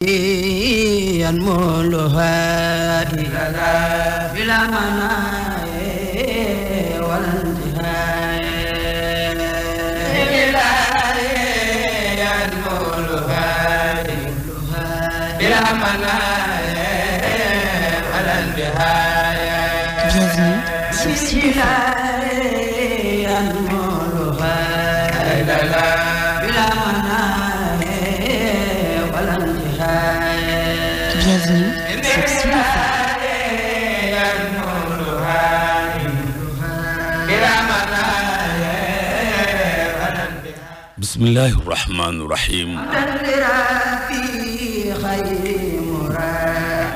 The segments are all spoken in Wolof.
ينملها بلا مناع ولا انتهاء ينملها بلا مناع ولا انتهاء Bienvenue sur Sud bismillahi rahmaani rahiim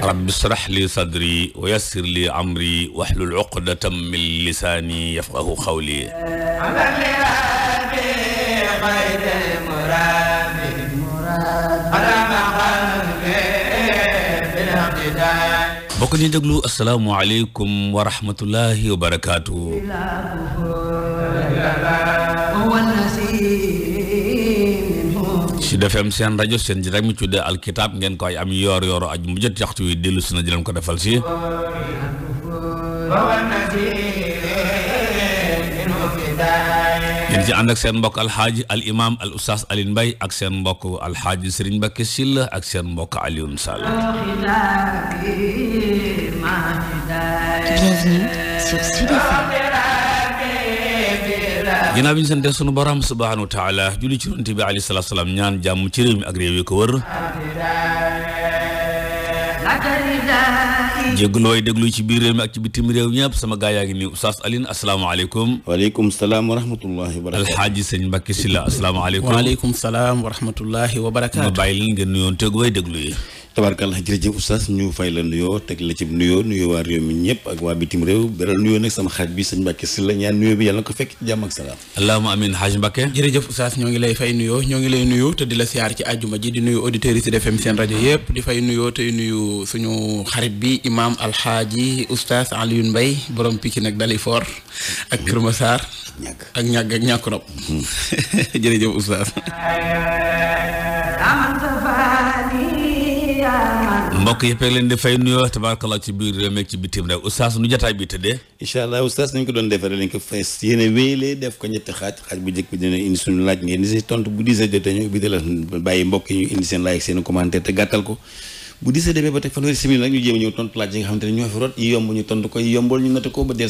rabbi shrah li sadri wa yassir li amri wahlul uqdatam min lisaani yafqahu qawli bokk ñu déglu asalaamualeykum wa rahmatullahi wa barakaatu Sud FM seen rajo seen ji rek mu tuddee alkitab ngeen koy am yoor yooru aju mu jot yaxtu wi dellu ko defal si ngeen ci ànd ak seen ak seen mbokk alxaaji Serigne Mbacké Sylla ak seen mbokk Alioune Sall ginnaaw bi ñu sante sunu borom subhaanahu wa taala julli ci yonent bi alayhi salaatu salaam ñaan jàmm ci réew mi ak réew yi ko wër jéggul way déglu ci biir réew mi ak ci bitim réew ñëpp sama gaa yaa ngi nii Oustaz Alioune asalaamaaleykum waaleykum salaam wa rahmatullahi wa barakaatu alxaaji sëñ Mbacke Sylla asalaamaaleykum waaleykum wa rahmatullahi wa barakaatu ma bàyyi leen ngeen nuyoon yi tabarkàlla jërëjëf oustaz ñu fay la nuyoo teg la ci nuyoo nuyoo waa réew mi ñëpp ak waa bitim réew beral nuyoo nag sama xarit bi sëñ Mbacke si la ñaan nuyoo bi na ko fekk jàmm ak salaam allahuma amin haj Mbacke jërëjëf oustaz ngi lay fay nuyoo ñoo ngi lay nuyu te di la siyaar ci àjjuma ji di nuyu auditeurs yi Sud yëpp di fay nuyoo tey nuyu suñu xarit bi imam alxaaji oustaz Alioune Mbaye borom picc nag dali foor ak Kër Massar ak ñàgg ñàkk rob hmm. jërëjëf oustaz mbokk yëpp a leen di fay nuyoo tabaarkalla ci biir réew meeg ci bitim réew oustaz nu jotaay bi tëddee incha allah oustaz nañ ko doon defaree lañ ko fees yéene wéylee def ko ñetti xaaj xaaj bu njëkk bi dina indi suñu laaj ngeen di si tontu bu 10 heures jotee ñu ubbi la bàyyi mbokk yi ñu indi seen laaj seen commentaire te gàttal ko bu di see demee ba teg fanweeri simili nag ñu jéem a ñëw tontu laaj nga xamante ne ñoo fi rot yi yomb ñu tontu ko yi yombal ñu natt ko ba bëgg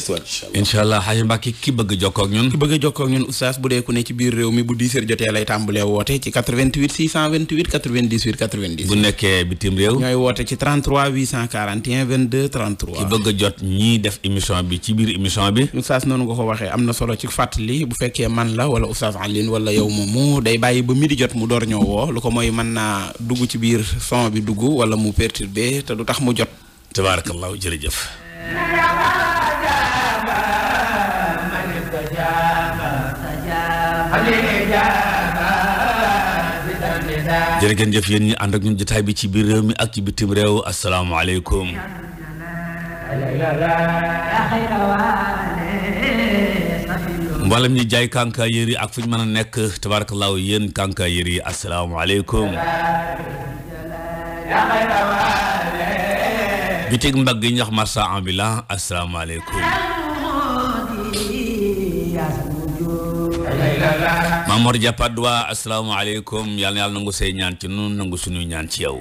a ñun bu nekkee bitim réew ñooy woote ci ki bëgg jot ñii def émission bi ci biir émission bi oustaz noonu nga ko waxee am na solo ci fàttali bu fekkee man la wala oustaz Alioune wala yow moomu day bàyyi ba midi jot mu door ñoo woo lu ko mooy mën naa dugg ci biir son bi dugg wala mu perturbé te du tax mu jot. tabaarakallaahu jërëjëf. jërë ngeen jëf yéen ñi ànd ak ñun jotaay bi ci biir réew mi ak ci bitim réew asalaamaaleykum. mboolem ñi jaay kànkaa yëri ak fu ñu mën a nekk tabaarakallaahu yéen kànkaa yëri asalaamaaleykum. bitig mbagg yi ñax marsa ambulant asalaamaaleykum Mamor Dia Padois asalaamaaleykum yàlla na yàlla nangu say ñaan ci nun nangu suñuy ñaan ci yow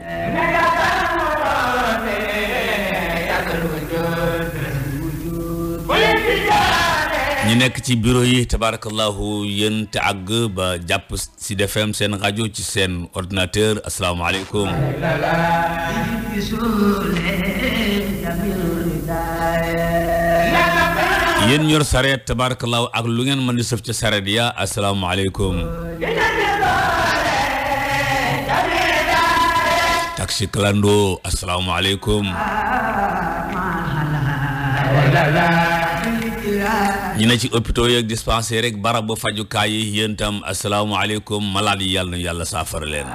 ñu nekk ci bureau yi tabarakallahu yéen te àgg ba jàpp si defem seen rajo ci seen ordinateur asalaamaaleykum yéen ñor sareet tabarakallahu ak lu ngeen mën di sëf ca sareet ya asalaamaaleykum taxi clando asalaamaaleykum ñu ne ci hôpitaux yeeg dispensaire rek barab bu fajukaay yi yéen tam asalaamaaleykum malade yi yàlla yàlla saafara leen.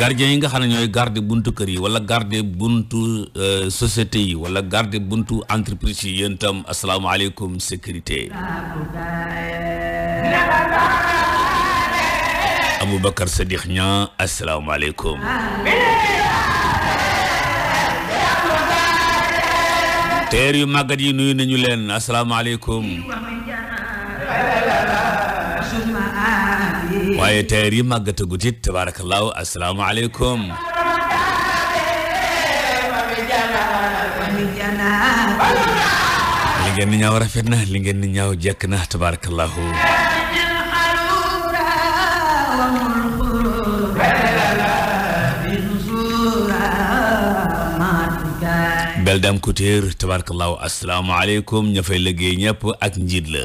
gardien yi nga xam ne ñooy garde buntu kër yi wala garde buntu euh, société yi wala garde buntu entreprise yi yéen itam asalaamaaleykum sécurité. Aboubacar Sadiq Niang asalaamaaleykum. teer yu màggat yi nuyu nañu leen asalaamaaleykum waaye teer yi màggatagut it tabaarakallaahu asalaamaaleykum li ngeen di ñaaw rafet na li ngeen di ñaaw jekk na tabaarakallaahu Beldam Couture tabaarkallaahu asalaamaaleykum ña fay liggéey ñëpp ak njiit la.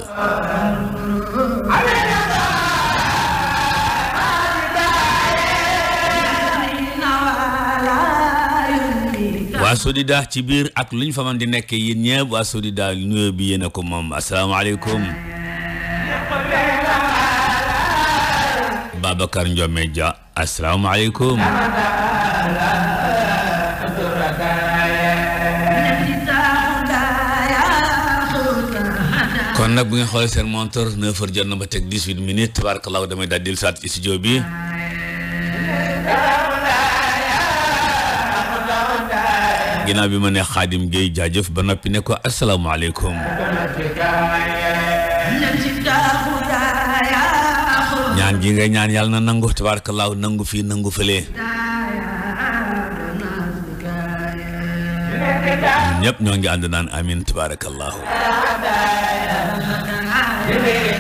waa Sodida ci biir ak lu ñu fa man di nekk yéen ñëpp waa Sodida nuyoo bi yéen a ko moom asalaamaaleykum. Babacar Ndiome Dia asalaamaaleykum. kon nag bu ngeen xoolee seen monteur 9 jot na ba teg 18 minutes tabaarkalla damay daal di dellusiwaat ci studio bi. ginnaaw bi ma ne Xaadim Gueye jaajëf ba noppi ne ko asalaamaaleykum ñaan gi nga ñaan yàlla na nangu tabaarkalla nangu fi nangu fële ñoom ñëpp ñoo ngi ànd naan amin tabarakallahu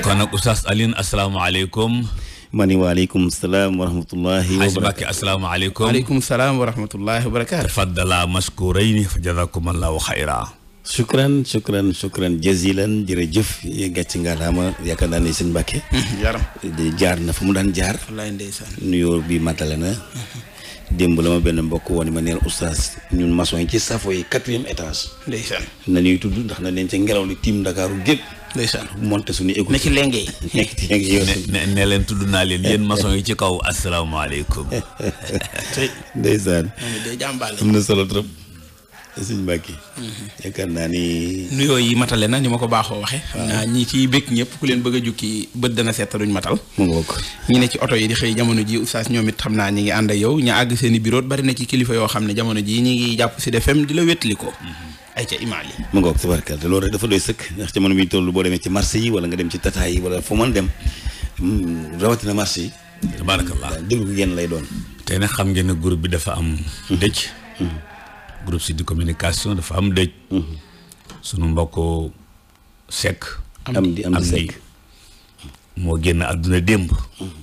kon nag oustaz Alioune asalaamaaleykum ma ni waaleykum salaam wa rahmatullahi wa barakaatu Mbacke asalaamaaleykum waaleykum salaam wa rahmatullahi wa barakaatu tafaddala maskurayni fa jazakumallahu xayra shukran shukran shukran jazilan jërëjëf gàcc ngalaama yaakaar naa ne sëñ Mbacke jaram jaar na fa mu daan jaar wallaay ndeysaan nuyoo bi matale na démb la ma benn mbokk woon ma neel oustaz ñun maçon yi ci safo yi quatrième étage. ndeysaan nañuy tudd ndax na leen ca ngelaw li tiim Ndakaaru gépp. ndeysaan monté suñu égout. na ci lenge nekk ci lenge yow. ne ne leen tudd naa leen yéen maçon yi ci kaw asalaamaaleykum. ndeysaan. am na solo trop. suñ mbàkki yaakaar naa ni nuyoo yi matale na ni ma ko baaxoo waxe xam naa ñi ciy bëgg ñëpp ku leen bëgg a jukki bët dana seet duñ matal mu ngoog ñi ne ci oto yi di xëy jamono ji oustaz ñoom it xam naa ñi ngi ànd ak yow ña àgg seen i bari na ci kilifa yoo xam ne jamono ji ñi ngi jàpp Sud FM di la wétli ko mm-hmm. ay ca imaam yi mu ngoog tabarkal te loolu rek dafa doy sëkk ndax jamono bi toll boo demee ci marché yi wala nga dem ci tata yi wala fu mën dem mm, rawatina marché yi tabaarakallah déglu ko génn lay doon tey nag xam ngeen ne groupe bi dafa am mm-hmm. dëj mm-hmm. groupe Sud Communication dafa am dëj mm-hmm. sunu mbokk Seck am di am Seck moo génn àdduna démb mm-hmm.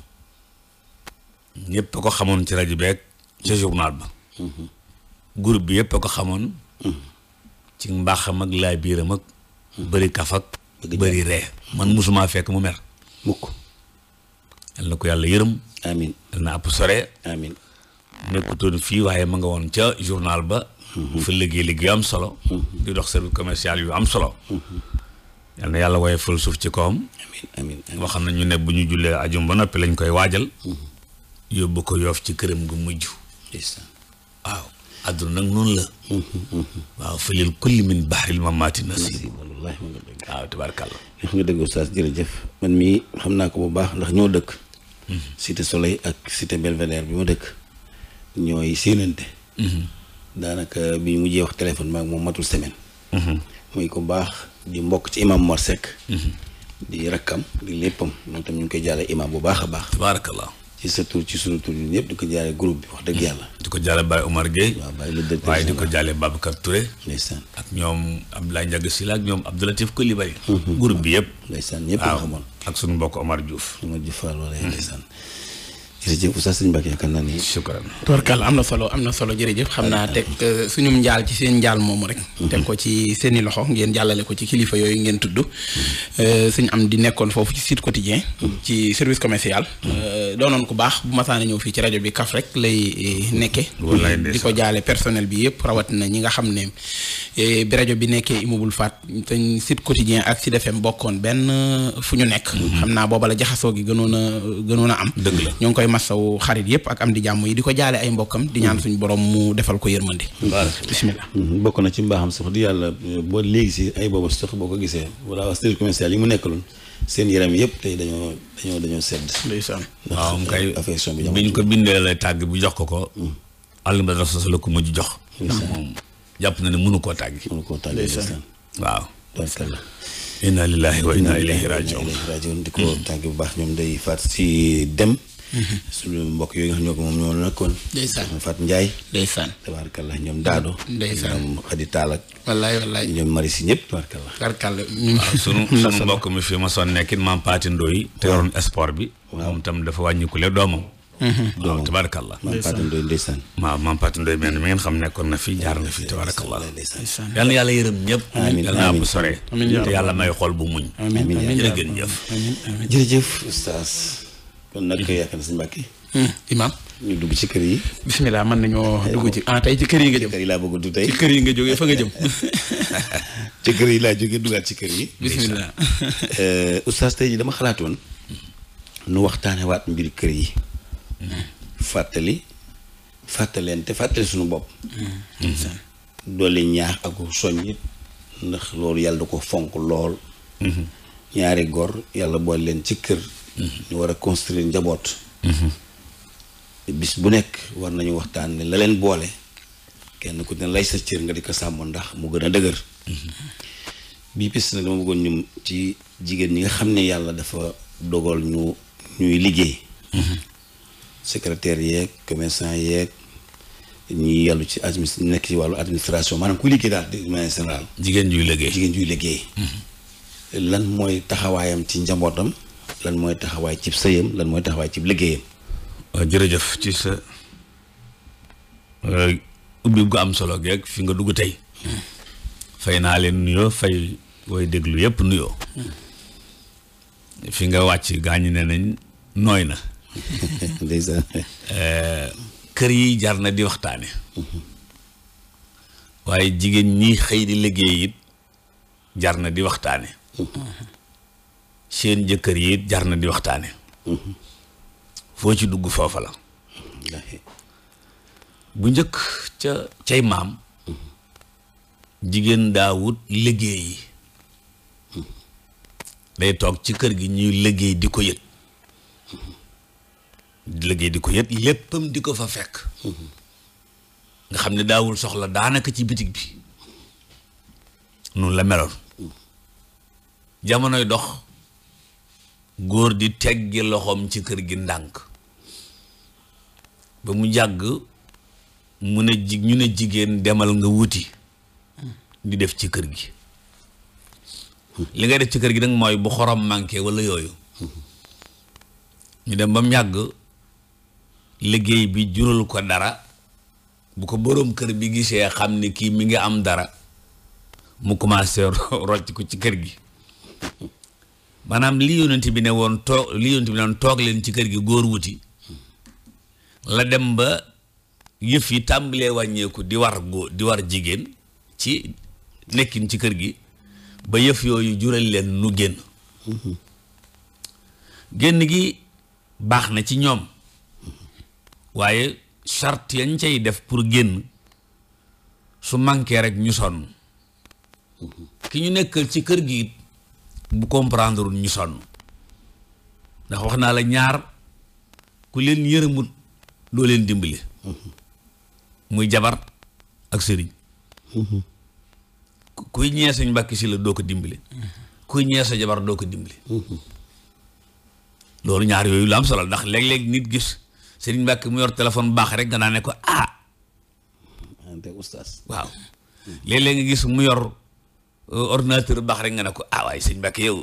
ñëpp ko xamoon ci rajo beeg ci journal ba mm-hmm. groupe bi yëpp ko xamoon ci mbaaxam ak laa biiram ak bëri kaf ak bëri ree man musuma fekk mu mer mukk yal na ko yàlla yërëm amiin yal na àpp sore nekkutoon fii waaye ma nga woon ca journal ba fa liggéey liggéey am solo di dox service commercial yu am solo yal yàlla waaye fël suuf ci kawam amiin amiin waxam na ñu ne bu ñu jullee ajum ba noppi lañ koy waajal yóbbu ko yoof ci këram gu mujj waaw àdduna nag noonu la waaw fëlil kulli min baxril na nasib waaw tabaarkàlla neex nga dëgg oustaz jërëjëf man mii xam naa ko bu baax ndax ñoo dëkk mhm. cité soleil ak cité belvédère bi ma dëkk ñooy séenante mhm. daanaka bi ñu mujjee wax téléphone maag moom matul semaine. Mhm. muy ko baax di mbokk ci imam Mor mhm. di rakkam di léppam moom tam ñu ngi koy jàlle imam bu baax a baax. tabaarakallah ci sa tur ci sunu tur yi ñëpp di ko jaale groupe bi wax dëgg mhm. yàlla. di ko jaale Baye Omar Gueye. waaw Baye le directeur waaye di ko jaale Babacar Touré. ak ñoom Abdoulaye Ndiaga Sylla ak ñoom Abdoulatif Coulibaly. groupe bi yëpp. ndeysaan ñëpp nga xamoon ak sunu mbokk Omar Diouf. Omar Diouf Fall wala ndeysaan. jërëjëf Oustaz Sëñ Mbacke am na solo am na solo jërëjëf xam naa teg euh, suñu njaal ci seen njaal moomu rek. Mhm. teg ko ci seen i loxo ngeen jàllale ko ci kilifa yooyu ngeen tudd. suñ am di nekkoon foofu ci site quotidien mhm. ci service commercial. Mhm. Euh, doonoon ku baax bu masaana ñëw fii ci rajo bi kaf rek lay eh, nekke di ko jaale personnel bi yëpp na ñi nga xam ne eh, bi rajo bi nekkee immobile faat seen site quotidien ak ci FM mbokkoon benn euh, fu ñu nekk. xam naa booba la jaxasoo gi gënoon gënoon a am. masawu xarit yëpp ak am di jàmm yi di ko jaale ay mbokkam di ñaan mhm. suñu borom mu defal ko yërmandi bismillah mhm. bokk na ci mbaaxam sax di yàlla boo léegi si ay booba sax boo ko gisee wala stage commercial yi mu nekkaloon seen yaram yëpp tey dañoo dañoo dañoo sedd ndeysaan waaw kay affection bi biñ ko bindee la tàgg bu jox ko ko mhm. àll ba dafa la ko mujj jox ndax moom na ne mënu koo tàggi mënu koo tàggi waaw inna lillahi wa inna ilayhi rajiun di ko tàgg bu baax ñoom day faat si dem suñu mbokk yooyu nga xam ñoo ko moom ñoo nekkoon. ndeysaan Fat Ndiaye. ndeysaan tabaarkalla ñoom Daado. ndeysaan ñoom Xadi Taal ak. wallaay wallaay ñoom Mari mbokk mi fi ma sonn nekkit maam Paati te yoroon sport bi. waaw moom itam dafa wàññikule doomam. Mm-hmm. doomam tabaarkalla. maam Paati Ndoy ndeysaan. waaw maam Paati ngeen xam nekkoon na fi jaar na fi tabaarkalla. yal na yàlla yërëm ñëpp. amiin naa bu sore. te yàlla may xol bu muñ. amiin amiin jërëjëf. kon nag yaakaar na sëñ Mbàkke hmm, imaam ñu dugg ci kër yi bismillah mën nañoo dugg ci ah tey ci kër yi nga jëm laa bëgg a dugg tey ci kër yi nga jógee fa nga jëm ci yi laa jógee duggaat ci kër yi bismillah euh, oustaz tey ji dama xalaatoon nu waxtaane waat mbir kër yi fàttali fàttalente fàttali suñu bopp hmm. doole ñaax ak soññ ndax loolu yàlla da ko fonk lool hmm. ñaari gor yàlla bool leen ci kër ñu war a construire njaboot. bis bu nekk war nañu waxtaan ne la leen boole kenn ku ne lay sa cër nga di ko sàmm ndax mu gën a dëgër. bii bis nag dama bëggoon ñum ci jigéen ñi nga xam ne yàlla dafa dogal ñu ñuy liggéey. secretaire yeeg commerçant yeeg ñi yàllu ci administ nekk ci wàllu administration maanaam kuy liggéey daal de manière générale. jigéen juy liggéey jigéen juy liggéey. Mhm. lan mooy taxawaayam ci njabootam. lan mooy taxawaay cib sëyam lan mooy taxawaay cib liggéeyam. waaw jërëjëf ci sa euh, ubbi gu am solo geeg fi nga dugg tey. fay naa leen nuyoo fay woy déglu yëpp nuyoo. fi nga wàcc ñu ne nañ nooy na. ndeysaan. Euh, kër yi jar na di waxtaane waaye jigéen ñi xëy di liggéey it jar na di waxtaane seen jëkkër yi it jar na di waxtaane mhm. foo ci dugg foofa la bu njëkk ca cay maam mhm. jigéen daawut liggéey yi mhm. day toog ci kër gi ñuy liggéey di ko yët liggéey di ko yët léppam di ko fa fekk nga xam ne daawul soxla daanaka ci bitig bi noonu la meloon jamonoy dox góor di teggi loxoom ci kër gi ndànk ba mu jàgg mu ne ji ñu ne jigéen demal nga wuti di def ci kër gi li ngay def ci kër gi nag mooy bu xorom manqué walla yooyu ñu dem ba mu yàgg liggéey bi jural ko dara bu ko boroom kër bi gisee xam ne kii mi ngi am dara mu commencé rocc ko ci kër gi maanaam li yonent bi ne woon toog li yonent bi ne woon toog leen ci kër gi góor wuti la dem ba yëf yi tàmbalee wàññeeku di war góor di war jigéen ci nekkin ci kër gi ba yëf yooyu jural leen nu génn génn gi baax na ci ñoom waaye charte yañ cay def pour génn su manqué rek ñu sonn ki ñu nekkal ci kër gi bu comprendre ñu sonn ndax wax naa la ñaar ku leen yërëmut doo leen dimbali muy jabar ak sëriñ kuy ñee sañ mbàkki si la doo ko dimbali kuy ñee jabar doo ko dimbali loolu ñaar yooyu la am solo ndax léeg-léeg nit gis sëriñ mbàkki mu yor téléphone baax rek nga naa ne ko ah ante oustaz waaw léeg-léeg nga gis mu yor Euh, ordinateur baax rek nga ne ko ah waaye sëñ Mbacke yow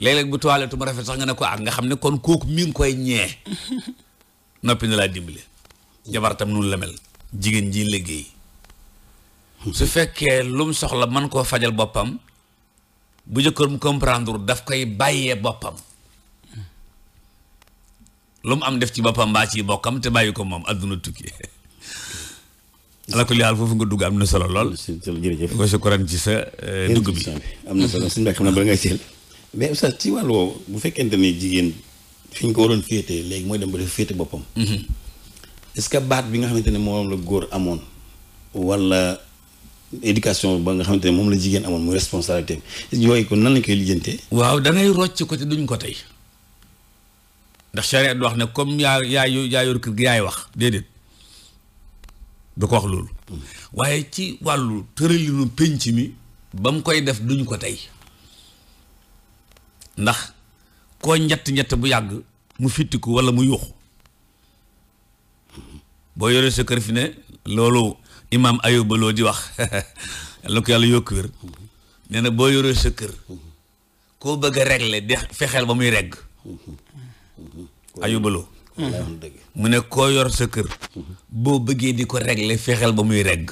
léeg-léeg bu toilette mu rafet sax nga ne ko ah nga xam ne kon kooku mi ngi koy ñee noppi na laa dimbale jabar tam noonu la mel jigéen ji liggéey su fekkee lum soxla man koo fajal boppam bu jëkkër mu comprendre daf koy bàyyee boppam lu am def ci boppam baa ci bokkam te bàyyi ko moom adduna tukki ala ko liaal foofu nga dugg am na solo lool. jërëjëf nga sukkuraan ci sa eh, dugg bi. am na solo suñu mbokk xam naa bala ngay seel. mais oustaz ci wàll woowu bu fekkente ni jigéen fi ñu ko waroon féetee léegi mooy dem ba def féete boppam. Mhm. est-ce que baat bi nga xamante ne moom la góor amoon wala éducation ba nga xamante ne moom la jigéen amoon muy responsabilité yooyu ko nan lañ koy lijjantee. waaw da ngay rocc ko te duñ ko tey ndax charia du wax ne comme yaa yaay yor kër gi yaay wax déedéet. du ko wax loolu waaye ci wàllu tëralinu pénc mi ba mu koy def duñ ko tey ndax koo ñett-ñett bu yàgg mu fittiku walla mu yuuxu boo yoree sa kër fi ne loolu imaam Ayuba di wax yàlla ko yàlla yokk wér nee na boo yoree sa kër koo bëgg a régler de fexeel ba muy regg Ayuba mu ne koo yor sa kër boo bëggee di ko regle fexeel ba muy regg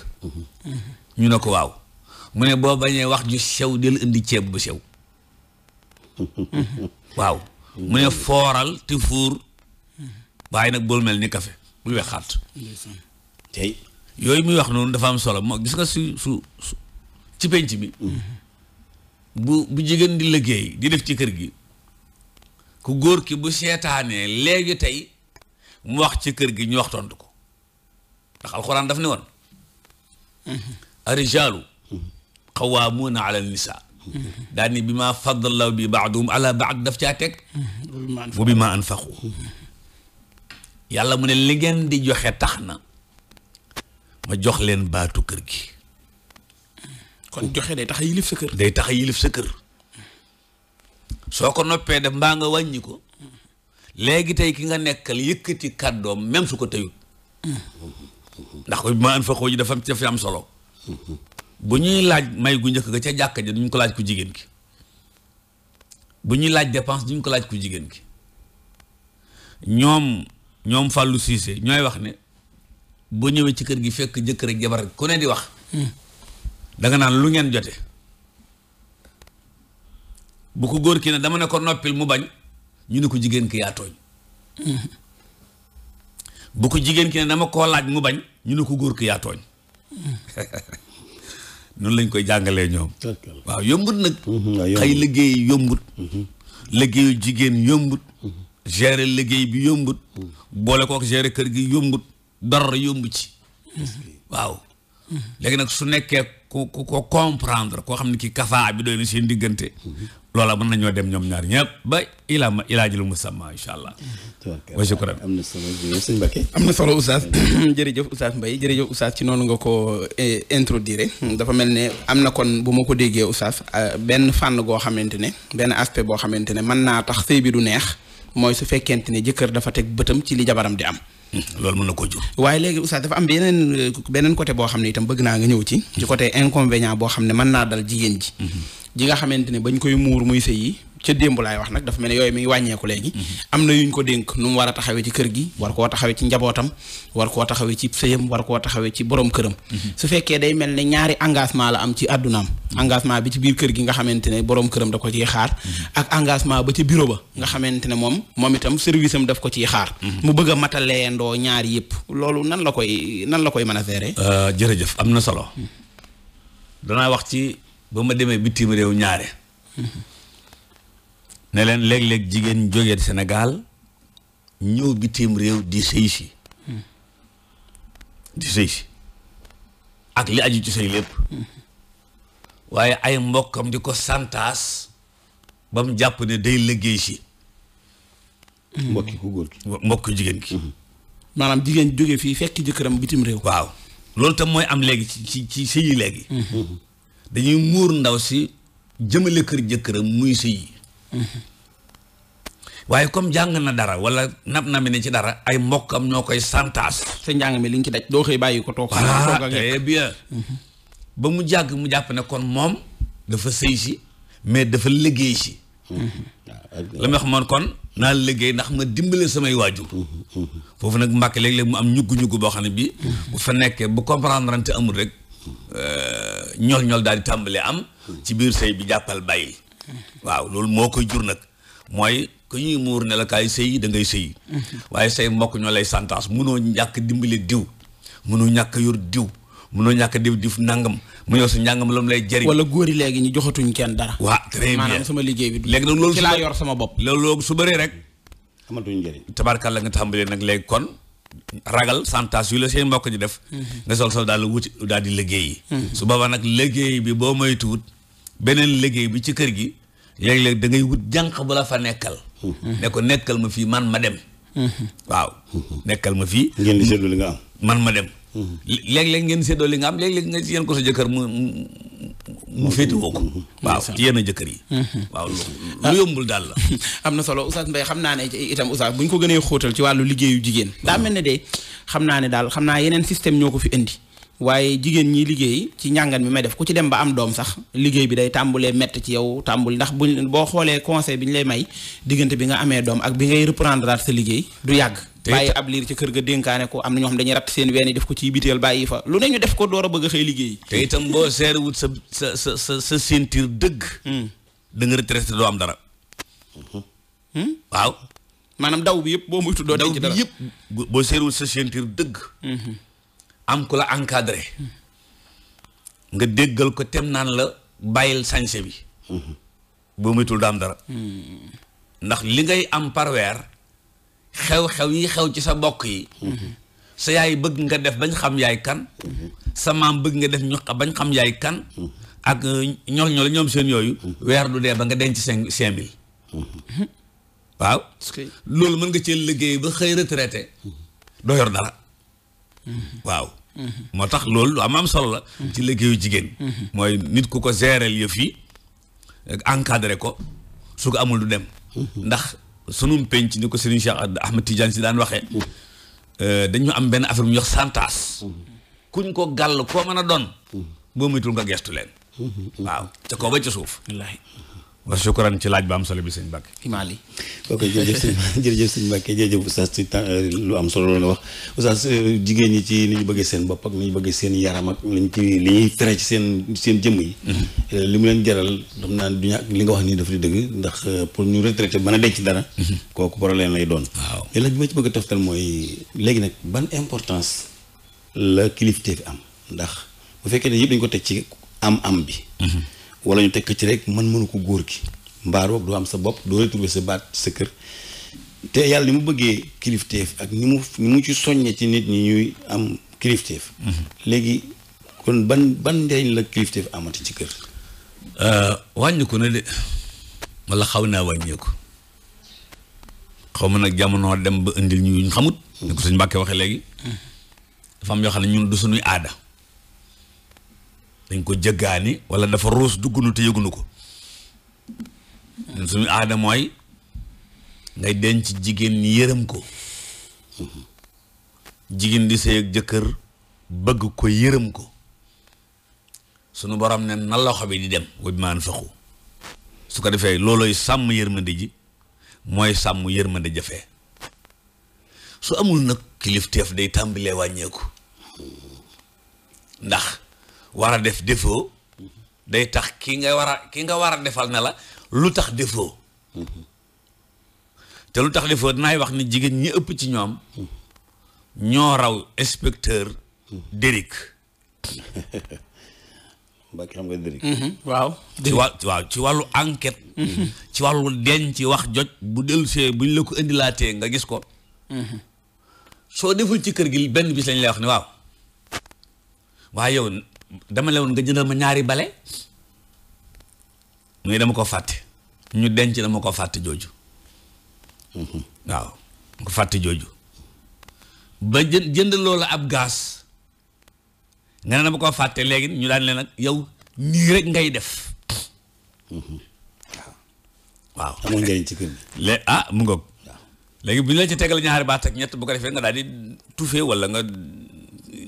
ñu ne ko waaw mu ne boo bañee wax ju sew del indi ceeb bu sew waaw mu ne fooral te fuur waaye nag bool mel ni café bul wexaat tey yooyu muy wax noonu dafa am solo moo gis nga su su ci penc bi bu bu jigéen di liggéey di def ci kër gi ku góor ki bu seetaanee léegi tey mu wax ci kër gi ñu wax tontu ko ndax alxuraan daf ne woon arijaalu qawaamuuna ala nisaa daal ni bi ma faddala bi baaduhum ala baad daf caa teg wa bi ma anfaqu yàlla mu ne li ngeen di joxe tax na ma jox leen baatu kër gi kon joxe day tax a yilif sa kër day tax a yilif sa kër soo ko noppee def mbaa nga wàññi ko léegi tey ki nga nekkal yëkkati kàddoom même su ko tëyut ndax ko ma an fa xooji dafa dafa am solo bu ñuy laaj may gu njëkk ga ca jàkka ja duñ ko laaj ku jigéen ki bu ñuy laaj dépense duñ ko laaj ku jigéen ki ñoom ñoom fàllu Cissé ñooy wax ne bu ñëwee ci kër gi fekk jëkkër ak jabar ku ne di wax danga naan lu ngeen jote bu ko góor ki ne dama ne ko noppil mu bañ ñu ne ko jigéen ki yaa tooñ bu ko jigéen ki ne dama koo laaj mu bañ ñu ne ko góor ki yaa tooñ noonu lañ koy jàngalee ñoom waaw yombut nag mhm, xëy liggéey yombut mhm. liggéeyu jigéen yombut mhm. gérer liggéey bi yombut boole kook gérer kër gi yombut dara yomb ci waaw léegi nag su nekkee ku ko comprendre koo xam ne ki kafaa bi doy na seen diggante loola mën nañoo dem ñoom ñaar ñëpp ba ilaa ma ilaa jëlu musamma incha allah. wa shukran am na solo jërëjëf sëñ Mbacké am na solo oustaz jërëjëf oustaz Mbaye jërëjëf oustaz ci noonu nga ko e, introduire dafa mel ne am na kon bu ma ko déggee oustaz euh, benn fànn goo xamante ne benn aspect boo xamante ne mën naa tax sëy bi du neex mooy su fekkente ne jëkkër dafa teg bëtam ci li jabaram di am. Hmm, loolu mën na ko jur. waaye léegi oustaz dafa am yeneen euh, beneen côté boo xam ne itam bëgg naa nga ñëw ci. ci côté inconvénient boo xam ne mën naa dal jigéen ji. Hmm, hmm. ji nga xamante ne bañ koy muur muy sëy yi ca démb laay wax nag dafa mel ne yooyu mi ngi wàññeeku léegi mm-hmm. am na yuñ ko dénk nu mu war a taxawee ci kër gi war koo taxawee ci njabootam war koo taxawee ci sëyam war koo taxawee ci borom këram mm-hmm. su fekkee day mel ne ñaari engagement la am ci àddunaam mm-hmm. engagement bi ci biir kër gi nga xamante ne borom këram da ciy xaar ak engagement ba ca bureau ba nga xamante ne moom moom itam service am daf ko ciy xaar mu bëgg a mataleendoo ñaar yëpp loolu nan la koy nan la koy mën a gérer jërëjëf am na solo danaa wax ba ma demee bitim réew ñaare ne leen léeg-léeg jigéen jógee senegal ñëw bitim réew di sëy si ak li aju ci sëy lépp waaye ay mbokkam di ko santaas ba mu jàpp ne day liggéey si mbokki ku góor ki mbokk jigéen ki mhm. maanaam jigéen jóge fii fekk jëkkëram bitim réew waaw loolu tam mooy am léegi ci ci sëyi léegi mhm. dañuy muur ndaw si jëmale kër jëkkëram muy sëy waaye comme jàng na dara wala nab na mi ne ci dara ay mbokkam ñoo koy santaas sa njàng mi li nga ci daj doo xëy bàyyi ko toog ah bien mhm. ba mu jàgg mu jàpp ne kon moom dafa sëy si mais dafa liggéey si mhm. la ma xamoon kon naa liggéey ndax ma dimbale samay waajur mhm, foofu nag mbàkk léeg-léeg mu am ñuggu-ñuggu boo xam ne bi bu fa nekkee bu comprendre ante amul rek ñol-ñol euh, daal di tàmbale am ci biir sëy bi jàppal bàyyil waaw loolu moo koy jur nag mooy ku ñuy muur ne la kaay sëy da ngay sëy waaye say mbokk ñoo lay sentence munoo ñàkk dimbale diw munoo ñàkk yor diw munoo ñàkk diw dif nangam mu ñëw sa njàngam la mu lay jëriñ wala góori léegi ñu joxatuñ kenn dara waa très bien sama liggéey bi léegi nag loolu ci laa yor sama bopp loolu su baree rek amatuñ njëriñ tabarkàlla nga tàmbalee nag léegi kon ragal santa yu la seen mbokk ñu def mm-hmm. nga sol sol daal wuti daal di liggéey yi mm-hmm. su boobaa nag liggéey bi boo moytuwut beneen liggéey bi ci kër gi léeg-léeg da ngay wut jànq bu la fa nekkal mm-hmm. ne ko nekkal ma fii man ma dem waaw nekkal ma fii ngeen di seddoo li nga am man ma dem léeg-léeg ngeen seddoo li nga am léeg-léeg nga yéen ko sa jëkkër mu mu féetewoo ko. Mm-hmm. waaw yéen a jëkkër yi. Mm-hmm. waaw ah. lu yombul daal la. am na solo Oustaz mbay xam naa ne itam Oustaz bu ñu ko gënee xóotal ci wàllu liggéeyu jigéen. daa mel ne de xam naa ne daal xam naa yeneen système ñoo ko fi indi waaye jigéen ñi liggéey ci njàngan mi may def ku ci dem ba am doom sax liggéey bi day tàmbulee mett ci yow tàmbul ndax buñ boo xoolee conseil bi ñu lay may diggante bi nga amee doom ak bi ngay reprendre sa liggéey du yàgg bàyyi ab liir ci kër ga dénkaane ko am na ñoo xam seen ween def ko ci biteel bàyyi fa lu ne ñu def ko door a bëgg xëy liggéey te itam boo seere wut sa sa sa sa sa ceinture dëgg hmm. da nga retraité doo am hmm. Hmm? daw bi yëpp boo muy tuddoo daw bi yëpp boo seere wut sa ceinture dëgg am ku la encadré nga déggal ko tem naan la bàyyil sañse bi boo moytul am dara ndax li ngay am par weer xew-xew yi xew ci sa bokk yi sa yaay bëgg nga def bañ xam yaay kan sa maam bëgg nga def ñu bañ xam yaay kan ak euh, ñoo ñoo ñoom seen yooyu weer du dee ba nga denc cinq cinq mille waaw loolu mën nga cee liggéey ba xëy retraité doo yor dara waaw moo tax loolu lu am am solo la ci liggéeyu jigéen mooy nit ku ko gérer yëf yi encadré ko su ko amul du dem ndax sunum penc ni ko Serigne Cheikh Ahmed Tidiane si daan waxee euh, dañu am benn affaire mu yox santaas kuñ ko gàll koo mën a doon boo moytul nga gestu leen waaw ca kaw ba ca suuf wa shukran ci laaj ba solo bi seen Mbacke. Imali. ok jërëjëf sëñ jërëjëf sëñ Mbacke jërëjëf oustaz ci euh, lu am solo la wax oustaz euh, jigéen ñi ci li ñu bëggee seen bopp ak ni ñu bëggee seen yaram ak li ñu li ñuy tere seen seen jëmm yi. Mhm. Euh, li mu leen jaral xam naa du ñàkk li nga wax nii dafa di dëgg ndax pour ñu retraité mën a denc dara. Mhm. kooku problème lay doon. waaw mais laaj bi ma ci bëgg a toftal mooy léegi nag ban importance la kilifteef am ndax bu fekkee ne yëpp dañu ko teg ci am-am bi. Mhm. wala ñu tekk ci rek man mënu ko góor gi mbaar woog doo am sa bopp doo retrouver sa baat sa kër te yàlla ni mu bëggee kilifteef ak ni mu ni mu ci soññe ci nit ñi ñuy am kilifteef mhm. léegi kon ban ban njëriñ la kilifteef amati ci kër euh, wàññiku na de wala xaw naa wàññeeku xaw ma nag jamono dem ba indi ñu ñu xamut ni ko suñ mbàkkee waxee léegi mhm. dafa am yoo xam ne ñun du suñuy aada dañ ko jëggaani wala dafa ruus duggunu te yëgunu ko ñun suñu aada mooy ngay denc jigéen yërëm ko jigéen di sëy ak jëkkër bëgg ko yërëm ko sunu borom ne na loxo bi di dem wa maan anfaqu su ko defee loolooy sàmm yërmande ji mooy sàmm yërmande jafe su amul nag kilifteef day tàmbilee wàññeeku ndax war a def défaut day tax ki nga war a ki nga war a defal ne la lu tax defoo te lu tax défaut dinaay wax ni jigéen ñi ëpp ci ñoom ñoo raw inspecteur Derrick mbaa mhm, waaw ci wàll waaw ci wàllu enquête mhm. ci wàllu den wax jot bu dellusee bu ñu la ko indilaatee nga gis ko mhm. soo deful ci kër gi benn bis lañ lay wax ni waaw waaye yow dama la woon nga jëndal ma ñaari bale mu ne dama ko fàtte ñu denc dama ko fàtte jooju mhm. waaw ko fàtte jooju ba jë jënd loola ab gaas nga ne dama ko fàtte léegi ñu daan leen nag yow nii rek ngay def mhm. waaw amul ah mu ngoog léegi bu ñu la ci tegal ñaari baat ak ñett bu ko defee nga daal di tuufee wala nga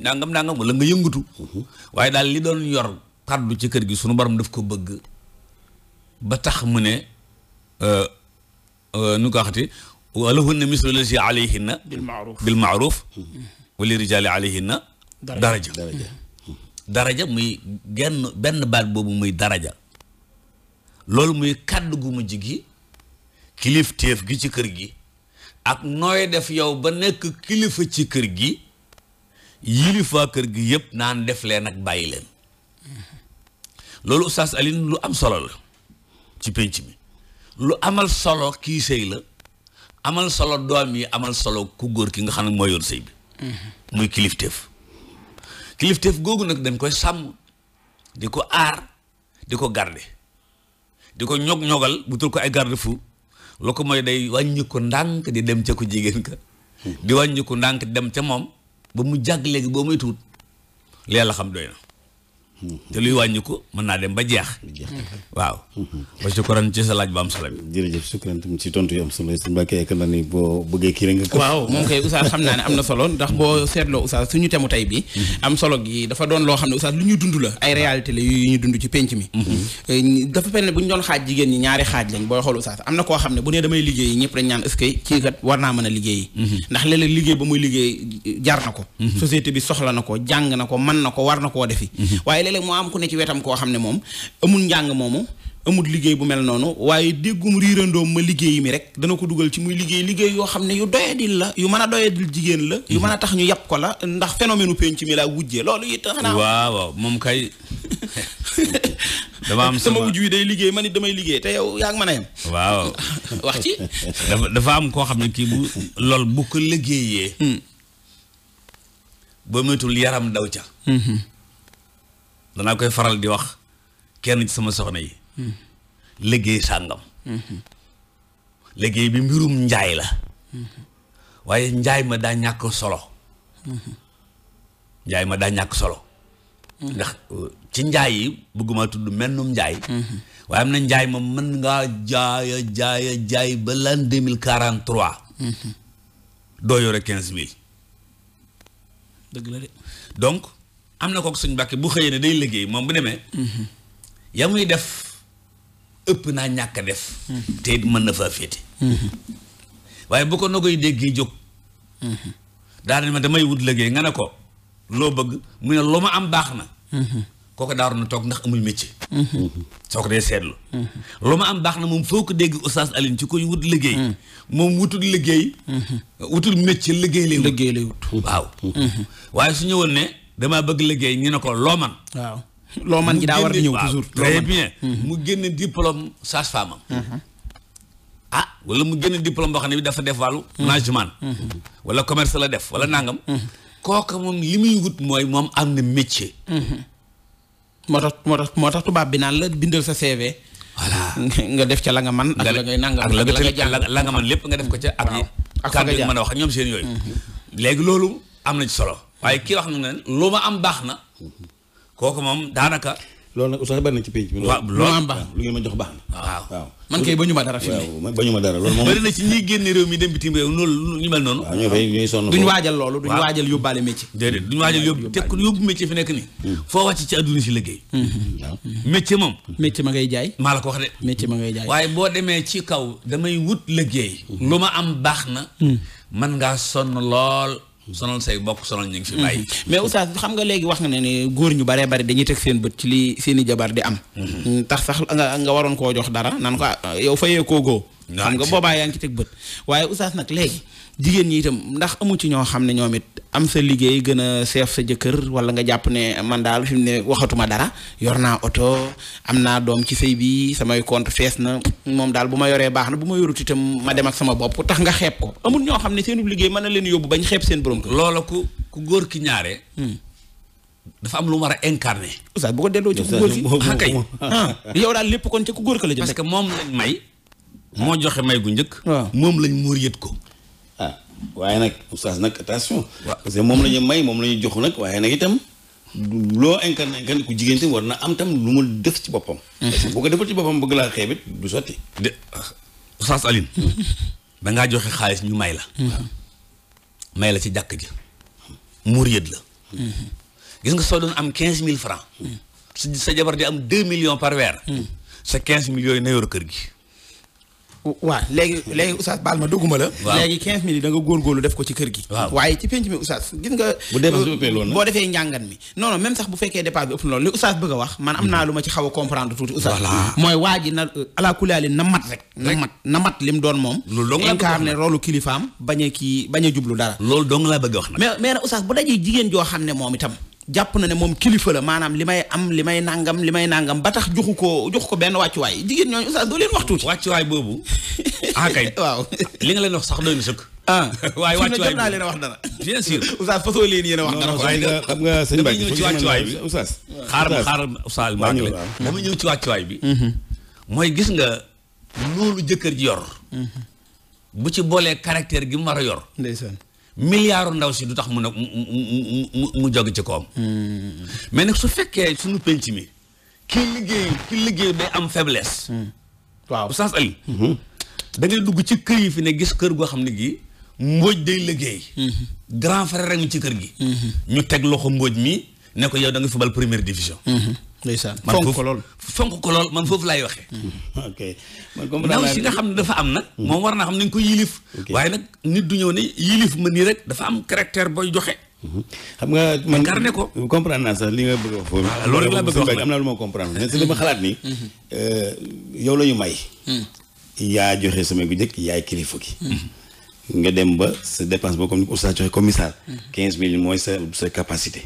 nangam nangam wala nga yëngatu mhm. waaye daal li doon yor kàddu ci kër gi sunu borom daf ko bëgg ba tax mu ne euh, euh, nu ko waxati walahunna mislu lazi alayhinna bil maaruf mhm. wali rijaali alayhinna daraja mhm. daraja muy genn benn baat boobu muy daraja loolu muy kàddu gu mujj gi kilif téef gi ci kër gi ak nooy def yow ba nekk kilifa ci kër gi yilifaa kër gi yëpp naan def leen ak bàyyi leen loolu oustaz Alioune lu am solo la ci pénc bi lu amal solo kii sëy la amal solo doom yi amal solo ku góor ki nga xam ne mooy yoon sëy bi muy kilifteef kilifteef googu nag dañ koy sàmm di ko aar di ko garde di ko ñog ñogal butul ko ay garde fu lu ko mooy day wàññi ndànk di dem ca ku jigéen ka di wàññi ndànk dem ca moom ba mu jàgg léegi boo muy tuut li yàlla xam doy na Mhm. te luy wàññi ko mën naa dem ba jeex. Mhm. waaw. Mhm. ba sukkuran ci sa laaj bu am solo bi. jërëjëf sukkuran tamit ci tontu waaw moom kay Oustaz xam naa ne am na solo ndax boo seetloo Oustaz suñu temu tey bi am solo gi dafa doon loo xam ne Oustaz lu ñu dund la ay réalité la yu ñu dund ci penc mi. Eh, dafa mel ne bu ñu doon xaaj jigéen ñi ñaari xaaj lañ booy xool Oustaz am na koo xam ne bu nee damay liggéey ñëpp dañ naan est-ce que kii kat war naa mën a liggéey ndax léeg liggéey ba muy liggéey jar na ko société bi soxla na ko jàng na ko man na ko war na koo defi léeg-léeg am ku ne ci wetam koo xam ne moom amul njàng moomu amul liggéey bu mel noonu waaye déggum riirandoom ma liggéey mi rek dana ko dugal ci muy liggéey liggéey yoo xam ne yu doyadil la yu mën a doyadil jigéen la yu mën a tax ñu yàpp ko la ndax phénomène u mi laa wujjee loolu it xanaa waaw waaw moom kay dafa am sama wujj wi day liggéey ma ni damay liggéey te yow yaa ngi mën a yem waaw wax ci dafa am koo xam ne kii bu lool bu ko liggéeyee hmm. ba metul yaram daw ca hmm, hmm. danaa koy faral di wax kenn sama soxna yi hmm. liggéey sàngam hmm. liggéey bi mbirum njaay la hmm. waaye njaay ma daa ñàkk solo njaay ma daa ñàkk solo ndax uh, ci njaay yi bëgguma tudd mennum njaay waaye am na njaay ma mën ngaa jaaya jaaya jaay ba l'an deux mille quarante trois donc am na kook suñ mbàkke bu xëyee ne day liggéey moom bu demee ya def ëpp naa ñàkk def te mën na faa féete waaye bu ko nogoy déggee jóg daa ne ma damay wut liggéey nga ne ko loo bëgg mu ne lu ma am baax na kooku daaru na toog ndax amul métier soo ko dee seetlu lu ma am baax na moom foo ko dégg Oustaz Alioune ci koy wut liggéey moom wutul liggéey wutul métier liggéey liggéey lay wut waaw waaye su ñëwoon ne damaa bëgg liggéey ñu ne ko loo man waaw loo man ji daa war di ñëw toujours très mhm. mu génn diplôme sage-femme mhm. ah wala mu génne diplôme boo xam ne bi dafa def wàllu mhm. management wala commerce la def wala nangam kooka moom li muy wut mooy moom am na métier moo tax moo tax moo tax tubaab bi naan la bindal sa CV voilà nga def ca la nga man ak la ngay nangam ak la la nga man lépp nga def ko ca ak yi kàddu yi mën a wax ñoom seen yooyu léegi loolu am na ci solo waaye kii wax na ne lu ma am baax na kooku moom daanaka. loolu nag oustaz bari na ci pénc bi. waaw loolu am baax lu ngeen ma jox baax na. waaw man kay bañu ma dara fi mu ne. bañu ma dara loolu moom. bari na ci ñiy génne réew mi dem bitim réew loolu ñu mel noonu. waaw ñoo fay ñooy sonn duñu waajal loolu duñu waajal yóbbaale métier. nekk nii. Mm. foo wàcc ci si liggéey. Mm. waaw métier moom. métier ma ngay jaay. maa la ko wax de. métier ma ngay jaay waaye boo demee ci kaw damay wut liggéey. Mm. lu ma am baax na. man ngaa sonn lool sonal say bokk sonal ñu ngi fi mhm. bàyyi. mais oustaz xam nga léegi wax nga ne ne góor ñu baree bari dañuy teg seen bët ci li seen jabar di am. tax mhm. sax nga nga waroon koo jox dara nan ko ah, yow fayee koo góo. xam nga boobaa yaa ngi ci teg bët waaye oustaz nag léegi. jigéen ñi itam ndax amu ci ñoo xam ne ñoom it am sa liggéey gën a seef sa jëkkër wala nga jàpp ne man daal fi mu ne waxatuma dara yor naa oto am naa doom ci sëy bi samay compte fees na moom daal bu ma yoree baax na bu ma yorut itam ma dem ak sama bopp tax nga xeeb ko amul ñoo xam ne seen liggéey man na leen yóbbu bañ xeeb seen borom kër. loola ku góor ki ñaare. Hmm. dafa am lu mu a incarné. oustaz bu ko delloo ci ku góor ki ah, kay ah, yow daal lépp kon ku góor ka la jëm. que moom lañ may. Ah. moo joxe may gu njëkk. moom lañ muur yët ko. waaye nag oustaz nag attention. parce que moom la ñu may moom la ñu jox nag waaye nag itam. loo incarné incarné ku jigéen tam war na am tam lu mu def ci boppam. Mhm. boo ko defal ci boppam bëgg laa xeebit du sotti. de oustaz Alioune. Mhm. da ngaa joxe xaalis ñu may la. Mhm. may la ci jàkk ji. muur yët la. gis nga soo doon am quinze mille francs. sa jabar di am deux millions par weer. sa quinze millions yi na yor kër gi. waaw léegi léegi oustaz baal ma dugguma la léegi quinze minutes da nga góorgóorlu def ko ci kër gi waaye ci penc mi oustaz gis nga boo defee njàngan mi non non même sax bu fekkee départ bi ëpp na loolu li oustaz bëgg a wax man am naa lu ma ci xaw a comprendre tuuti oustaz mooy waa ji na alaakulaali na mat rek na mat na mat lim doon moom incarné rolu kilifaam bañ a kii bañ a jublu dara loolu dong laa bëgg wax nag mais mais oustaz bu dajee jigéen joo xam ne moom itam jàpp na ne moom kilifa la maanaam li may am li may nangam li may nangam ba tax joxu ko jox ko benn wàccuwaay jigéen ñooñu oustaz doo leen wax wàccuwaay boobu. ah waaw li nga leen wax sax doy na sëkk. ah waaye wàccuwaay bi naa leen wax dara. bien sûr oustaz fasoo a waaye xam nga sëñ Ba ci wàccuwaay bi oustaz. xaaral xaaral oustaz maa ngi la dama ñëw ci wàccuwaay bi. Mm-hmm. mooy gis nga loolu jëkkër ji yor. Mm-hmm. bu ci boolee caractère gi mu war a yor. milliardu ndaw si du tax mu a mu mu jog ci koom. mais nag su fekkee suñu penc mi kii liggéey ki liggéey day am faiblesse. Hmm. waaw Oustaz Ali. Hmm. da ngay dugg ci kër yi fi ne gis kër goo xam ne gi mbóoj day liggéey. Hmm. grand frère rek ci kër gi. ñu teg loxo mbóoj mi nekk ko yow da nga fubal première division. ndeysaan fonk ko lool fonk ko lool man foofu laay waxe hmm. ok man comme ndaw si nga xam ne dafa am na hmm. moom war naa xam nañ ko yilif. waaye nag nit du ñëw ne yilif ma nii rek dafa am caractère booy joxe. Hmm. xam nga man incarné ko. comprendre naa sax li nga bëgg a loolu rek bëgg a wax am na lu ma comprendre mais si li ma xalaat nii. Euh, yow la ñu may. yaa joxe sama gu njëkk yaay kilifa gi. nga dem ba sa dépense boo comme ni oustaz joxe comme misaal. quinze mille mooy sa sa capacité.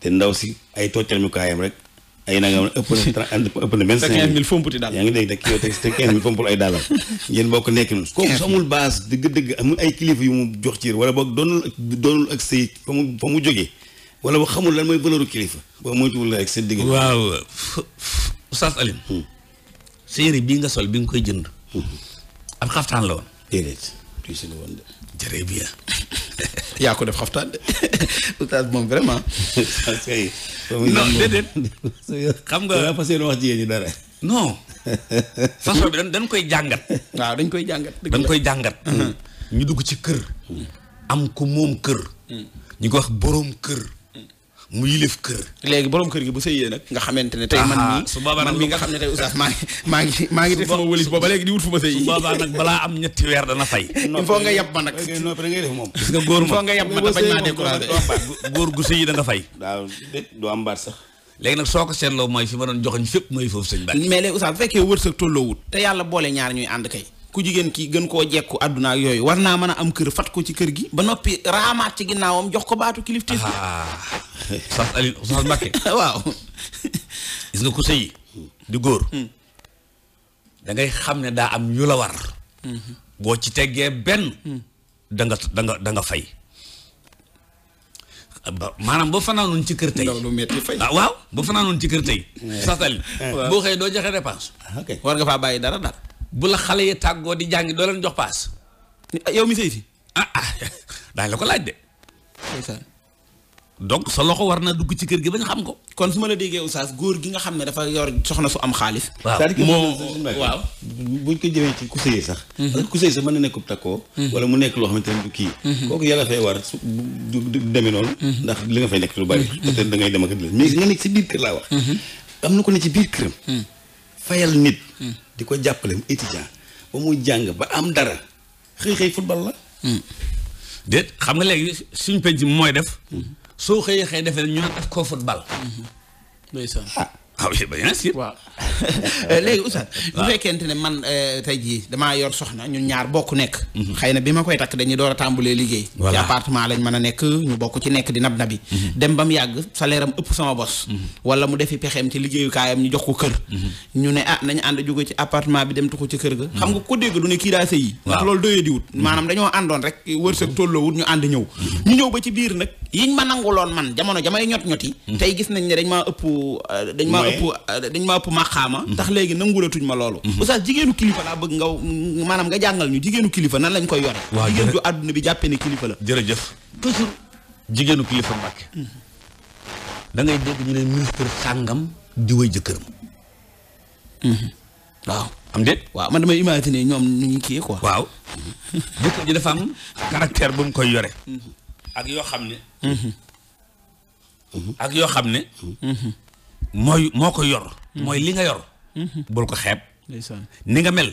te ndaw si ay toccal mi kaayam rek. ay nangam ëpp na ëpp na vingt cinq mille fomputi daal yaa ngi dégg te yow te te quinze mille fompul ay daalam ngeen bokk nekk na kooku su amul dëgg-dëgg amul ay kilifa yu mu jox ciir wala boo doonul doonul ak sëy fa mu fa mu jógee wala boog xamul lan mooy valeuru kilifa boo moytuwul rek seen digg waaw Oustaz Alioune hmm. séeri bii nga sol bi nga koy jënd hmm. ab xaftaan la woon très bien. yaa ko def xaftaan de oustaz moom vraiment. non déedéet. xam nga daa fas yéene wax jigéen ñi dara. non façon bi dañ koy jàngat. waaw dañ koy jàngat. dañ koy jàngat. Mm-hmm. ñu dugg ci kër. Mm-hmm. am ku moom kër. Mm-hmm. ñu koy wax boroom kër. mu yilif kër. léegi borom kër gi bu sëyee nag. nga xamante ne tey man mii su boobaa man mii nga xam ne tey oustaz maa ngi maa ngi maa ngi def sama wëlis booba léegi di wut fu ma sëyi. su boobaa nag balaa am ñetti weer dana fay. il faut nga yab ma nag. noppi da ngay def moom. gis nga góor ma il faut nga yab ma te bañ maa découragé. góor gu sëyi da nga fay. waaw déet du am baat sax. léegi nag soo ko seetloo mooy fi ma doon joxoñ fépp mooy foofu sëñ Ba. mais léegi oustaz bu fekkee wërsëg tolloowut te yàlla boole ñaar ñuy ànd kay ku jigéen ki gën koo jekku àdduna yooyu war naa mën a am kër fat ko ci kër gi ba noppi raamaat ci ginnaawam jox ko baatu kilifteef gi ah. sax ali sax nga ku sëy di góor hmm. xam ne daa am ñu hmm. boo ci teggee benn hmm. da nga da nga da maanaam boo fanaanoon ci kër tey ah, ci kër tey sax ali xëyee doo joxe dépense ah, war nga faa bàyyi dara dara bu la xale yi tàggoo di jàngi doo leen jox paas. yow mi sëy si. ah, ah la ko laaj de. donc sa loxo war na dugg ci kër gi bañ xam ko. kon su ma la déggee oustaz góor gi nga xam ne dafa yor soxna su am xaalis. waaw moom waaw. buñ ko jëmee ci ku sax. Mhm. ku sëy sax mën na nekk takkoo. Mhm. wala mu nekk loo xamante ne du kii. Mhm. kooku yàlla fay war su du demee noonu. ndax li nga fay nekk lu bari. peut être da ngay dem ak mais nga nekk si biir kër laa wax. am na ko ne ci biir këram. fayal nit. di ko jàppale mu étudiant ba muy jàng ba am dara xëy xëy football la. Hmm. déet xam nga léegi suñ penc mooy def. Hmm. soo xëyee xëy defee ñu naan daf koo football. Hmm. Ah waaw euh, waaw léegi oustaz bu fekkente ne man euh, tey jii damaa yor soxna ñun ñaar bokk nekk mhm. xëy na bi ma koy takk dañuy door a tàmbalee liggéey ci appartement lañ man a nekk ñu bokk ci nekk di nab nabi mhm. dem ba mu yàgg salaire am ëpp sama bos mhm. wala mu defi pexeem ci liggéeyukaayam ñu jox ko kër ñu ne ah nañu ànd jóge ci appartement bi dem tuxu ci kër ga xam nga ko dégg du ne kii daa sëy yi ndax loolu doyee di wut maanaam dañoo àndoon rek wërsëg tolloo wut ñu ànd ñëw ñu ñëw ba ci ma nanguloon man jamono jamay ñot ñot yi tey maa dañ maa ëpp maqaama tax mhm. léegi nangulatuñ ma loolu mhm. oustaz jigéenu kilifa laa bëgg nga maanaam nga jàngal ñu jigéenu kilifa nan lañ koy yore jigéen ju àdduna bi jàppee ne kilifa la jërëjëf toujours jigéenu kilifa Mbàkke mhm. da ngay dégg ñu ne ministre sàngam di way jëkkëram waaw am déet waaw man damay imaginer ñoom ñu ngi kii quoi waaw jëkkër ji dafa am caractère mu koy yore ak yoo xam ne ak yoo xam ne mooy moo ko yor. Mm-hmm. mooy li nga yor. Mm-hmm. bul ko xeeb. ni nga mel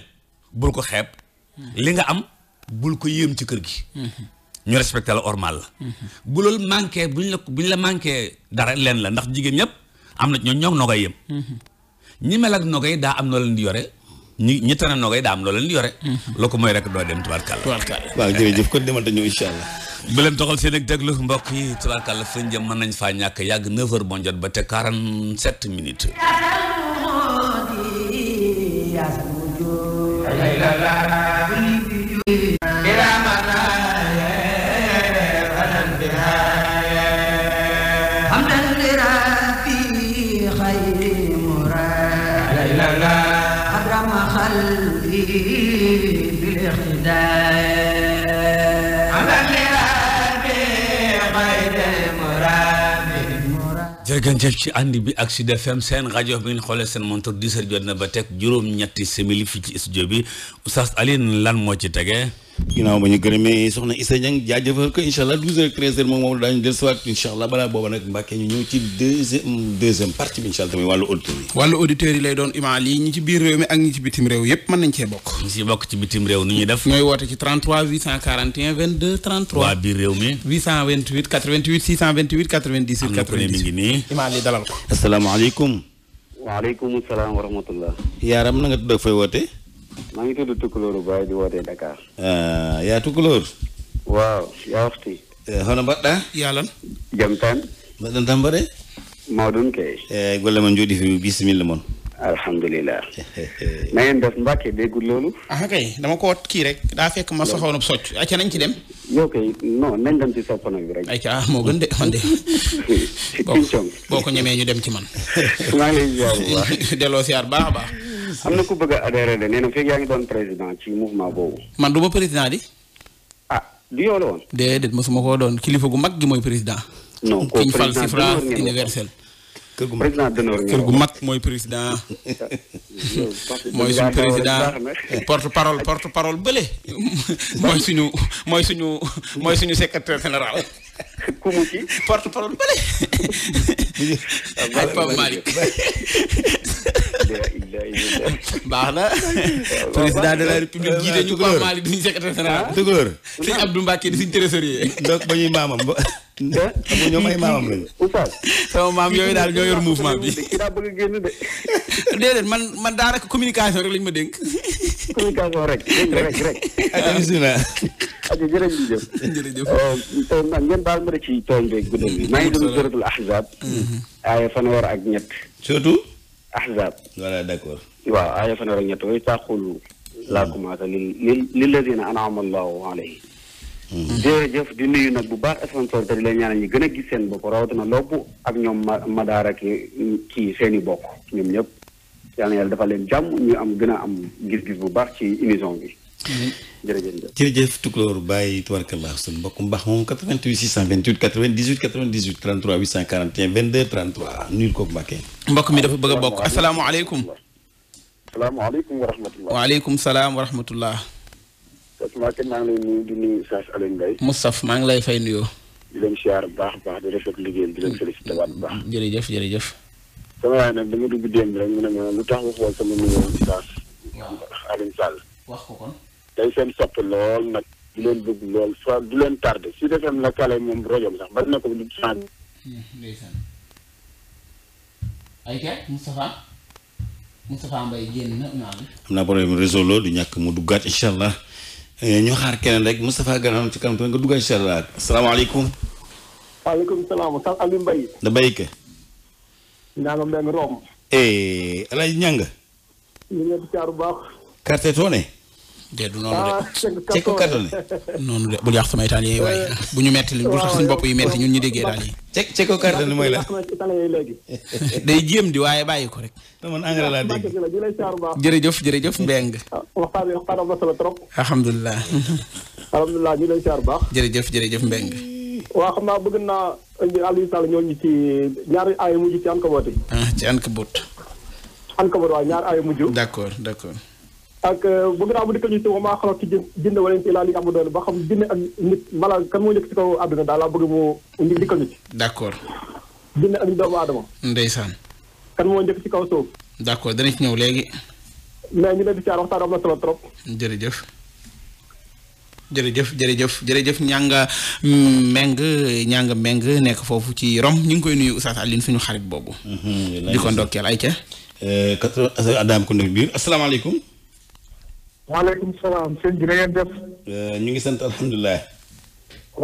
bul ko xeeb. Mm-hmm. li nga am bul ko yéem ci kër gi. ñu respecté la ormal la. bu loolu manqué bu ñu la bu dara leen la ndax jigéen ñëpp am na ñoo ñoog nogay yem. ñi mel ak daa am noo leen di yore. ñi ñi tane nogay daa am noo leen di yore. loo ko mooy rek doo dem tubaarkàlla. tubaarkàlla waaw jërëjëf kon demal dañu incha allah. beleen toxal seen ak déglu mbokk yi tubaarkàlla fañ jëm mën nañ faa ñàkk yàgg 9h bon jot ba te 47 minutes. jërëjëf ci ànd bi ak Sud FM seen rajo bi ñu xoolee seen montor 10 heures jot na ba teg juróom-ñetti simili fii ci studio bi Oustaz Alioune lan moo ci tegee. ginnaaw ba ñu gërëmee soxna Issa Dieng moom moom daañu dellusiwaat incha allah balaa booba nag Mbàkke ñu ñëw ci deuxième partie bi incha tamit wàllu auditeurs yi. wàllu auditeurs yi lay doon imaam yi ñi ci biir réew mi ak ñi ci bitim réew yëpp mën nañ cee bokk. ñi ci bokk ci bitim réew ni ñuy def. ñooy woote ci 33 841 22 33. waa biir réew mi. 828 88 628 98. 98 am na ku ne mi ngi nii. imaam yi dalal ko. asalaamaaleykum. waaleykum salaam wa rahmatullah. yaaram na nga tudd ak maa ngi tudd Tukulóor Baye di wootee daka eh, yaa Tukulóor. waaw yaa waxti. hono eh, mbaɗɗa yaalan jam tan mbaɗɗon tan mbaɗe mawɗum key eyyi eh, golle men jooɗi fi bisimilla moon na nayen def mbacke de gullolu aha kay dama ko wat kii rek daa fekk ma soxoon ab socc acca nañ ci dem yow kay non nañ dem rek ayca moo gën de man de boo ko ñemee ñu dem ci man maa ngi lay baax a baax am na ku bëgg a adhéré de nee na fekk yaa ngi boobu. man du ma président di. ah du yow la woon. koo doon kilifa gu mag gi mooy président. non koo président fal suffrage universel. kër gu mag kër gu mag mooy président mooy suñu président porte parole porte parole bële mooy suñu mooy suñu mooy suñu secrétaire général porte parole bële ah, ay Pape Malick baax na président de la république jiite ñu Pape Malick di secrétaire général tëgóor sëñ Abdou Mbacke di suñ trésorier donc ba ñuy maamam ba xam nga ñoom ay maamam lañu sama maam yooyu daal ñoo yor mouvement bi déedéet man man daa rek communication rek lañu ma dénk communication rek rek rek ak bismillah ajo jërëjëf jërëjëf euh, ngeen baal ma rek ci tooñ beeg guddal bi maa ngi doon suratul ahzab aaya mm-hmm. fanweer surtout ahzab voilà waaw aaya fanweer ak ñett way taqulu laa commencé li li lilladina an'ama allahu alayhi hmm. jërëjëf di nuyu nag bu baax sponsor te di la ñaanal ñi gën gis seen bopp na lopp ak ñoom madaara ki kii seen i bokk ñoom ñëpp yal na yàlla dafa leen jàmm ñu am gën a am gis-gis bu baax ci émission bi Mm. jërëjëf jërëjëf Tukulóor Baye tubarkallah sunu mbokk mu baax moom 88 628 98 98 33 841 22 33 nuyul kooku Mbacke. mbokk mi dafa bëgg a bokk asalaamualeykum. salaamaaleykum wa rahmatulah. waaleykum salaam wa rahmatulah. Sass Mbacke maa ngi lay nuyu di nuyu Sass Aliou Ngaye. Moustapha maa ngi lay fay nuyoo. di leen bu baax baax di rafet liggéey bi di leen félicité waat bu baax. jërëjëf jërëjëf. sama yaay nag dama dugg démb rek mu na ma lu tax waxoon sama numéro Sass. waaw Aliou Sall. wax ko kon. day seen sopp lool nag du leen bëgg lool soit du leen tardé su defee la kale moom rajo sax bari na ko du changé. Hmm, ndeysaan. ayca Moustapha Moustapha na naa la. am naa mu duggaat incha allah eh, ñu xaar keneen rek Moustapha Gana ci kanam nga duggaat incha allah asalaamaaleykum. waaleykum salaam Sall Aliou Mbaye. da béykat. Ndiago Mbengue baax. carte toone. de du noonu de. Ah, ceeb ko noonu de bul yàq sama itaan yi waaye euh, bu ñu metti li bul tax suñu bopp yi metti ñun ñu déggee euh, daal yi. ceeb ceeb ko cartonné mooy la. day jéem di waaye bàyyi ko rek. man engrais laa dégg. jërëjëf jërëjëf Mbengue. Ah, waxtaan bi waxtaan am na solo trop. alhamdulilah. alhamdulilah ñu lay siyaar baax. jërëjëf jërëjëf Mbengue. waa xam naa bëgg naa Aliou Sall ñoo ñu ci ñaari ay mujj ci Ankabut. ah ci Ankabut. Ankabut waaw ñaar ay mujj. d'accord d'accord. ak euh, bëgg naa mu dikkal ñu si wa maa xalaqtu jinna wal insa illaa liya'buduun ba xam jinne ak nit mala kan moo njëkk àdduna daal laa bëgg mu ndi dikkal ñu ci. d'accord. jinne kaw suuf. dana ci ñëw léegi. mais ñu leen di caar waxtaan am na solo trop. jërëjëf. jërëjëf jërëjëf jërëjëf ñanga meng ñanga meng nekk foofu ci Rome ñu ngi koy nuyu Oustaz Alioune suñu xarit boobu. Mhm, di ko ndokkeel ay ca. 80 Adam ku nekk biir asalaamaaleykum. waaleykum salaam sëñ euh, ñu ngi sant alhamdulilah.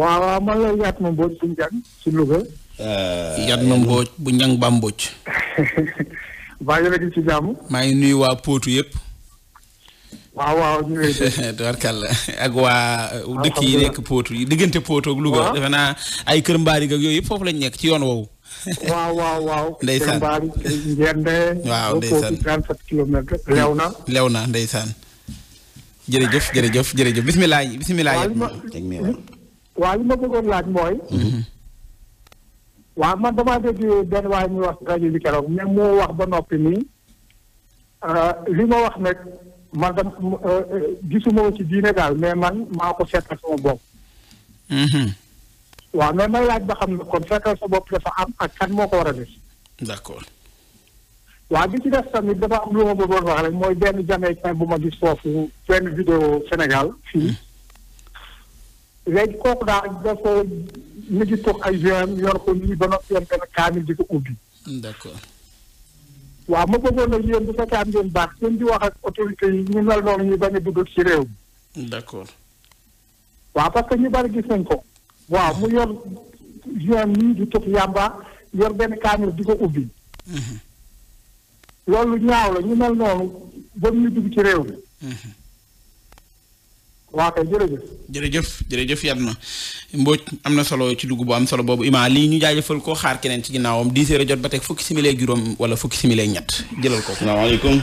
waaw ma man la Yatma Mbodj bu Njang Ba euh, Mbodj. baa ngi maa ngi nuyu waa póotu yëpp. waaw waaw ñu ngi lay tubarkàlla ak waa euh, dëkk yi nekk Potou yi diggante Potou ak Louga. naa ay kër mbaari ak yooyu yëpp foofu lañ nekk ci yoon woowu. waaw waaw waaw. ndeysaan waaw ndeysaan na. lew na ndeysaan. jërëjëf jërëjëf jërëjëf bisimilah bisimilah. waaw li ma bëggoon laaj mooy. Mhm. waaw man damaa dégg benn waay ñuy wax rajo bi keroog mais moo wax ba noppi nii euh, li ma wax nag man dama euh, gisuma ci diine daal mais man maa ko seetal sama bopp. Mhm. waaw mais may laaj ba xam ne kon seetal sa bopp dafa am ak kan moo ko war a def. d'accord. waaw bi ci def tamit dafa am lu ma bëggoon wax rek mooy benn jamaïcain bu ma gis foofu benn vidéo Sénégal fii hmm. léegi kooku daal dafa mi ngi toog ay VM yor ko nii ba noppi yor benn ko ubbi. d'accord. bu fekkee am ngeen baax ngeen di wax ak autorité yi ñu mel noonu ñu bañ a dugg ci réew mi. d'accord. waaw parce que ñu bari gis nañ ko. waaw mu yor VM nii di toog yàmba yor benn kaamil di ko ubbi. Hmm. loolu ñaaw la ñu mel noonu ba ñu dugg ci réew mi. Mhm. waa kay jërëjëf. jërëjëf jërëjëf Yatma Mbodj am na solo ci dugg boo am solo boobu Ima lii ñu jaajëfal koo xaar keneen ci ginnaawam 10 heures jot ba teg fukki simili juróom wala fukki simili ak ñett jëlal ko. salaamaaleykum.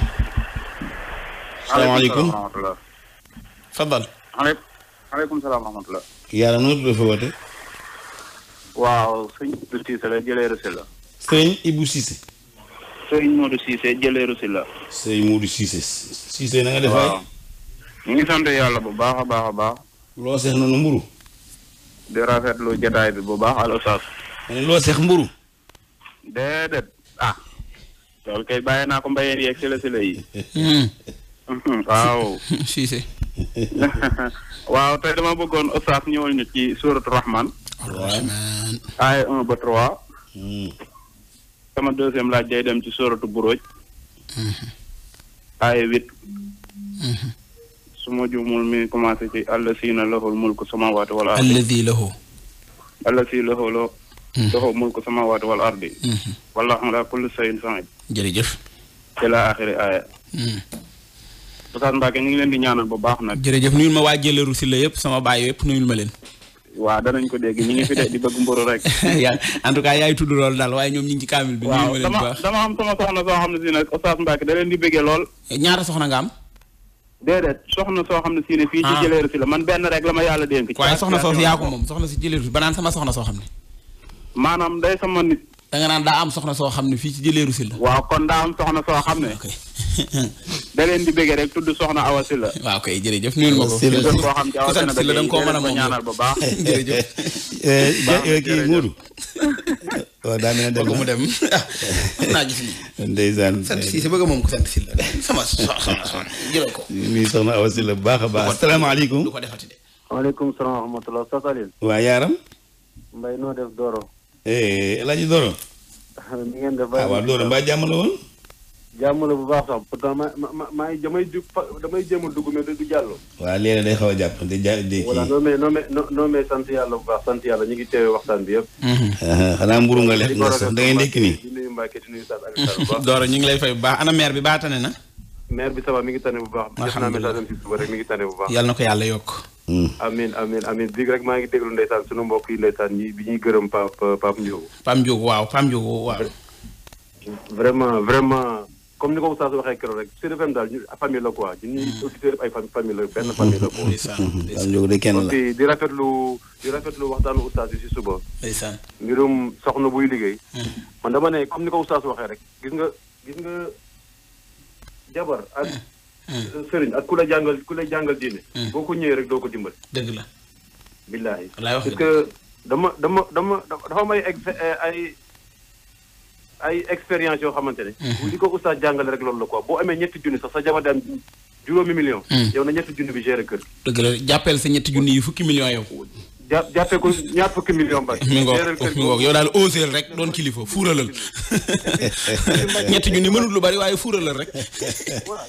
salaamaaleykum. Fadal. maaleykum salaam wa rahmatulah. yàlla noo tudd fa woote. waaw sëñ Ibou Cissé la jëlee Ressé la. sëñ Ibou Cissé. sëñ Modou Cissé jëleeru si la. sëñ Modou Cissé. Cissé na nga def waaw ñu ngi sant yàlla bu baax a baax a baax. loo seex noonu mburu. di rafetlu jotaay bi bu baax allo Sass. loo seex mburu. déedéet ah. loolu kay bàyyi naa ko mbayeen yeeg si la si la yi. Hmm. waaw. Cissé. waaw tey dama bëggoon Oustaz ñëwal ñu ci suuratu Rahman. Rahman. aaya un ba trois. Hmm. sama deuxième laaj day dem ci soratu buróoj aaya huit su ma juumul mi commencé ci allazina na mulku samawaati wal ardi allazi lahu allazi lahu lo hmm. lahu mulku samawaati wal ardi hmm. wallahu ala kulli shay'in sa'id jërëjëf ila axiri aaya hmm. Oustaz Mbacké ñu ngi leen di ñaanal ba baax nag jërëjëf nuyul ma waa jëleeru si la yëpp sama baay yëpp nuyul ma leen waaw danañ ko dégg ñu ngi fi de di bëgg mburu rek. en yaay tudd loolu daal waaye ñoom ñu ci kaamil bi. waaw dama dama am sama soxna soo xam ne si nag Oustaz Mbacke da leen di fii ci ah. jëleeru si la man benn rek la ma yàlla waaye soxna soo si moom soxna si jëleeru si banaan sama soxna soo xam ne. maanaam day sama nit. da naan daa am soxna soo xam ne fii ci jëleeru si la. waaw kon daa am soxna soo xam ne. da leen di rek tudd soxna Awa Sylla. waaw kay jërëjëf nuyul ma ko. Sylla koo xam ci Awa Sylla da nga koo mën a moom bu baax. jërëjëf. Eh, eh, daa ne dem mu dem ah, naa gis nii. ndeysaan sant si si bëgg moom ko sant si la sama soxna soxna jëlal ko. muy soxna Awa bu baax a baax. asalaamaaleykum. du ko defati de. waaleykum salaam wa rahmatulah. waaw yaaram. mbay noo def Doro. Eh, El Hadj Doro. ni ngeen def waaw Doro mbaa jàmm la woon. jàmm bu baax sax pourtant ma ma ma damay ju damay jéem a dugg mais du jàll. waaw léeg-léeg xaw a jàpp di ja di kii. voilà non mais non mais non mais sant yàlla bu baax sant yàlla ñu ngi teewee waxtaan bi yëpp. Mhm. xanaa mburu nga lekk nga sax da ngay nii. di nuyu Mbacke di nuyu Sall ñu ngi lay fay bu baax ana maire bi baatane na. maire bi sama va mi ngi tane bu baax. alhamdulilah def naa message ngi tane bu baax. yàlla na ko yàlla yokk. Mm. amin amin amin biig rek maa ngi déglu ndeysaan sunu mbokk ndeysaan bi ñuy gërëm Pape Pape Ndiogo. Pape Ndiogo waaw Pape Ndiogo waaw. vraiment vraiment comme ni ko Oustaz waxee keroog rek daal ñu famille la quoi ñun ñii mm. auditeurs yëpp ay famille la benn mm-hmm. famille la mm-hmm. de kenn la di rafetlu di rafetlu waxtaanu Oustaz yi si suba. ndeysaan mbirum soxna buy liggéey. Mm. man dama ne comme ni ko Oustaz waxee rek gis nga gis nga. jabar ak eh, eh. sëriñ ak ku la jàngal ku la jàngal diine eh. boo ko ñëwee rek doo ko dimbal dëgg la billaahi parce que dama dama dama dafa may ay ay expérience yoo xamante ne mm-hmm. li ko oustaz jàngale rek loolu la quoi boo amee ñetti junni sax sa jabar di am juróomi million mm. yow na ñetti junni bi gérer kër dëgg la jàppeel sa ñetti junni yi fukki million yow jà jàppee ko ñaar fukki million ba. mi ngoog mi ngoog yow daal oseel rek doon kilifa fuuralal ñetti ñu ni mënut lu bari waaye fuuralal rek. voilà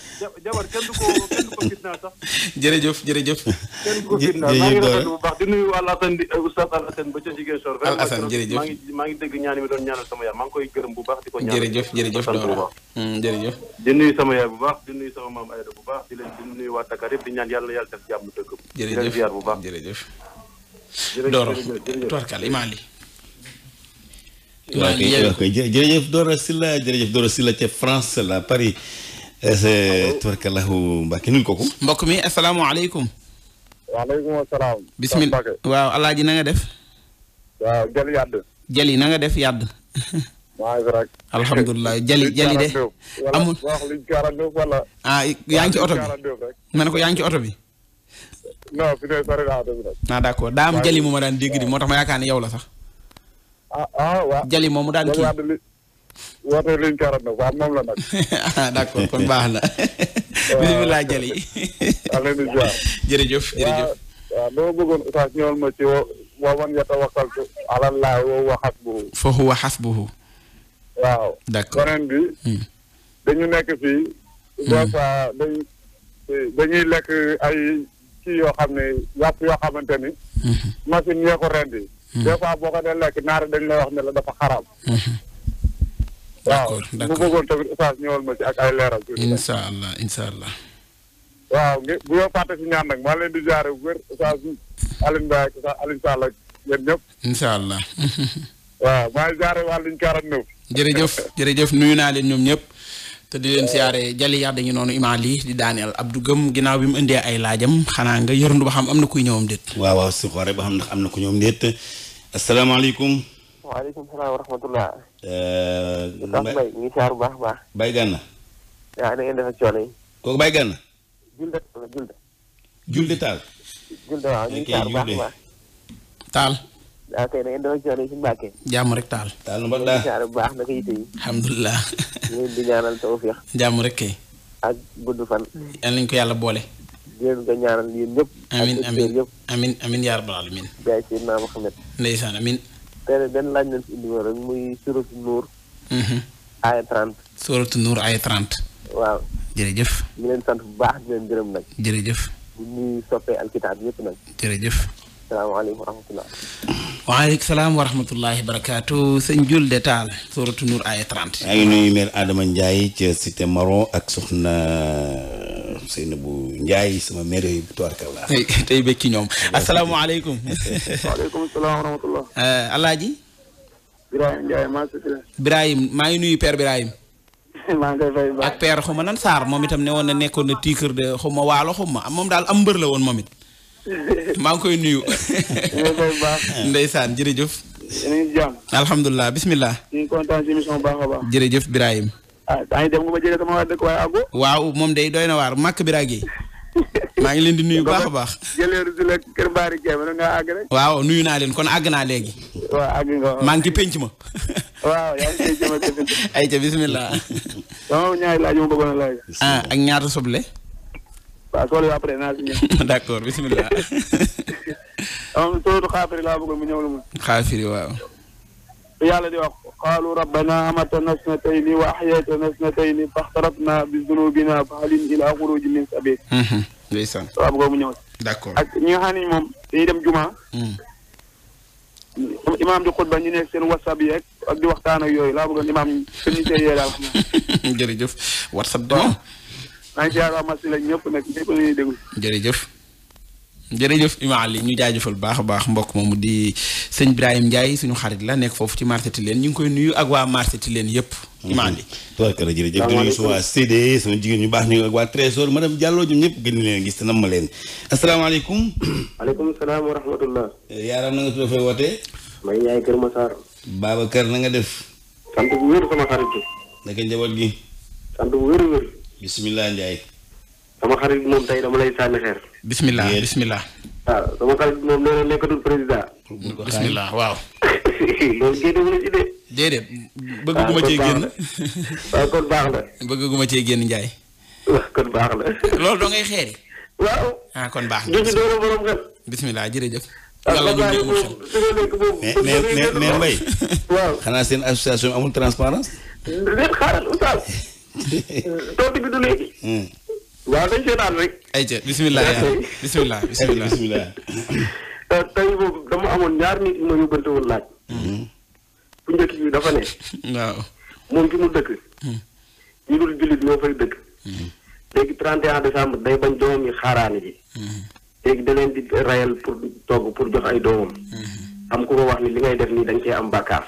jabar kenn du ko kenn du ko jërëjëf jërëjëf. kenn du ko fitna maa ngi rafetlu bu baax di nuyu Alassane di euh, oustaz Alassane ba ca ngi maa ñaan mi doon ñaanal sama yaay maa ngi koy gërëm bu baax di ko ñaanal. jërëjëf jërëjëf Dora mm, jërëjëf. di nuyu sama bu baax di nuyu sama bu di leen di nuyu waa Dakar yëpp di ñaan yàlla na yàlla def jàmm dëkk. Doro tubarkal imaam li jërëjëf Doro Sylla jërëjëf Doro Sylla France la Paris eh, tubarkallahu Mbàkke nuñ kooku mbokk mi asalaamaaleykum waaleykum salaam waaw alaaji na def waaw jël def yàdd alhamdulilah jali jali de. amul wax luñ ah, oto bi ma ko yaa oto bi. non fi ngay sori laa dëgg la. ah d' jali mu ma daan dégg di moo tax ma yaakaar ne yow la sax. Ah, ah, jali moom la nag. ah d' accord kon baax na. bisimilah ah, ma wa man yatawakkaltu ala wa huwa hasbuhu. fa huwa hasbuhu. waaw. d' accord beneen bi. Hmm. nekk fii. Hmm. dañuy lekk ay. ci yoo xam ne yàpp yoo xamante ni mm-hmm. machine yee ko rendi mm-hmm. des fois boo ko dee lekk naara dañ lay wax ne la dafa xaraam mm-hmm. waaw mu bëggoon tamit oustaz ñëwal ma ak ay leeral incha allah incha allah waaw ngi bu yoo di jaare bu wér oustaz Alioune Mbaye ak oustaz Alioune Sall ak yéen ñëpp incha allah jërëjëf jërëjëf nuyu naa leen ñoom ñëpp te di leen siyaare jaliyaat dañu noonu imaam lii di daaneel Abdou Gëm ginnaaw bi mu indee ay laajam xanaa nga yërëndu ba xam am na kuy ñëwam déet. waaw waaw su xoolee ba xam ndax am na ku ñëwam déet asalaamaaleykum. waaleykum salaam wa euh, kooku Baye Gana. Julde Julde. Julde Taal. Julde waaw Taal. waaw kay na ngeen jàmm rek taal. taal nu Mbacke daal bu baax naka yite yi. alhamdulilah. ñu di ñaanal tawfiix. jàmm rek kay. ak gudd fan. yal nañu ko yàlla boole. di leen ko ñaanal yéen ñëpp. amiin amiin yëpp amiin amiin yaa rabbal aalamiin. jaay si naa Mouhamed. ndeysaan amiin. tey nag benn muy mhm. Nuur. aaya 30. waaw. jërëjëf. ñu leen sant bu baax di gërëm nag. jërëjëf. bu ñuy soppee alkitaab yëpp nag. jërëjëf. salaamaaleykum wa rahmatulah. waaleykum salaam wa rahmatullahi barakaatu sëñ Julde Taal. suratu Nur maa ngi nuyu mère Adama Ndiaye ca ak soxna euh, Seynabou Ndiaye sama mère yooyu ci ñoom asalaamaaleykum. waaleykum euh, maa ngi nuyu per Birahim. maa ngi koy fay ak père xuma nan Sarr moom itam ne woon na nekkoon na tiikër de xuma waalo xuma moom daal am mbër la woon moom maa ngi koy nuyu. ndeysaan jërëjëf. yéen jàmm. alhamdulilah bisimilah. ñu ngi jërëjëf Birahim. ah daa ngi dem nga ba jege waaw moom day doy na waar màkk Biraghi. maa ngi leen di nuyu bu baax baax. jëleeru si la kër Mbaari Diagne waaw nuyu naa leen kon àgg naa léegi. waaw àgg nga ngi ci penc ma. waaw yaa ah, ak ñaata soble. waaw soo leen après naa si ñëw. d' accord bisimilah. am sóotu xaafiri mu ñëw mu. xaafiri waaw. yàlla di wax qaalu rabbana amatana snatayni wa axyaytana snatayni faxtarafna bi zunubina fa halim ila xuruji min sabil. Mhm, ndeysaan. waaw mu ñëw. d' ñi nga xam ne moom dem juma. Mhm. imaam di xutba ñu nekk seen whatsapp yeeg ak di waxtaan yooyu laa bëggoon imaam seen ñu see yee daal. jërëjëf whatsapp maa ngi ziar waa la ñuy déglu. jërëjëf jërëjëf Imam Ali ñu jaajëfal baax a baax mbokk moomu di sëñ Ibrahima Ndiaye suñu xarit la nekk foofu ci marché Tilène ñu ngi koy nuyu ak waa marché Tilène yëpp. Imam Ali. tubaarkalla jërëjëf di nuyu sama CD sama jigéen ñu baax ñu ak waa Trésor madame Diallo ñoom ñëpp gën leen gis te nam ma leen. asalaamaaleykum. maaleykum salaam wa rahmatullah. Eh, yaaram na nga tudd fay wootee. may ñaay Kër Massar. def. sant bu wér wér bisimilah Ndiaye. sama xarit moom tey dama lay sànni xeer. bisimilah bisimilah. waaw sama xarit moom nee ci ah, génn. waaw ah, kon baax la. bëgg gu ma cee génn Ndiaye. waaw ah, doo ngay xeeri. waaw. kon baax na. doora borom xel. bisimilah jërëjëf. yàlla xanaa seen association amul transparence. déet xaaral oustaz. tontu bi du léegi. Hmm. waa dañ seetaan rek. ayca bisimilah bisimilah bisimilah bisimilah. Euh, tey boobu dama amoon ñaar nit yu ma yóbbante woon laaj. bu hmm. njëkk dafa ne. waaw moom fi mu dëkk. Hmm. ñu dul jullit ñoo fay dëkk. léegi 31 décembre day bañ doomam yi xaaraani ji. léegi da leen di rayal pour togg pour jox ay doomam. am ku ko wax ni li ngay def nii dañ cee am bàkkaar.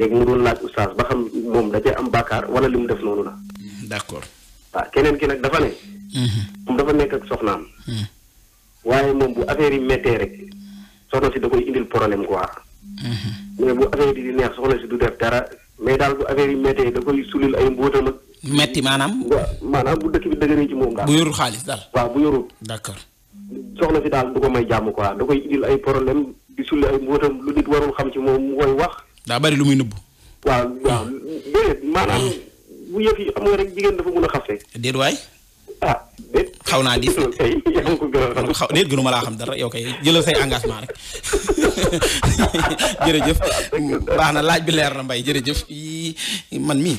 léegi mu doon laaj oustaz ba xam moom da cee am bàkkaar wala li mu def noonu la. d'accord waaw keneen ki nag dafa ne. Mhm. moom dafa nekk ak soxnaam. Mhm. moom bu affaire yi méttee rek soxna si da indil problème quoi. Mhm. mais di neex soxna si du def dara mais daal bu affaire yi méttee da koy sulil ay mbóotam ak. metti maanaam. waaw maanaam bu dëkk bi dëgëree ci moom daal. bu yorul xaalis daal. waaw bu yorul. d'accord. soxna si daal du ko may jàmm quoi da koy indil ay problème di sulli ay mbóotam lu nit warul xam ci moom mu koy wax. daa bari lu muy nëbbu. waaw waaw déedéet maanaam hmm. bu a xase. waay. ah xaw naa diis loolu kay yaa xaw déet gënu ma laa xam dara yow kay say engagement rek jërëjëf. baax na laaj bi leer na mbay jërëjëf. man mi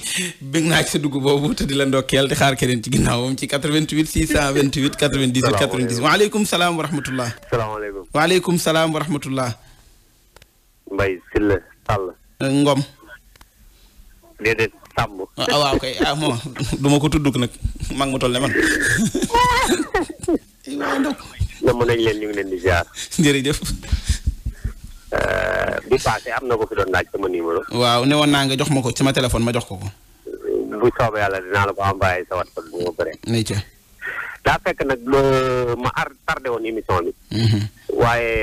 bëgg naa ci sa dugg boobu te di la ndokkeel di xaar keneen ci ginnaawam ci 88 628 98 98. waaleykum salaam wa rahmatullah. salaamaaleykum. waaleykum salaam wa rahmatullah. Mbaye Sylla Ngom. déedéet Samb. ah waaw kay ah moom du ma ko tudduk nag mag mu toll ne man. namm leen ñu ngi leen di ziar. jërëjëf. Euh, bi passé am na ko fi doon laaj sama numéro. waaw ne woon naa nga jox ma ko sama téléphone ma jox ko ko. bu soobee yàlla dinaa la ko envoyé sa WhatsApp bu ma paree. nay ca. daa fekk nag loo ma ar tardé woon émission bi. Mhm. waaye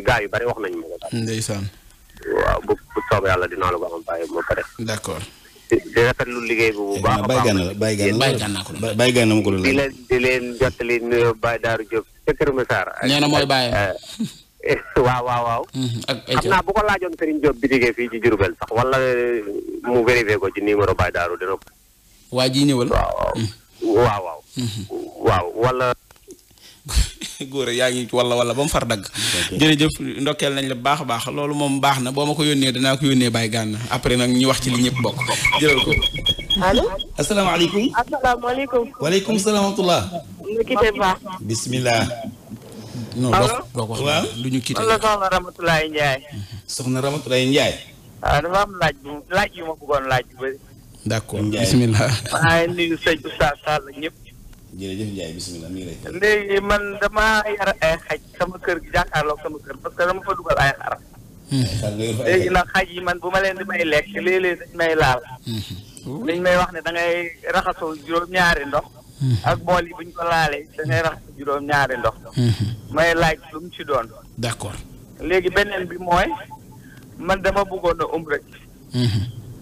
gaa yu bari wax nañ ma ko. ndeysaan. waaw bu bu soobee yàlla dinaa la ko am bàyyi moo pare. d'accord. di di rafetlu liggéey bi bu baax a baax. Baye Gana la Baye Gana mu ko doon di leen di leen jottali nuyoo Baye Darou Diop ca Kër Massar. na mooy Baye. Eh, eh, waaw waaw waaw. Mm-hmm. ak xam naa bu ko laajoon Serigne Diop bi eh, ko ci numéro Baye Darou waaw waaw. Mm-hmm. Mm-hmm. góor a yaa ngi wala wala ba mu far dagg. jërëjëf ndokkeel nañ la baax a baax loolu moom baax na boo ma ko yónnee danaa ko yónnee bàyyi gànn après nag ñu wax ci li ñëpp bokk jëlal ko. allo. asalaamaaleykum. asalaamaaleykum. waaleykum salaam wa rahmatulah. ñu kite baax. na non doo doo soxna Ramatulaay Ndiaye. soxna ah, dafa am laaj bu laaj yu ma bëggoon laaj bu bëri. d' jërëjëf Ndiaye bisimilah mi léegi man dama yar ay xaj sama kër gi jàkkaarloog sama kër parce que dama fa dugal ay xar. léegi nag xaj yi man bu ma leen di may lekk léeg-léeg dañ may laal. Mhm. dañ may wax ne da ngay raxasoo ñaari ndox. Mhm. ak bool yi bu ko laalee ñaari ndox. Mhm. may laaj lu mu ci doon. d'accord léegi beneen bi mooy man dama bëggoon a umra.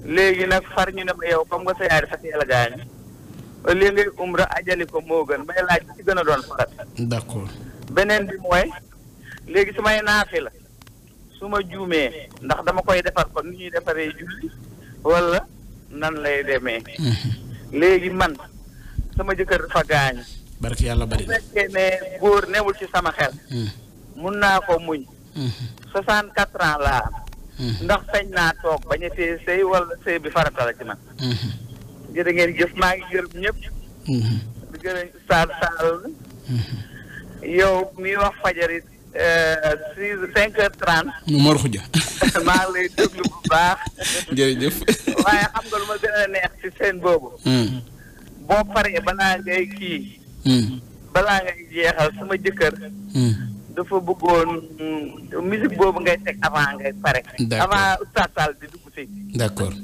léegi nag far ñu ne ma yow comme nga sa yaay dafa teel a gaañ li ngay umra ajali ko moo gën may laaj ci gën a doon farat d'accord beneen bi mooy léegi su may naafi la su ma juumee ndax dama koy defar kon ni ñuy defaree julli wala nan lay demee mhm. léegi man sama jëkkër dafa gaañu barki yàlla bari bu fekkee ne góor newul ci sama xel mhm. mun naa ko muñ mhm. soixante quatre ans laa am ndax sañ naa toog bañ a téye sëy wala sëy bi farata la ci man jërë ngeen jëf maa ngi gërëm ñëpp. Mm-hmm. di Saal Saal. Mm-hmm. yow mi wax fajar it euh, six cinq heures trente. Mor Khoudia. maa ngi lay déglu bu baax. jërëjëf. waaye xam nga lu ma gën a neex ci seen boobu. Mm. boo paree balaa ngay kii. Mm. balaa ngay jeexal sama jëkkër. Mm. dafa bëggoon musique boobu ngay teg avant ngay pare. avant Oustaz Sall di dugg si. d' accord.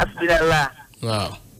asbinallah waaw.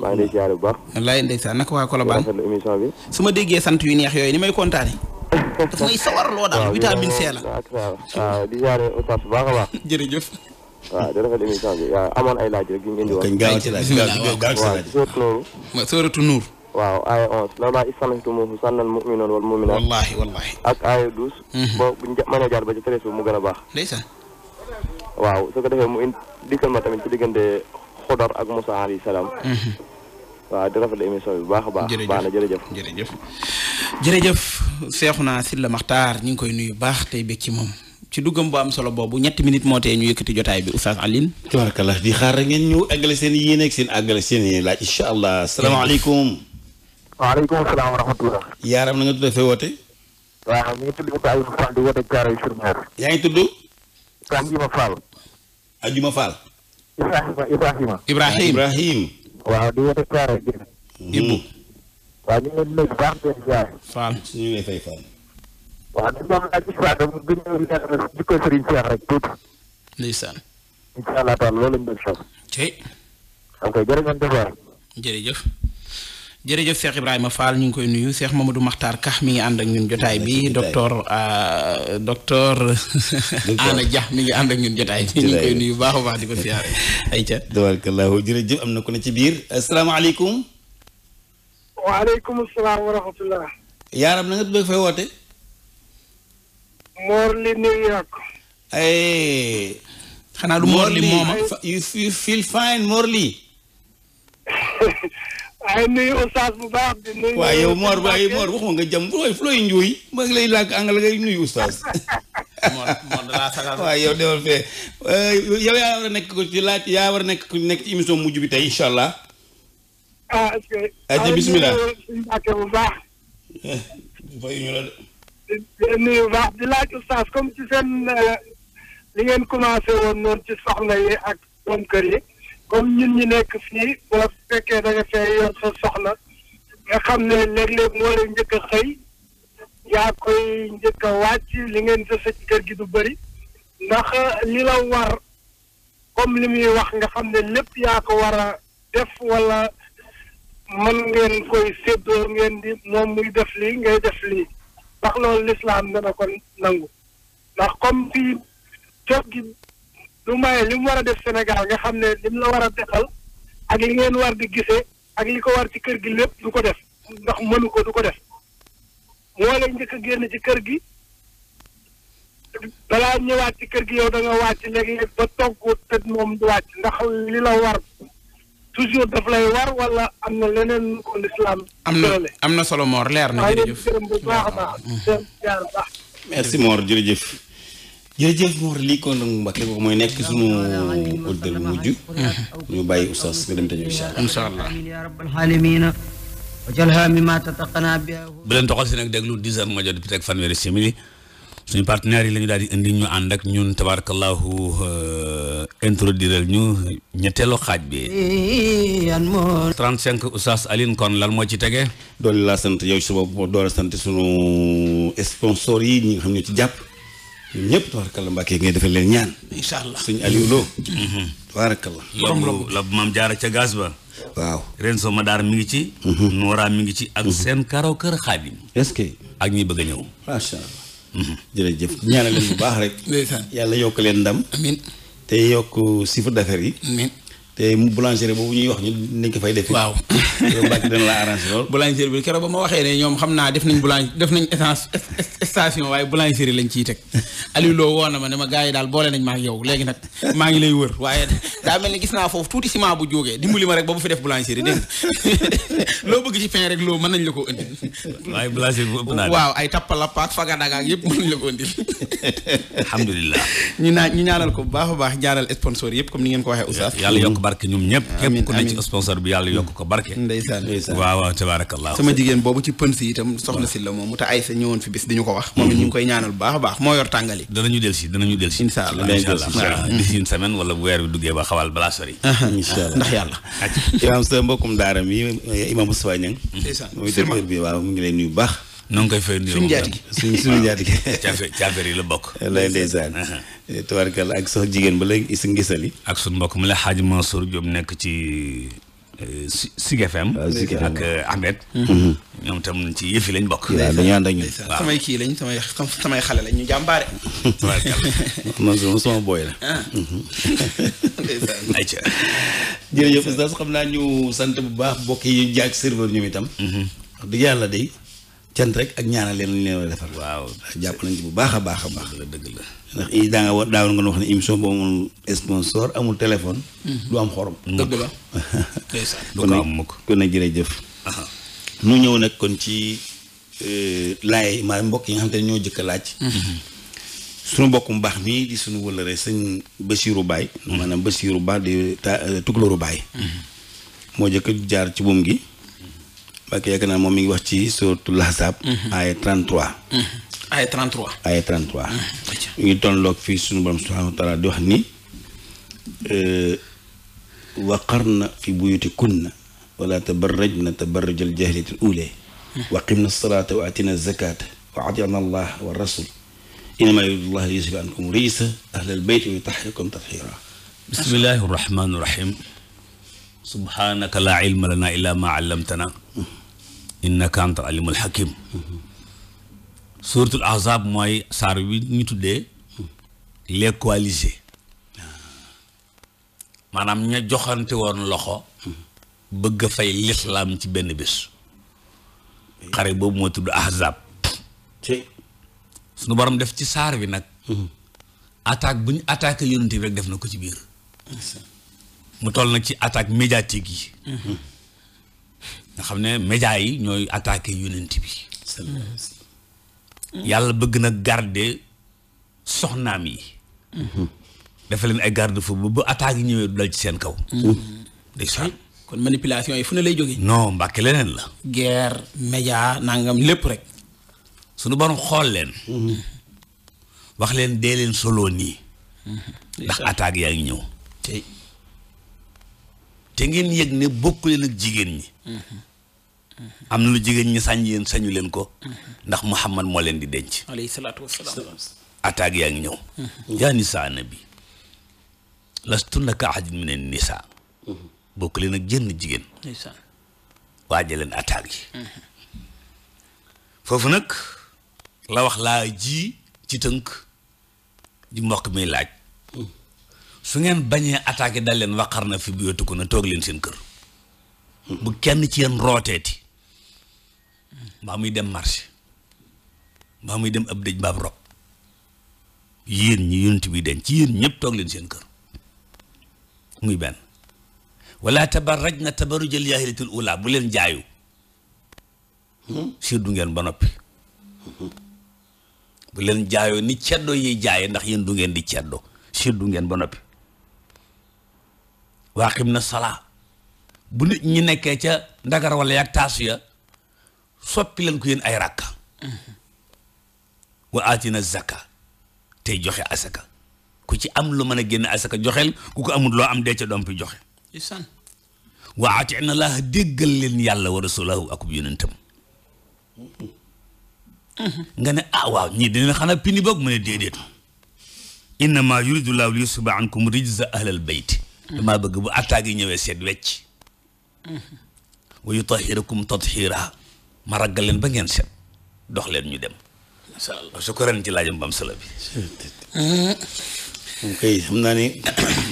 maa ngi lay ziar bu baax. wallaahi ndeysaan naka waa bi. su ma déggee sant yu neex yooyu ni may kontaane. daf may sawarloo daal vitamine C la. waaw a baax. jërëjëf. waaw di rafetlu émission bi waaw amoon ay laaj rek yu ñu indi woon. gaaw ci laaj gaaw ci laaj waaw sóoratu Nuur. waaw aaya onze lawlaa iz sana'tumuuhu sanna al-mu'minuuna wal mu'minaat. wallaahi wallaahi. ak aaya douze. Mhm. ba buñ mënee jaar ba ci treize mu gën a baax. ndeysaan. waaw su ko defee mu indi dikkal ma tamit ci diggante Xodar ak Moussa alayhi salaam. Mm-hmm. waaw di rafetlu émission bi bu baax a baax. jërëjëf baax na jërëjëf. jërëjëf jërëjëf Seexuna Sylla Maxtaar ñu ngi koy nuyu baax tey bëgg ci moom. ci duggam bu am solo boobu ñetti minutes moo tee ñu yëkkati jotaay bi Oustaz Alioune. tabarakallah di xaar ngeen ñu eggale seen yi ak seen àggale seen yéen laaj incha allah salaamaaleykum. waaleykum salaam wa rahmatullah. yaaram na nga tudd fee woote. waaw ñu ngi tudd Oustaz Alioune Fall di woote Thiaroye sur Mer. yaa ngi tudd. Ajuma Fall. Ajuma Ibrahima Ibrahima. Ibrahima waaw di wote Thiaré Géna. Mm-hmm. Ibou. waaw ñu ngi leen di nuyu bu baax di leen ziar. ñu ngi lay fay waaw ñun ñoom laaj bi quoi dama gën a leer jikko Serigne Cheikh rek tuuti. ndeysaan. incha allah taala loolu lañ doon soxla. tey. ok jërë ngeen jëf waay. jërëjëf. jërëjëf Cheikh Ibrahima Fall ñu ngi koy nuyu seex Cheikh du Makhtar Ka mi ngi ànd ak ñun jotaay bi euh, docteur docteur Anna Dia mi ngi ànd ak ñun jotaay bi ñu ngi koy nuyu baax a baax di ko siyaare ayca tabarakallahu jërëjëf am na ko ne ci biir asalaamaaleykum waaleykum salaam wa rahmatullah yaaram na nga tudd fay woote Mor li New xanaa du Mor li mooma you feel fine Mor waaye nuyu oustaz bu baax di nuyu. waaye yow Mor waaye Mor waxuma nga jëm fu looy fu looy njuuy maa ngi lay làkk angal ngay nuyu oustaz. Mor Mor danaa sagal. waaw yow demal fee eh, yaa war a nekk ko ci laaj yaa war a nekk ku nekk ci émission mujj bi tey incha allah. ah est-ce que. ayca bisimilah bu eh, nuyu baax di laaj oustaz comme ci seen eh, li ngeen commencé woon noonu ci soxna yi ak borom kër yi. comme ñun ñi nekk fii bu la fekkee da nga fee yor soxna nga xam ne léeg-léeg moo lay njëkk a xëy yaa koy njëkk a wàcc li ngeen dese kër gi du bari ndax euh, li la war comme li muy wax nga xam ne lépp yaa ko war a def wala mën ngeen koy séddoo ngeen di moom muy def lii ngay def lii ndax loolu lislaam dana ko nangu ndax comme fii kër gi du maye li war a def Sénégal nga xam ne li mu la war a defal ak li ngeen war di gisee ak li ko war ci kër gi lépp du ko def ndax mënu ko du ko def moo lay a génn ci kër gi balaa ñëwaat ci kër gi yow da nga wàcc léeg-léeg ba togg te moom du wàcc ndax li la war toujours daf lay war wala am na leneen ko lislaam am na am na solo Mor leer na jërëjëf merci Mor jërëjëf jërëjëf Mor lii kon nag Mbacke ko mooy nekk sunu auditeur bu mujj ñu bàyyi oustaz nga dem dañu incha allah incha allah bu leen toxal si nag déglu dix heures moo jot bi teg fanweeri simili suñu partenaires yi la ñu daal di indi ñu ànd ak ñun tabarakallahu euh, introduirel ñu ñetteelu xaaj bi 35 oustaz Aline kon lan moo ci tege doole laa sant yooyu si bopp doole sant sunu sponsor yi ñi nga xam ne ci jàpp ñun ñëpp tabaarakalla Mbàkke ngay defal leen ñaan. incha allah suñu Aliou Lo. Mhm. tabaarakalla. borom loobu la bu jaar a ca gaz ba. waaw ren soo ma daar mi ngi ci. Mhm. Noora mi ngi ci ak mhm. seen karaw kër Xaadim. est-ce que. ak ñi bëgg a ñëw. macha allah. jërëjëf ñaanal leen bu baax rek. yàlla yokk leen ndam. te yokk chiffre d'affaires yi. te boulangerie boobu ñuy wax ñu nañ ko fay def. waaw yow Mbacke dana la arrangé lool. boulangerie bi keroog ba ma waxee ne ñoom xam naa def nañ boulang def nañ essence station waaye boulangerie lañ ciy teg Aliou woon woo ma ne ma gars yi daal boole nañ ma ak yow léegi nag maa ngi lay wër waaye daa mel ni gis naa foofu tuuti ciment bu jógee dimbali ma rek boobu fi def boulangerie dégg loo bëgg ci pain rek loo mën nañ la ko indil. waaye boulangerie bu ëpp naa waaw ay tappalappa ak fagadaaga ak yëpp mën nañ la ko indil. alhamdulilah. ñu ñaanal ko a baax jaaral sponsor barke ñoom ñëpp képp ku sponsor bi yàlla yokk ko barke waaw tabarakallah sama jigéen boobu ci pën si itam soxna si la moom te ay sa ñëwoon fi bis di ko wax mm-hmm. moom it ñu koy ñaanal baax a baax moo yor tàngal yi danañu del si danañu del si incha allah bu weer bi duggee ba xawal balaa sori incha allah ndax yàlla imaam sa mbokkum daara mi imaam Moustapha Niang mooy directeur bi waaw mu ngi lay nuyu baax noo ngi koy fay nuyoo suñu jaati suñ suñu jaati yi la bokk. lay ndeysaan eh, tubaarkal ak sax jigéen ba léegi si ngisali ak suñ mbokk mi la xaaj Mansour Diop nekk ci Zik eh, FM. Ah, ak eh, Ahmed. Mm-hmm. ñoom tam ci yëf yi lañ bokk. waaw dañoo ànd samay kii lañ samay samay xale lañ ñu jàmbaare. tubaarkal man sama sama booy la. ndeysaan. Ah. Mm-hmm. jërëjëf bu baax mbokk yi ñu jaag serveur cant rek ak ñaanal leen lañ leen war defal. waaw jàpp nañ bu baax a baax a baax. dëgg la dëgg la i daa nga wa daawoon nga wax ne émission boobu amul sponsor amul téléphone. Mhm. du am xorom. dëgg la du ko am mukk kon nag jërëjëf. nu ñëw nag kon ci euh, laay maa mbokk yi nga xam te ñoo jëkk a laaj. Mhm. suñu mbokk mu baax mii di suñu wëlëre sëñ Basiiru Baay. Mhm. maanaam Basiiru Ba di ta euh, Baay. moo jëkk jaar ci buum gi. Mbàkke yaakaar naa moom mi ngi wax ci suratul Ahzab mhm. ay 33 mhm. ay 33 ay 33 ñu mhm. ngi tolloog fii suñu borom subhaanahu wa taala di wax ni euh, waqarna fi buyutikunna wala tabarrajna tabarrajal jaahiliyatil uulaa waqimna salaata wa atina zakaata wa atina allah wa rasul innama yuridu llah yusfa ankum rijsa ahlal bayt wa yutahhirakum tathiira bismillahi rahmaani rahim subhaanaka laa ilma lana illa ma allamtana innaka anta alimul hakim suratul ahzab mooy saar bi ñu tuddee les coalisés maanaam ña joxante woon loxo bëgg a fay lislaam ci benn bés xare boobu moo tudd ahzab suñu borom def ci saar bi nag attaque bu ñu attaqué yonent bi rek def na ko ci biir mu toll na ci attaque médiatique yi nga xam ne média yi ñooy attaqué yonent bi yàlla bëgg na garder soxnaam yi dafa leen ay garde fou ba ba attaque yi ñëwee du dal ci seen kaw day saan kon manipulation yi fu ne lay jógee non mbàkke leneen la guerre média nangam lépp rek suñu borom xool leen wax leen dee leen solo nii ndax attaque yaa ngi ñëw te ngeen yëg ne bokku leen ak jigéen ñi am na lu jigéen ñi sañ yéen sañu leen ko ndax Muhammad moo leen di denc alayhi yaa ngi ñëw yaa nisaa nabi lastunna ka ahadin min an-nisaa bokk leen ak jënn jigéen waaja leen attaque yi foofu nag la wax laa ji ci tënk di mbokk mi laaj su ngeen bañee attaqué dal leen waqar na fi bu yottu ko na toog leen seen kër bu kenn ci yéen rooteeti mbaa muy dem marché mbaa muy dem ab dëj baab rob yéen ñi yonent bi den ci yéen ñëpp toog leen seen kër muy benn wala tabarraj na tabarrujal jaahiliyatul ula bu leen jaayu hmm? seddu ngeen ba noppi bu leen jaayoo ni ceddo yiy jaaye ndax yéen du ngeen di ceddo seddu ngeen ba noppi waaqim na salaa bu nit ñi nekkee ca ndagar wala yaag taas ya soppi leen ko yéen ay ràkka wa aatina zaka tey joxe asaka ku ci am lu mën a génn asaka joxeel ku ko amul loo am dee ca doom pi joxe isan wa atina laaha déggal leen yàlla wa rasulahu akub yonentam nga ne ah, waaw ñii dinañ xanaa pini boog mu ne déedéet innama yuridu llahu li yusuba ankum rijza ahlal bayt damaa bëgg bu attaque yi ñëwee seet wecc wa yutahhirukum tathira ma raggal leen ba ngeen set dox leen ñu dem incha allah su ko ren ci laajam bam sala bi hmm. kay xam ni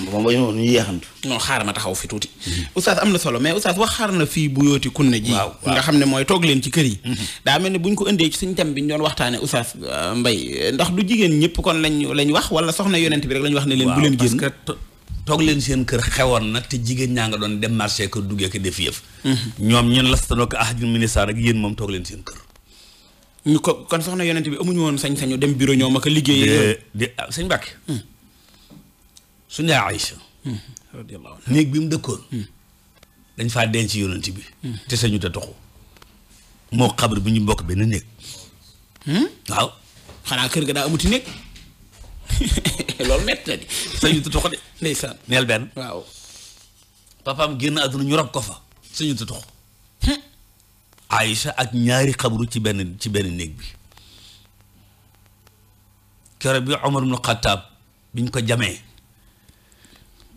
moom mooy ñu yeexantu. xaar ma taxaw fi tuuti. oustaz na solo mais oustaz wax xaar na fii bu yooti kunne ji. xam ne mooy toog leen ci kër yi. Hmm. daa mel ne bu ko indee ci suñ thème bi ñu doon waxtaanee oustaz euh, Mbaye ndax du jigéen ñëpp kon lañ lañ wax wala soxna yonent bi rek lañ wax ne leen. bu leen toog leen seen kër xewoon na te jigéen ñaa nga doon dem marché kër duggee ko def yëf. Mhm. ñoom ñun lastanoo ko ahadin ministère rek yéen moom toog leen seen kër. ñu ko kon soxna yonent bi amuñu woon sañ-sañu dem bureau ñoom ak liggéey. de de ah, sëñ Mbàkke. Hmm. suñu nee Aïcha. Hmm. néeg bi mu dëkkoon. Hmm. dañ faa denc yonent bi. te sañu te toxu. moo xabar bi ñu bokk benn néeg. waaw xanaa kër ga daa amuti néeg. loolu métti na di sëñu de neel benn waaw papaam génn àdduna ñu rob ko fa sëñu tutux Aïcha ak ñaari xabru ci benn ci benn néeg bi keroog bi Omar ibn Khattab biñ ko jamee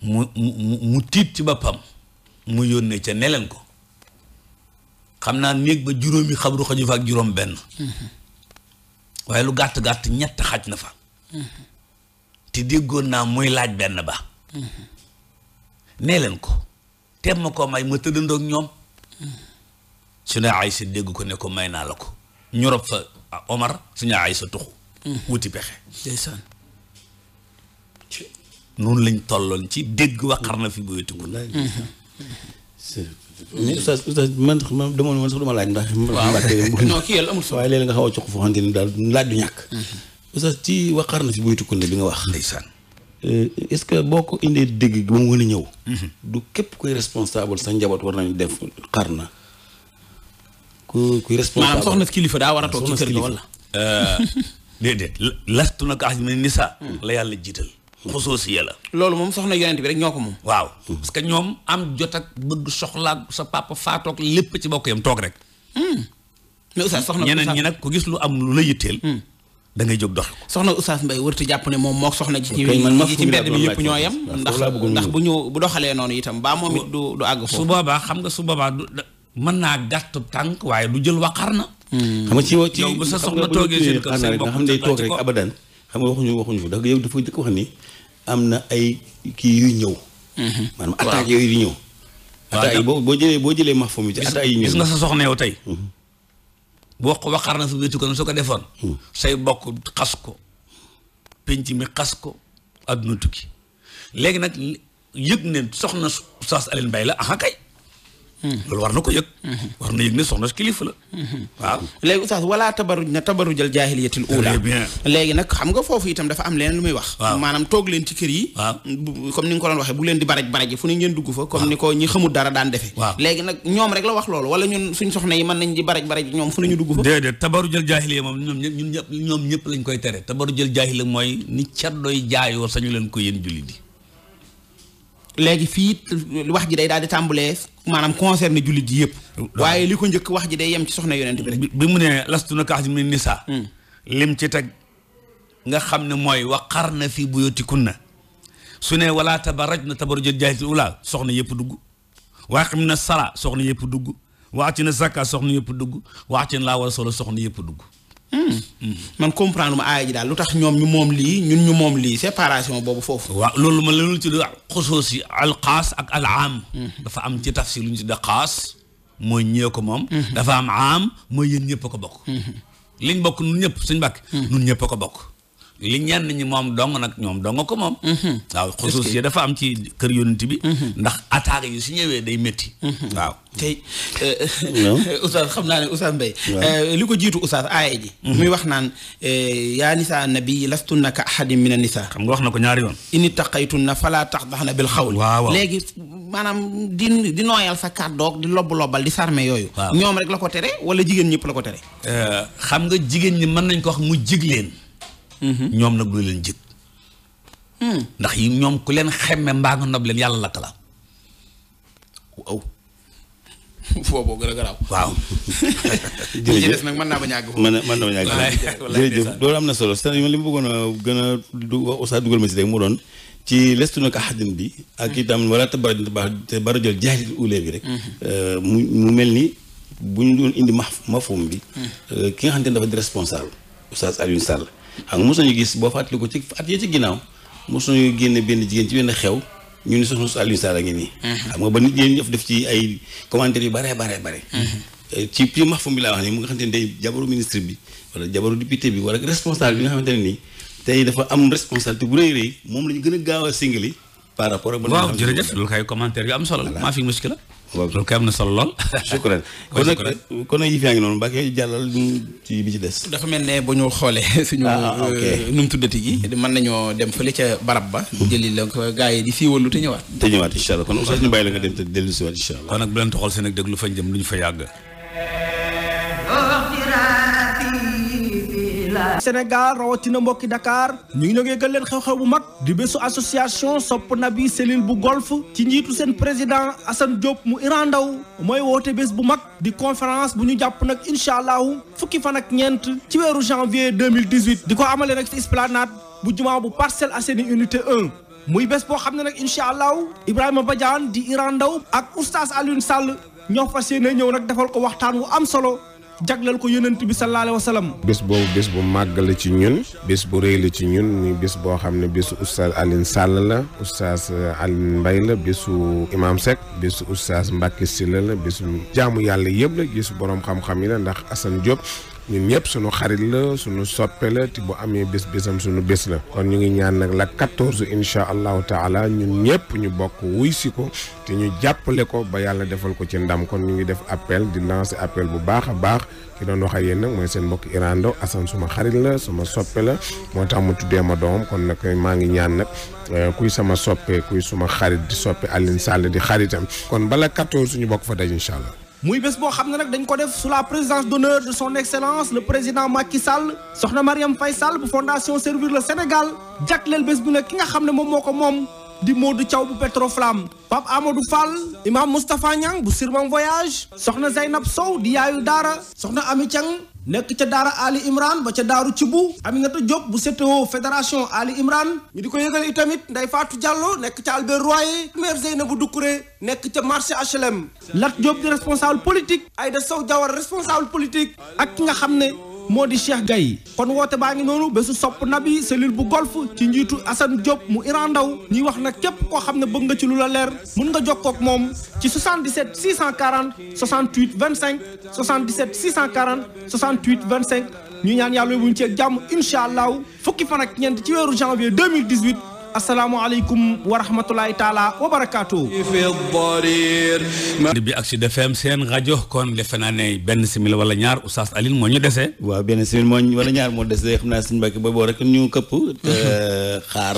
mu mu mu tiit ci boppam mu yónnee ca neleen ko xam naa néeg ba juróomi xabru xaju fa ak juróom benn waaye lu gàtt-gàtt ñett xaj na fa te déggoon naa muy laaj benn ba nee leen ko teem ma koo may ma tëddandoog ñoom suñu Aysa dégg ko ne ko may naa la ko ñu fa ah, Omar suñu sa tuxu wuti pexe ndeysaan noonu lañ tolloon ci dégg waxar na fi bu wétiku mais oustaz oustaz man dama man sax duma laaj waaye léeg nga xaw a jox foo daal laaj du ñàkk mm-hmm. oustaz ci waxaar na fi buytu kunde bi nga wax. ndeysaan. Euh, est ce que boo ko indee dégg ba mu gën ñëw. Mhm. du képp kuy responsable sa njaboot war nañu def xar na. ku kuy responsable kilifa daa war a toog ci kër gi wala. Euh, déedéet lastu na ko as ni nisa la yàlla jiital. xusoosiya la. loolu moom soxna yonent bi rek ñoo ko moom. waaw hmm. parce que ñoom am jot ak bëgg soxlaag sa papa faatoog lépp ci bokk yam toog rek. Hmm. mais oustaz soxna ñeneen ñi nag ku gis lu am lu la yitteel. Hmm. da ngay jóg dox ko soxna Oustaz Mbaye wërtu jàpp ne moom moo soxna ji ci ci mbedd mi yëpp ñoo yem ndax ndax bu ñu bu doxalee noonu itam baa moom it du du àgg foofu su xam nga su boobaa du mën naa gàttu tànk waaye du jël waxar na hmm. xam nga ci ci yow bu sa soxna toogee seen kër seen bopp nga xam day toog rek abadan xam nga waxuñu waxuñu fa dafa yow dafa jëkk wax ni am na ay kii yu ñëw hmm. maanaam attaques yooyu di ñëw attaques yi boo boo jëlee boo jëlee max fa mu ci attaques yi ñëw nga sa soxna yow tey hmm. wax ko waxaar na su wétu ko soo ko defoon hmm. say bokk xas ko penc mi xas ko àdduna tukki léegi nag yëg ne soxna saas Aline Mbaye la aha kay loolu war na ko yëg war na yëg ne soxna kilifa la waaw léegi oustaz wala tabaruj na tabarujal jaahiliyatil uula léegi nag xam nga foofu itam dafa am leneen lu muy wax maanaam toog leen ci kër yi comme ni ko doon waxee bu leen di baraj baraj fu ne ngeen dugg fa comme wax yi ñoom ñëpp lañ koy tere tabarujal jaahiliya mooy ni caddoy jaayoo sañu leen ko yéen julli di léegi fii wax ji day daal di tàmbulee maanaam concerné jullit yi yëpp. waaye li ko njëkk wax ji day yem ci soxna yonent bi rek. bi mu ne lastu na kaax si mu ne nisaa. Hmm. lim ci teg nga xam ne mooy wax waqar na fi na su ne wala tabaraj na tabaru tabarujal jaahiliyyatil uulaa soxna yëpp dugg. waaqim na sala soxna yëpp dugg. waati na zakka soxna yëpp dugg waati laa war a solo soxna yëpp dugg. Hmm. man comprendre ma aaya ji daal lu tax ñoom ñu moom lii ñun ñu moom lii séparation boobu foofu. waaw loolu ma loolu ci xusoos yi alxaas ak alaam. Hmm. dafa am ci si lu ñu tuddee xaas mooy ñee ko moom. Hmm. dafa am aam mooy yéen ñëpp ko bokk. liñ bokk nun ñëpp suñ bàkk nun ñëpp ko bokk. li ñenn ñi moom dong nag ñoom dong ko moom. Mhm. waaw xusuus yi dafa am ci kër yonent bi. Mhm. ndax attaques yi su ñëwee day metti mhm. waaw tey. Euh, Oustaz xam naa ne Oustaz Mbaye. Euh, li ko jiitu Oustaz aaya ji. muy wax naan euh, yaa ni nisaa nabi lastunna ka ahadin mina nisaa. xam nga wax na ko ñaari yoon. in na falaa tax taxdaxna bil xawl. waaw léegi maanaam di di nooyal sa kàddoog di lobb lobbal di sarme yooyu. ñoom rek la ko tere wala jigéen ñëpp la ko tere. xam nga jigéen ñi mën nañ ko wax mu jig leen. Mm-hmm. ñoom nag du leen jig mm. ndax yi ñoom ku leen xemme mbaa nga nob leen yàlla lakk la waaw foo boo gën a garaaw waaw jërëjëf des nag na mën na ba ñàgg jërëjëf loolu am na solo cest li mu bëggoon a gën a du oustaz dugal ma si rek mu doon ci lestu nag xadin bi ak mm-hmm. itam wala tabaraj te barajol jaahil ulee bi rek mm-hmm. euh, mu mu mel ni bu ñu doon indi ma mafum bi mm. euh, ki nga xam ne dafa di responsable oustaz Alioune Sall xam nga mos nañu gis boo fàttaliku ci at yee ci ginnaaw mos nañu génne benn jigéen ci benn xew ñu ni soxna su a ngi nii. Mhm. xam nga ba nit ñi ñëf def ci ay commentaires yu bare bare bare. Mhm. Eh, ci ci max fu mu laa wax nii mu nga xamante ne day jabaru ministre bi wala jabaru député bi wala responsable bi nga xamante ne nii tey dafa am responsabilité bu rëy rëy moom la ñu gën a gaaw a singali par rapport ak. waaw jërëjëf loolu kay commentaire yu am solo la maa fi muskila loolu kay am na solo lool. sukran kon nag kon nag yi fi yaa ngi noonu ba Mbacke jàllal ci bi ci des. dafa mel ne bu ñu xoolee. suñu ah, euh, nu mu tuddati gi. mën nañoo dem fële ca barab ba. Hmm. jëli la ko gaa yi di siiwalu te ñëwaat. te ñëwaat incha allah kon oustaz ñu bàyyi la nga dem te dellusiwaat incha allah. kon nag bu leen toxal seen ak déglu fañ jëm lu ñu fa yàgg. Sénégal rawatina mbokki Dakar ñu ngi ñogee gën leen xew-xew bu mag di bésu association sopp nabi cellule bu golf ci njiitu seen président Assane Diop mu Iran Ndaw mooy woote bés bu mag di conférence bu ñu jàpp nag incha allahu fukki fan ak ñeent ci weeru janvier 2018 di ko amalee nag ci esplanade bu jumaa bu parcelle Assainies unité 1 muy bés boo xam ne nag incha allahu Ibrahima Badiane di Iran Ndaw ak oustaz aline Sall ñoo fa yéene ñëw nag defal ko waxtaan wu am solo jaglal ko yonent bi sallallahu alayhi wa sallam bés boobu bés bu màgg la ci ñun bés bu rëy la ci ñun muy bés boo xam ne bésu oustaz Alioune Sall la oustaz Alioune Mbaye la bésu Imam Seck bésu oustaz Mbacke Sylla la bésu jaamu yàlla yëpp la bésu borom xam-xam yi la ndax Assane Diop ñun ñëpp sunu xarit la sunu soppe la te bu amee bés bésam sunu bés la kon ñu ngi ñaan nag la 14 incha allahu taala ñun ñëpp ñu bokk wuy si ko te ñu jàppale ko ba yàlla defal ko ci ndam kon ñu ngi def appel di lancer appel bu baax a baax ki doon wax ak yéen nag mooy seen mbokk Irando Assane suma xarit la suma soppe la moo tax mu tuddee ma doom kon nag maa ngi ñaan nag euh, kuy sama soppe kuy suma xarit di soppe Alioune Sall di xaritam kon bala 14 suñu bokk fa daj incha allah. muy bés boo xam ne nag dañ ko def su la présidence d'honneur de son excellence le président Macky Sall soxna Mariam Faye Sall bu fondation Servir le Sénégal jagleel bés bu ne ki nga xam ne moom moo ko moom di Modou Thiaw bu Petroflamme Pape Amadou Fall Imam Moustapha Niang bu Sirmam Voyage soxna Zeynab Sow di yaayu daara soxna Ami Thiang nekk ca daara Ali Imran ba ca daaru ci bu Aminata Diop bu CTO fédération Ali Imran ñu di ko yëgal itamit Ndeye faatu Diallo nekk ca Albert Royer maire Zeynabou Doucouré nekk ca marché HLM Lat Diop di responsable politique Aïda Sow Diawara responsable politique ak ki nga xam ne moo di Cheikh Gaye kon woote baa ngi noonu bésu sopp nabi cellule bu golf ci njiitu Assane Diop mu Iran Ndaw ñuy wax na képp koo xam ne bëgg nga ci lu la leer mun nga jokkoo ak moom ci 77 640 68 25 77 640 68 25 ñu ñaan yàlla bu ñu ci jàmm incha allah fukki fan ak ñeent ci weeru janvier asalaamualeykum wa rahmatulahi taala wa barakaatu. bi ak Sud FM seen rajo kon defe naa ne benn simil wala ñaar Oustaz Alioune moo ñu dese. waaw benn simil moo ñu wala ñaar moo dese xam naa suñu mbokk ba boo rek ñu këpp. xaar.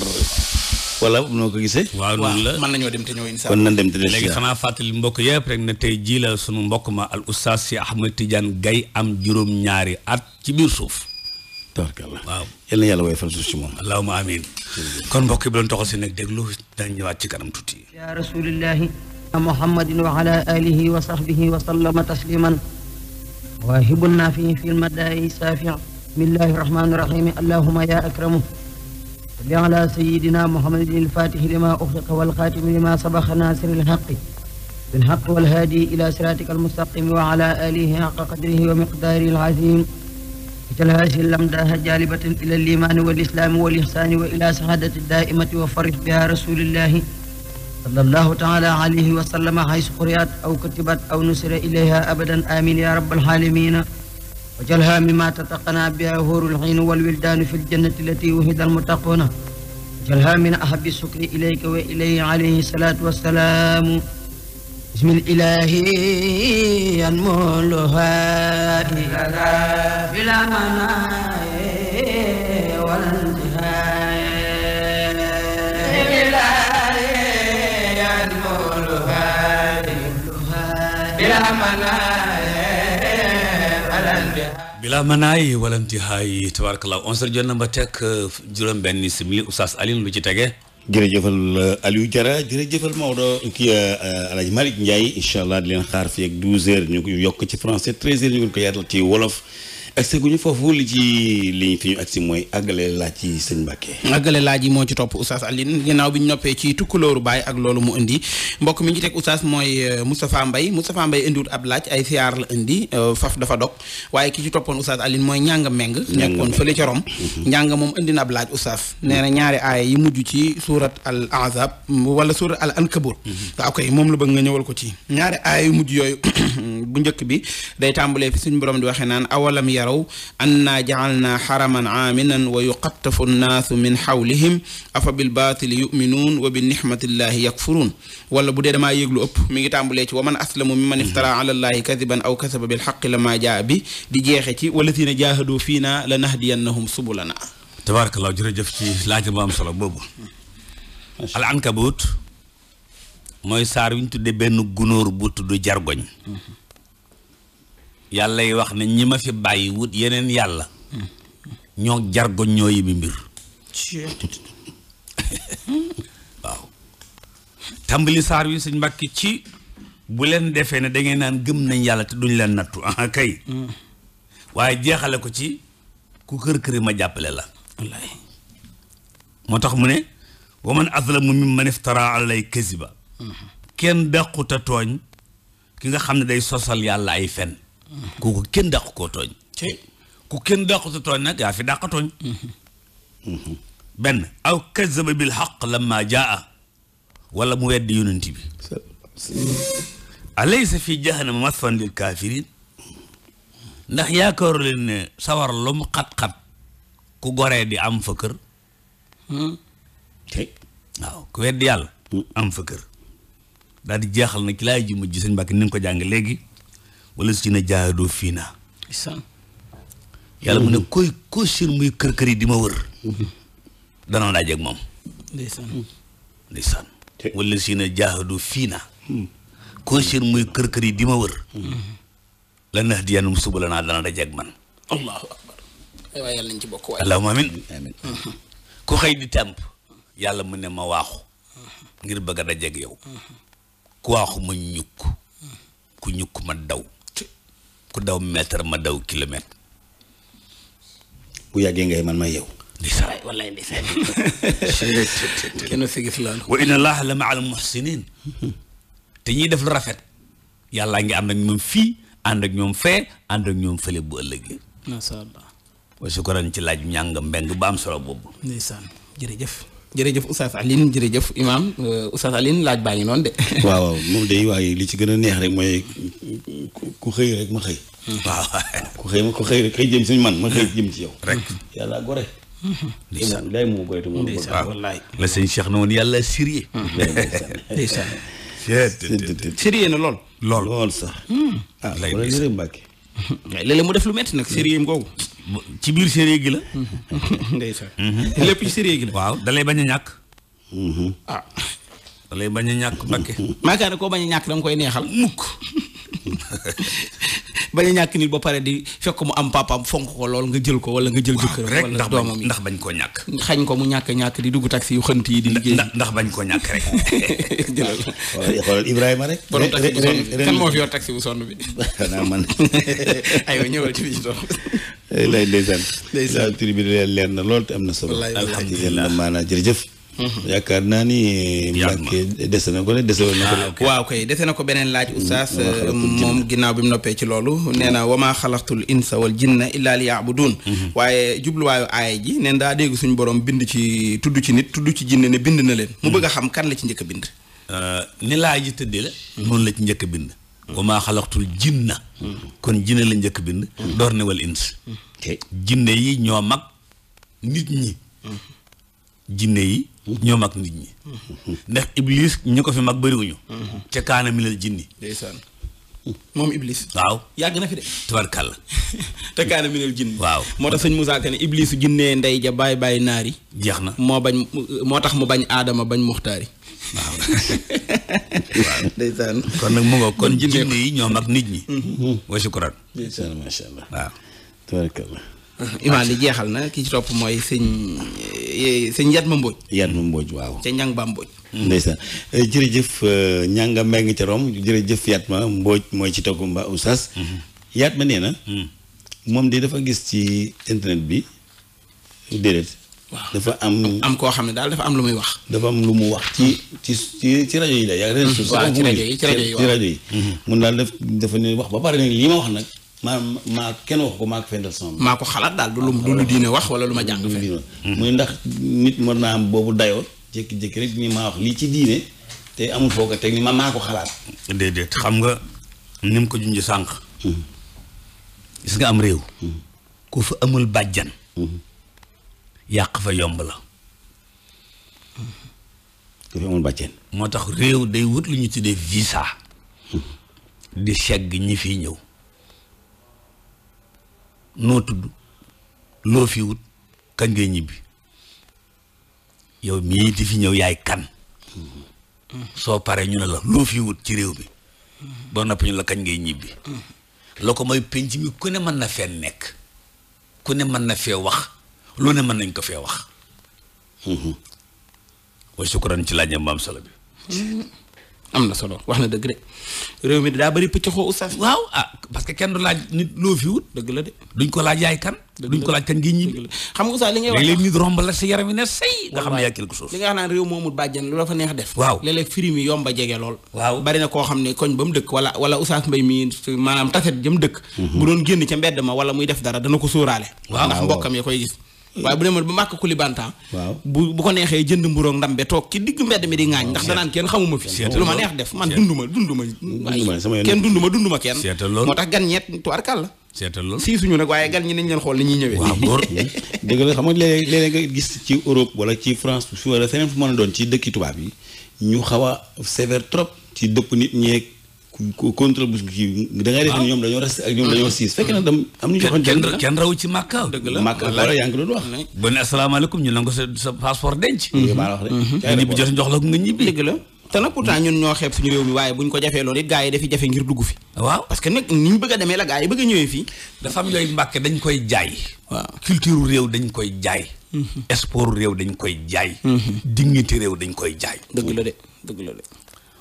wala noo ko gisee. waaw noonu la mën nañoo dem te ñëw incha allah dem te de léegi xanaa fàttali mbokk yëpp rek ne tey jiila la sunu mbokk ma al oustaz si Ahmed tiijan gay am juróom-ñaari at ci biir suuf. tabarkalla waaw yal na yàlla way fan suuf si moom allahuma amin kon mbokk yi bu doon toxal si nag déglu dañ ñëwaat ci kanam tuuti ya rasulillahi muhammadin wa ala alihi wa sahbihi wa sallama tasliman waahibun naafihi fi lmadaayi saafi bismillahi rahmani rahimi allahuma ya akramu صل على سيدنا محمد الفاتح لما أغلق والخاتم لما سبق ناصر الحق بالحق والهادي إلى صراطك المستقيم وعلى آله حق قدره ومقداره العظيم جلائز لم داها جالبة إلى الإيمان والإسلام والإحسان وإلى سعادة الدائمة وفرح بها رسول الله صلى الله تعالى عليه وسلم حيث قرئت أو كتبت أو نسر إليها أبدا آمين يا رب العالمين وجلها مما تتقنى بها هور العين والولدان في الجنة التي وهد المتقون وجلها من أحب السكر إليك وإليه عليه الصلاة والسلام بسم الإله ينمو لهائي بلا مناي ولا انتهاء bila manaay wala intihaay tabarakallah onze heures jot na ba teg juróom simili oustaz Alioune lu ci tege jërëjëfal euh, Aliou Diarra jërëjëfal Maodo kii euh, euh, Alaaji Malick Ndiaye incha allah di leen xaar fi ak 12 heures ñu yokk ci français 13 heures ñu ko yaatal ci wolof. agsi ñu foofu li ci liñ fi ñu agsi mooy àggale laaj ci sëñ Mbàkke àggale laaj yi moo ci topp Oustaz Alioune ginnaaw bi ñu noppee ci tukkalooru baay ak loolu mu indi mbokk mi ñu ci teg Oustaz mooy euh, Moustapha Mbaye Moustapha Mbaye indiwut ab laaj ay siyaar la indi euh, faf dafa dog waaye ki ci toppoon Oustaz Alioune mooy njàng meng nekkoon fële ca Rom mhm. moom indi na ab laaj Oustaz mhm. nee na ñaari aaya yi mujj ci surat al ahzab wala surat al ankabut mhm. waaw kay moom la bëg nga ñëwal ko ci ñaari yu mujj yooyu bu njëkk bi day tàmbalee fi suñu borom di waxee naan awalam yar yaraw annaa jacalnaa xaraman aaminan wa yuqattafu nnaasu min xawlihim afa bilbaatili yuminuun wa binixmatillahi yakfuruun wala bu dee damaa yëg lu ëpp mi ngi tàmbulee ci wa man aslamu mimman iftara ala llahi kadiban aw kasaba bilxaqi lama jaa bi di jeexe ci walatina jaahadoo fiina la nahdiyannahum subulana tabarakallah jërëjëf ci laaj bu am solo boobu al ankabut mooy saar wi ñu tudde benn gunóor bu tudd jargoñ yàlla yi wax ne ñi ma fi bàyyi wut yeneen yàlla ñoo jargoñ ñoo yi mbir waaw tàmbali saar wi suñ mbàkki ci bu leen defee ne da ngay naan gëm nañ yàlla te duñ leen nattu ah kay waaye jeexale ko ci ku kër këri ma jàppale la moo tax mu ne boo man ne mimman iftara alay kaziba mm-hmm. kenn dàquta tooñ ki nga xam ne day sosal yàlla ay fen kooku kenn dàq koo tooñ ku kenn dàquta tooñ nag yaa fi dàq tooñ benn aw kazaba bil xaq lamma jaa wala mu weddi yonent bi alaysa fi jahannama masfan lil kafirin ndax yaakaaru leen ne sawar lum xat-xat ku goree di am fa kër waaw ku weddi yàlla hmm. am fa kër daal di jeexal na ki laay ji mujj sëñ Mbàkke ni nga ko jàng léegi wala si na jaayadoo fii na yàlla mm-hmm. muy kër kër yi di ma wër mm-hmm. dana daje ak moom fii na mm-hmm. ko muy kër kër yi di ma wër la nax di suba la naa dana daje ak man allahu akbar ci bokk waaye allahumma amin ku xëy di tàmp yàlla mu ne ma waaxu ngir bëgg a daje ak ku waaxu ma ñukk ku ñukk ma daw ku daw mètre ma daw kilomètre. bu yàggee ngay man ma yow. ndeysaan wallaay ndeysaan. kenn fi gis loolu. wa inna allaha la ma'al muhsinin te ñiy def lu rafet. yàllaa ngi am ak ñoom fii ànd ak ñoom fee ànd ak ñoom fële bu ëllëgee. macha ci laaj ñàng mbeng ba jërëjëf Oustaz Alioune jërëjëf Imaam euh, Oustaz Alioune laaj baa ngi noonu de. waaw waaw moom de waaye li ci gën a neex rek mooy ku xëy rek ma xëy. Hmm. waaw ku xëy ma ku xëy rek xëy jëm suñu man ma xëy jëm ci yow. rek yàlla gore. ndeysaan moom la sëñ Cheikh na woon yàlla sérieux. ndeysaan sérieux na lool. lool lool sax. Hmm. ah mu def lu métti nag sérieux googu. ci biir séeréer gi la. ndeysaan. lépp ci séeréer gi la. waaw dalay bañ a ñàkk. Mm-hmm. ah. bañ a ñàkk mbakke. maakaar ne koo bañ a ñàkk da koy neexal. mukk bañ a ñàkk nit ba pare di fekk mu am papaam fonk ko lool nga jël ko wala nga jël jëkkër rek ndax doomam ndax bañ koo ñàkk xañ ko mu ñàkk ñàkk di dugg taxi yu xënt yi di liggéey ndax bañ koo ñàkk rek xoolal Ibrahima rek borom taxi bu sonn bi kan moo fi yor taxi bu sonn bi xanaa man ñëwal ci bi ci toog lay leen leer na lool te am na solo alhamdulilah maanaam jëf Mhm. yaakaar naa ni. Mbacke dese na ko ne dese ah, waaw kay dese na ko beneen laaj. Mm, oustaz mm, moom ginnaaw bi mu noppee ci loolu. nee na wamaa xalaqtul insa wal jinna illaa liya'budun. Mhm. waaye jubluwaayu aaya ji neen daa dégg suñu borom bind ci tudd ci nit tudd ci jinne ne bind na leen. mu mhm. bëgg a xam kan la ci njëkk a bind. Euh, ni laaj yi tëddee la. noonu la ci njëkk a bind. wamaa xalaqtul jinna. kon jinne la njëkk a bind. door ne wal ins. jinne yi ñoo mag nit ñi. jinne yi ñoo mag nit ñi ndax iblis ñu ko fi mag bëriwuñu ca kaana minal jinni ndeysaan moom iblis waaw yàgg na fi de tabarkàlla te kaana minal jinni waaw moo tax sëñ Moussa Ka ne iblisu jinnee ndey ja bàyyi bàyyi naari jeex na moo bañ moo tax mu bañ aadama bañ muxtaari waaw ndeysaan kon mu nga kon jinne yi ñoo mag nit ñi mhm. wa shukran ndeysaan macha allah waaw imaam li jeexal na ki topp mooy sëñ ma eh, Yatma Mbodj. ma Mbodj waaw. ca Ñang Ba Mbodj. Hmm. ndeysaan eh, jërëjëf eh, Ñanga Mbengue ca jëf jërëjëf Yatma Mbodj mooy ci toggu Mba Oustaz. Hmm. Yatma ma na. Hmm. moom de dafa gis ci internet bi déedéet. waaw dafa am am koo xam ne daal dafa am lu muy wax. dafa am lu mu wax ci ci ci ci rajo yi la yaa ngi. waaw ci rajo yi yi ci rajo yi. mun daal def dafa ne wax ba pare ne lii ma wax nag. maa maa kenn wax ko maa ko maa ko xalaat daal du lu du diine wax wala lu ma jàng fe muy ndax nit mën naa am boobu dayoo jékki-jékki rek ni maa wax lii ci diine te amul foo ko teg ni ma maa ko xalaat déedéet xam nga ni ko junj sànq mm-hmm. gis nga am réew mm-hmm. ku fa amul bàjjan mm-hmm. yàq fa yomb la ku fa amul bàjjan moo tax réew day wut lu ñu tuddee visa di segg ñi fi ñëw noo tudd loo fi wut kañ ngay ñibbi yow mii di fi ñëw yaay kan soo paree ñu ne la loo fi wut ci réew mi ba noppi ñu la kañ ngay ñibbi loo ko mooy penc mi ku ne mën na fee nekk ku ne mën na fee wax loo ne mën nañ ko fee wax. wa sukkuraan ci laaj maam solo bi. am na solo wax na dëgg de réew mi daa bari pëcc xoo oustaz waaw ah parce que kenn du laaj nit loo fi wut dëgg la de duñ ko laaj yaay kan duñ ko laaj kan ngi ñibbi xam nga oustaz li ngay wax léeg-léeg nit romb xam ne yaa quelque chose li nga lu la fa neex def waaw léeg-léeg firi mi yomba jege lool waaw bari na koo xam ne koñ ba mu dëkk wala wala oustaz mbay mi maanaam taset jëm dëkk mu mhm. doon génn ca mbedd ma wala muy def dara dana ko sóoraale waaw ndax mbokkam ya koy gis waaye bu demoon ba màkk kulibanta waaw bu bu ko neexee jënd mburoog ndambe toog ci digg mbedd mi di ŋaañ ndax danaan kenn xamuma fi lu ma neex def man dunduma dunduma waaye kenn dunduma dunduma kenn moo tax gan ñeet tuwarkal la seetal loolu sii suñu nag waaye gan ñi nañ leen xool ni ñuy ñëwee waaw góor dëgg la xam nga léeg-léeg nga gis ci Europe wala ci France wala feneen fu mën a doon ci dëkki tubaab yi ñu xaw a sévère trop ci dëpp nit ñeeg contrôle bu kii da ñoom dañoo res ak ñoom dañoo siis fekk na dam kenn ah. raw ci màkka dëgg la màkka wala yaa ngi doon sa passeport denc mm-hmm. de mm-hmm. ñibbi jot jox la nga ñibbi dëgg la te nag pourtant ñun ñoo xeeb suñu réew mi waaye buñ ko jafee loolu it gars yi dafi jafe ngir dugg fi waaw parce que nag ni ñu bëgg a demee la gars yi bëgg ñëwee fii dafa am yooyu mbàkke dañ koy jaay waaw culture réew dañ koy jaay mm-hmm. sport réew dañ koy jaay dignité réew dañ koy jaay la de dëgg la de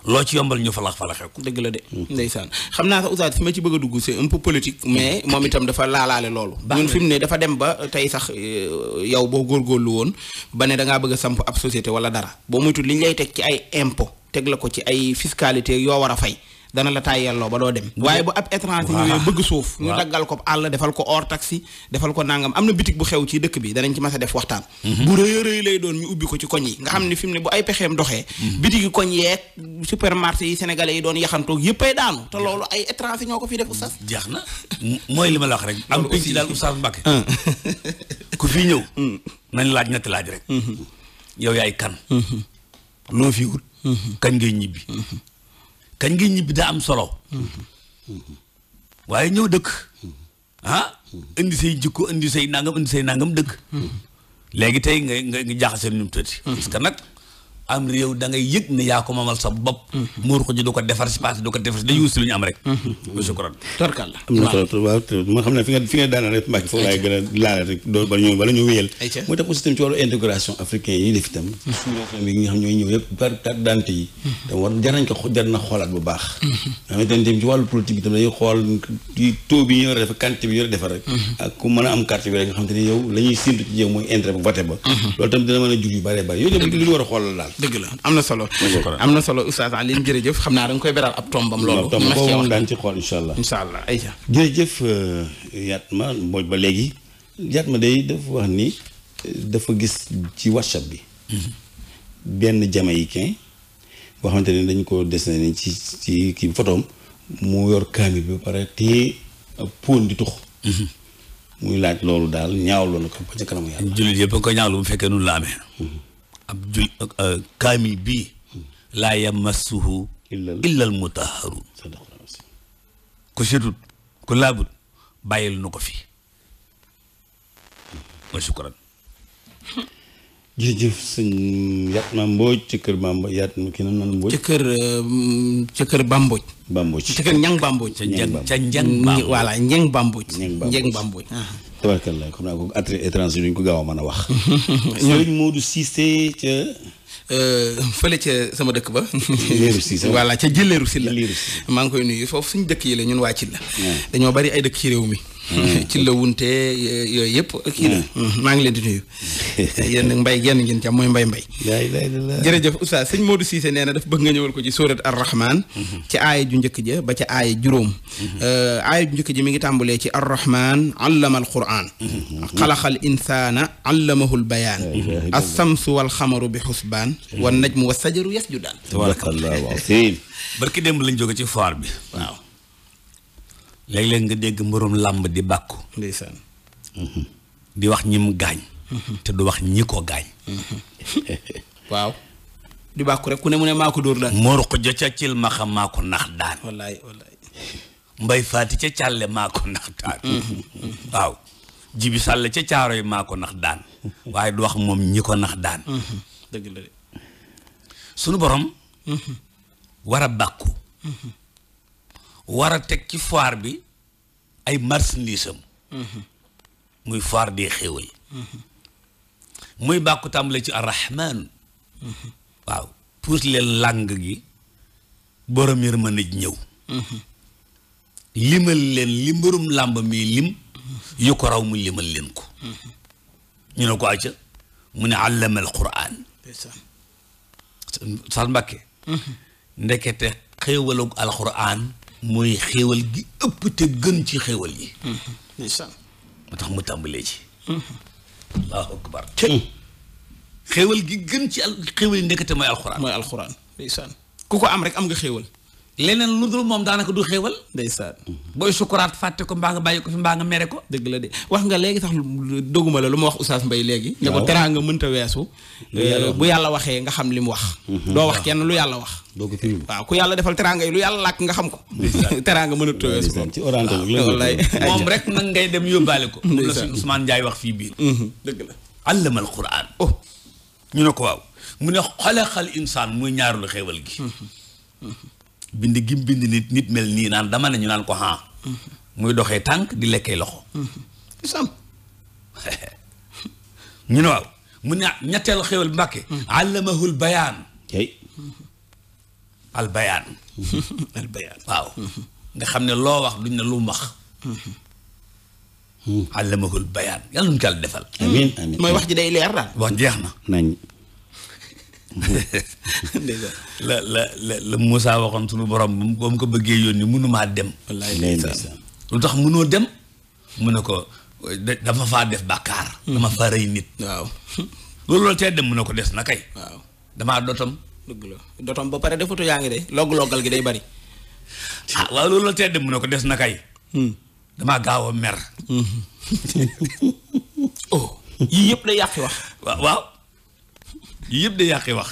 loo ci yombal ñu falax falaxee ko. dëgg la de. ndeysaan xam naa sax oustaz fi ma ci bëgg a dugg si un peu mais mm. moom itam dafa laalaale loolu. ñun fi mu ne dafa dem ba tey sax euh, yow boo góor góorlu woon ba ne da ngaa bëgg a samp ab société wala dara boo moytu li ñu lay teg ci ay impôt teg la ko ci ay fiscalité yoo war a fay. dana la yàlloo ba doo dem waaye bu ab étranger ñëwee bëgg suuf ñu daggal ko àll defal ko hors taxi defal ko nangam am na bitig bu xew ci dëkk bi danañ ci mas a def waxtaan mhm. bu rëy a rëy lay doon ñu ubbi ko ci koñ yi nga xam ne fi mu ne bu ay pexeem doxee mhm. bitigi koñ yeeg supermarché yi sénégalais yi doon yaxantoog yëpp ay daanu te loolu ay étranger ñoo ko fi def oustaz jeex na mooy li ma la wax rek am pénc daal oustaz Mbacke ku fii ñëw hmm. nañ laaj ñetti laaj rek hmm. yow yaay kan hmm. loo fi kañ ngi ñibbi daa am solo waaye ñëw dëkk ah indi say jikko indi say nangam indi say nangam dëkk hmm. léegi tey nga nga jaaxase nu mu tëddi hmm. parce que nag am réew da ngay yëg ne yaa ko moomal sa bopp. muur ko ji du ko defar si paase du ko defar si dañuy wusu lu ñu am rek. Mm-hmm. monsieur Korone. torkal la am laal ci wàllu mooy intérêt bu ba. Mm-hmm. loolu tamit dina mën a jur yu bare bare yooyu tamit lu war a xoolal daal dëgg la am na solo. am na solo Oustaz Alioune jërëjëf xam naa da nga koy beral ab tombam loolu. mu màccee wax daan ci xool incha allah. incha allah ayca. jërëjëf euh, Yatma mooy ba léegi ma day dafa wax ni dafa gis ci WhatsApp bi. Mhm. benn jamaïcain boo xamante ne dañ ko ni ci ci kii photoom mu yor kaamil bi pare te pon di tux mhm. muy laaj loolu daal ñaawloo na ko ba ca kanamu yàlla. jullit yëpp ko ñaawlu bu fekkee nu la amee. Mhm. abdul uh, uh, kaamil bi laa yamassuhu illa al mutahharun ku setut ku laabut bàyyil nu ko fi wa shukran jërëjëf sëñ Yatma Mbodj ci kër Bambo Yatma ki nan nan Mbodj ci kër um, ci kër Bamboj Bamboj ci kër Ñang Bamboj ca Njang ca Njang voilà tabarkalla xam naa ko attrait étranger duñ ko gaaw a mën a wax. sëriñ Modou Cissé ca. Euh, fële ca sama dëkk ba. Jilleeru Cissé voilà ca Jilleeru Cissé la. maa ngi koy nuyu foofu suñu dëkk yi la ñun waa ci la. dañoo bari ay dëkk ci réew mi. Mm. ci la wunte yooyu yëpp. kii mm. Mm. maa ngi leen di nuyu. nag mbay genn ngeen jàmm mooy mbay mbay. jërëjëf oustaz sëñ Modou Cissé nee na daf bëgg nga ñëwal ko ci sóorat ar-Rahman. Mm-hmm. ci aaya ju njëkk ja ba ca aaya juróom. Mm-hmm. Euh, aaya ju njëkk ji mi ngi tàmbalee ci ar-Rahman allama al-Qur'an. Mm-hmm. xalaqal insaana allamahul bayaan. as-samsu wal xamaru bi xusbaan. wan najmu was sajaru yasjudaan. tabaarakallahu barki démb lañ jóge ci foire bi waaw. léeg nga dégg mbërum làmb di bàkku mhm. di wax ñi mu gaañ mhm. te du wax ñi ko gaañ mhm. waaw di bàkku rek ku ne mu ne maa ko dóor daan moo ruq ca cil nax mbay faati ca càlle maa ko nax daan waaw jibi sàll ca caaro yi maa ko nax daan waaye du wax moom ñi ko nax daan sunu borom war bàkku war a teg ci foir bi ay marchandise am mhm. muy foire des xéwal mhm. muy bàkku tàmbale ci arrahman mhm. waaw puus leen làng gi borom yërmande ji ñëw limal leen li mbërum làmb mi lim yu ko raw mu limal leen ko ñu ne ko acca mu ne allama al quran sal mbàkke ndekete xéewalu alquran mooy xéewal gi ëpp te gën ci xéewal yi mm-hmm. ndeysaan moo tax mu tàmbalee ci mm-hmm. allahu akbar te mm. gi gën ci al xéewal yi ndekete mooy alxuraan mooy alxuraan ndeysaan ku ko am rek am nga xéewal leneen lu dul moom daanaka du xéewal ndeysaan booy sukkuraat fàtte ko mbaa nga bàyyi ko fi mbaa nga mere ko dëgg la de wax nga léegi sax doguma la lu ma wax Oustaz Mbaye léegi ne ko teraanga mënta weesu euh, bu yàlla waxee nga xam li mu wax mhm. doo wax kenn lu yàlla wax waaw ku yàlla defal teraanga yi lu yàlla làkk nga xam ko teraanga mënta weesu ah, moom rek nag ngay dem yóbbaale ko moom la suñu Ousmane Ndiaye wax fii biir mhm. dëgg la allama al quran oh ñu ne ko waaw mu ne xalaqal insaan muy ñaaru lu xéewal gi mhm. bind gim bind nit nit mel nii naan dama ne ñu naan ko han muy doxee tànk di lekkee loxo sam ñu ne waaw mu ne ñetteel xéwal mbàkke allamahul bayaan bayaan al bayaan waaw nga xam ne loo wax duñ ne lu max allamahul hmm. bayaan yàlla nu ñu ko defal amiin mooy wax ji day leer daal wax jeex na la la la la waxoon sunu borom ba mu ko bëggee yónni mënumaa dem. wallaahi ndeysaan lu tax munoo dem mu ne ko dafa faa def bàkkaar. Hmm. dama faa rey nit. waaw loolu la dem mu ne ko des na kay. damaa dotam. dëgg la dotom ba pare defatu yaa ngi de logg-loggal gi day bari. ah waaw loolu la tee dem mu ne ko des na kay. damaa ah, hmm. gaaw a mer. Hmm. Oh, yii yëpp day yàqi wax. waaw. yëpp de yàqi wax.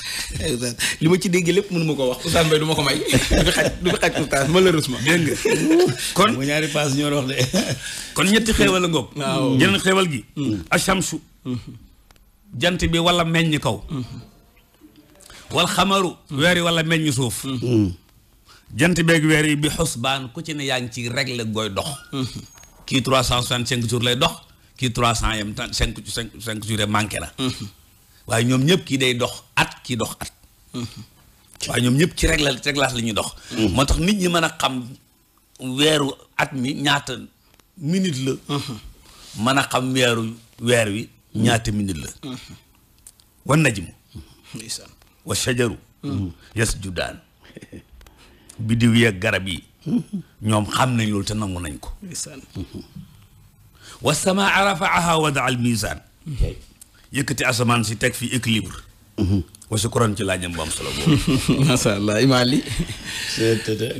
li ma ci dégg lépp mënu ma ko wax Oustaz Mbaye du ma ko may. du ma xaj du fi xaj Oustaz malheureusement. dégg nga kon bu ñaari paas ñoo wax kon ñetti xéewal la ngoog. waaw xewal gi a mm. achamsu. Mm-hmm. jant bi wala meññ kaw. Mm-hmm. wal xamaru. Mm-hmm. weer yi wala meññ suuf. Mm. jant beek weer yi bi xusbaan ku ci ne yaa ngi ciy réglé gooy dox. kii trois cent soixante cinq jours lay dox kii trois cent yem cinq cinq jours yi manqué la. waaye ñoom ñëpp kii day dox at kii dox at waaye ñoom ñëpp ci régla réglaas la ñuy dox moo tax nit ñi mën a xam weeru at mi ñaata minute la mën a xam weeru weer wi ñaata minute la wa najmu wa shajaru yasjudaan biddiw yeeg garab yi ñoom xam nañ loolu te nangu nañ ko wa samaa rafaaha wada al misaan yëkkati asamaan si teg fi équilibre. Mhm. wasu koron ci laajam bu am solo boobu. macha allah Imaam li.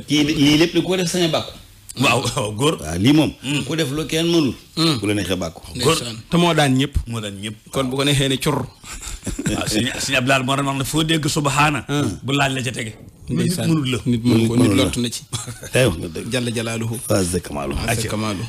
kii lii lépp koo def sañ a bàkku. waaw waaw góor. waaw lii moom. Mm. ku def lu kenn mënul. ku mm. la neexee bàkku. góor te moo daan ñëpp. moo daan ñëpp. kon bu ko neexee ne cur. waaw ah, sëñ sëñ Abdoulaye moo doon wax ne foo dégg subhaana ah. bu laaj la ca tege nit mënul la nit mënul ko nit lott na ci jàll jalaaluhu fas kamaalu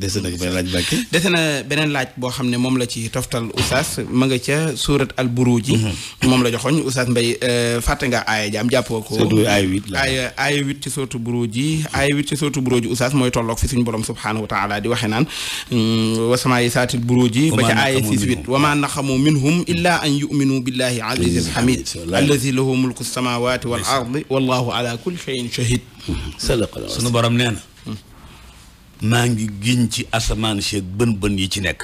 dese na beneen laaj bàkke dese na beneen boo xam ne moom la ci toftal oustaz ma nga ca suurat al buruuj mhm. moom la joxoñ oustaz mbay euh, fàtte nga aaya jam jàppoo ko aaya huit la aaya aaya huit ci suuratu buruuj aaya huit ci suuratu buruuj oustaz mooy tolloog fi suñu borom subhaanahu wa taala di waxe naan mm, wasamaayi saatil buruuj ba ca aaya six huit wamaa naxamu minhum illa an yuminu billahi azizil hamid alladi lahu mulku samawati wal ardi wallahu ala kulli cheyin shahid sunu borom nee na maa ngi giñ ci asamaan seeg bën bën yi ci nekk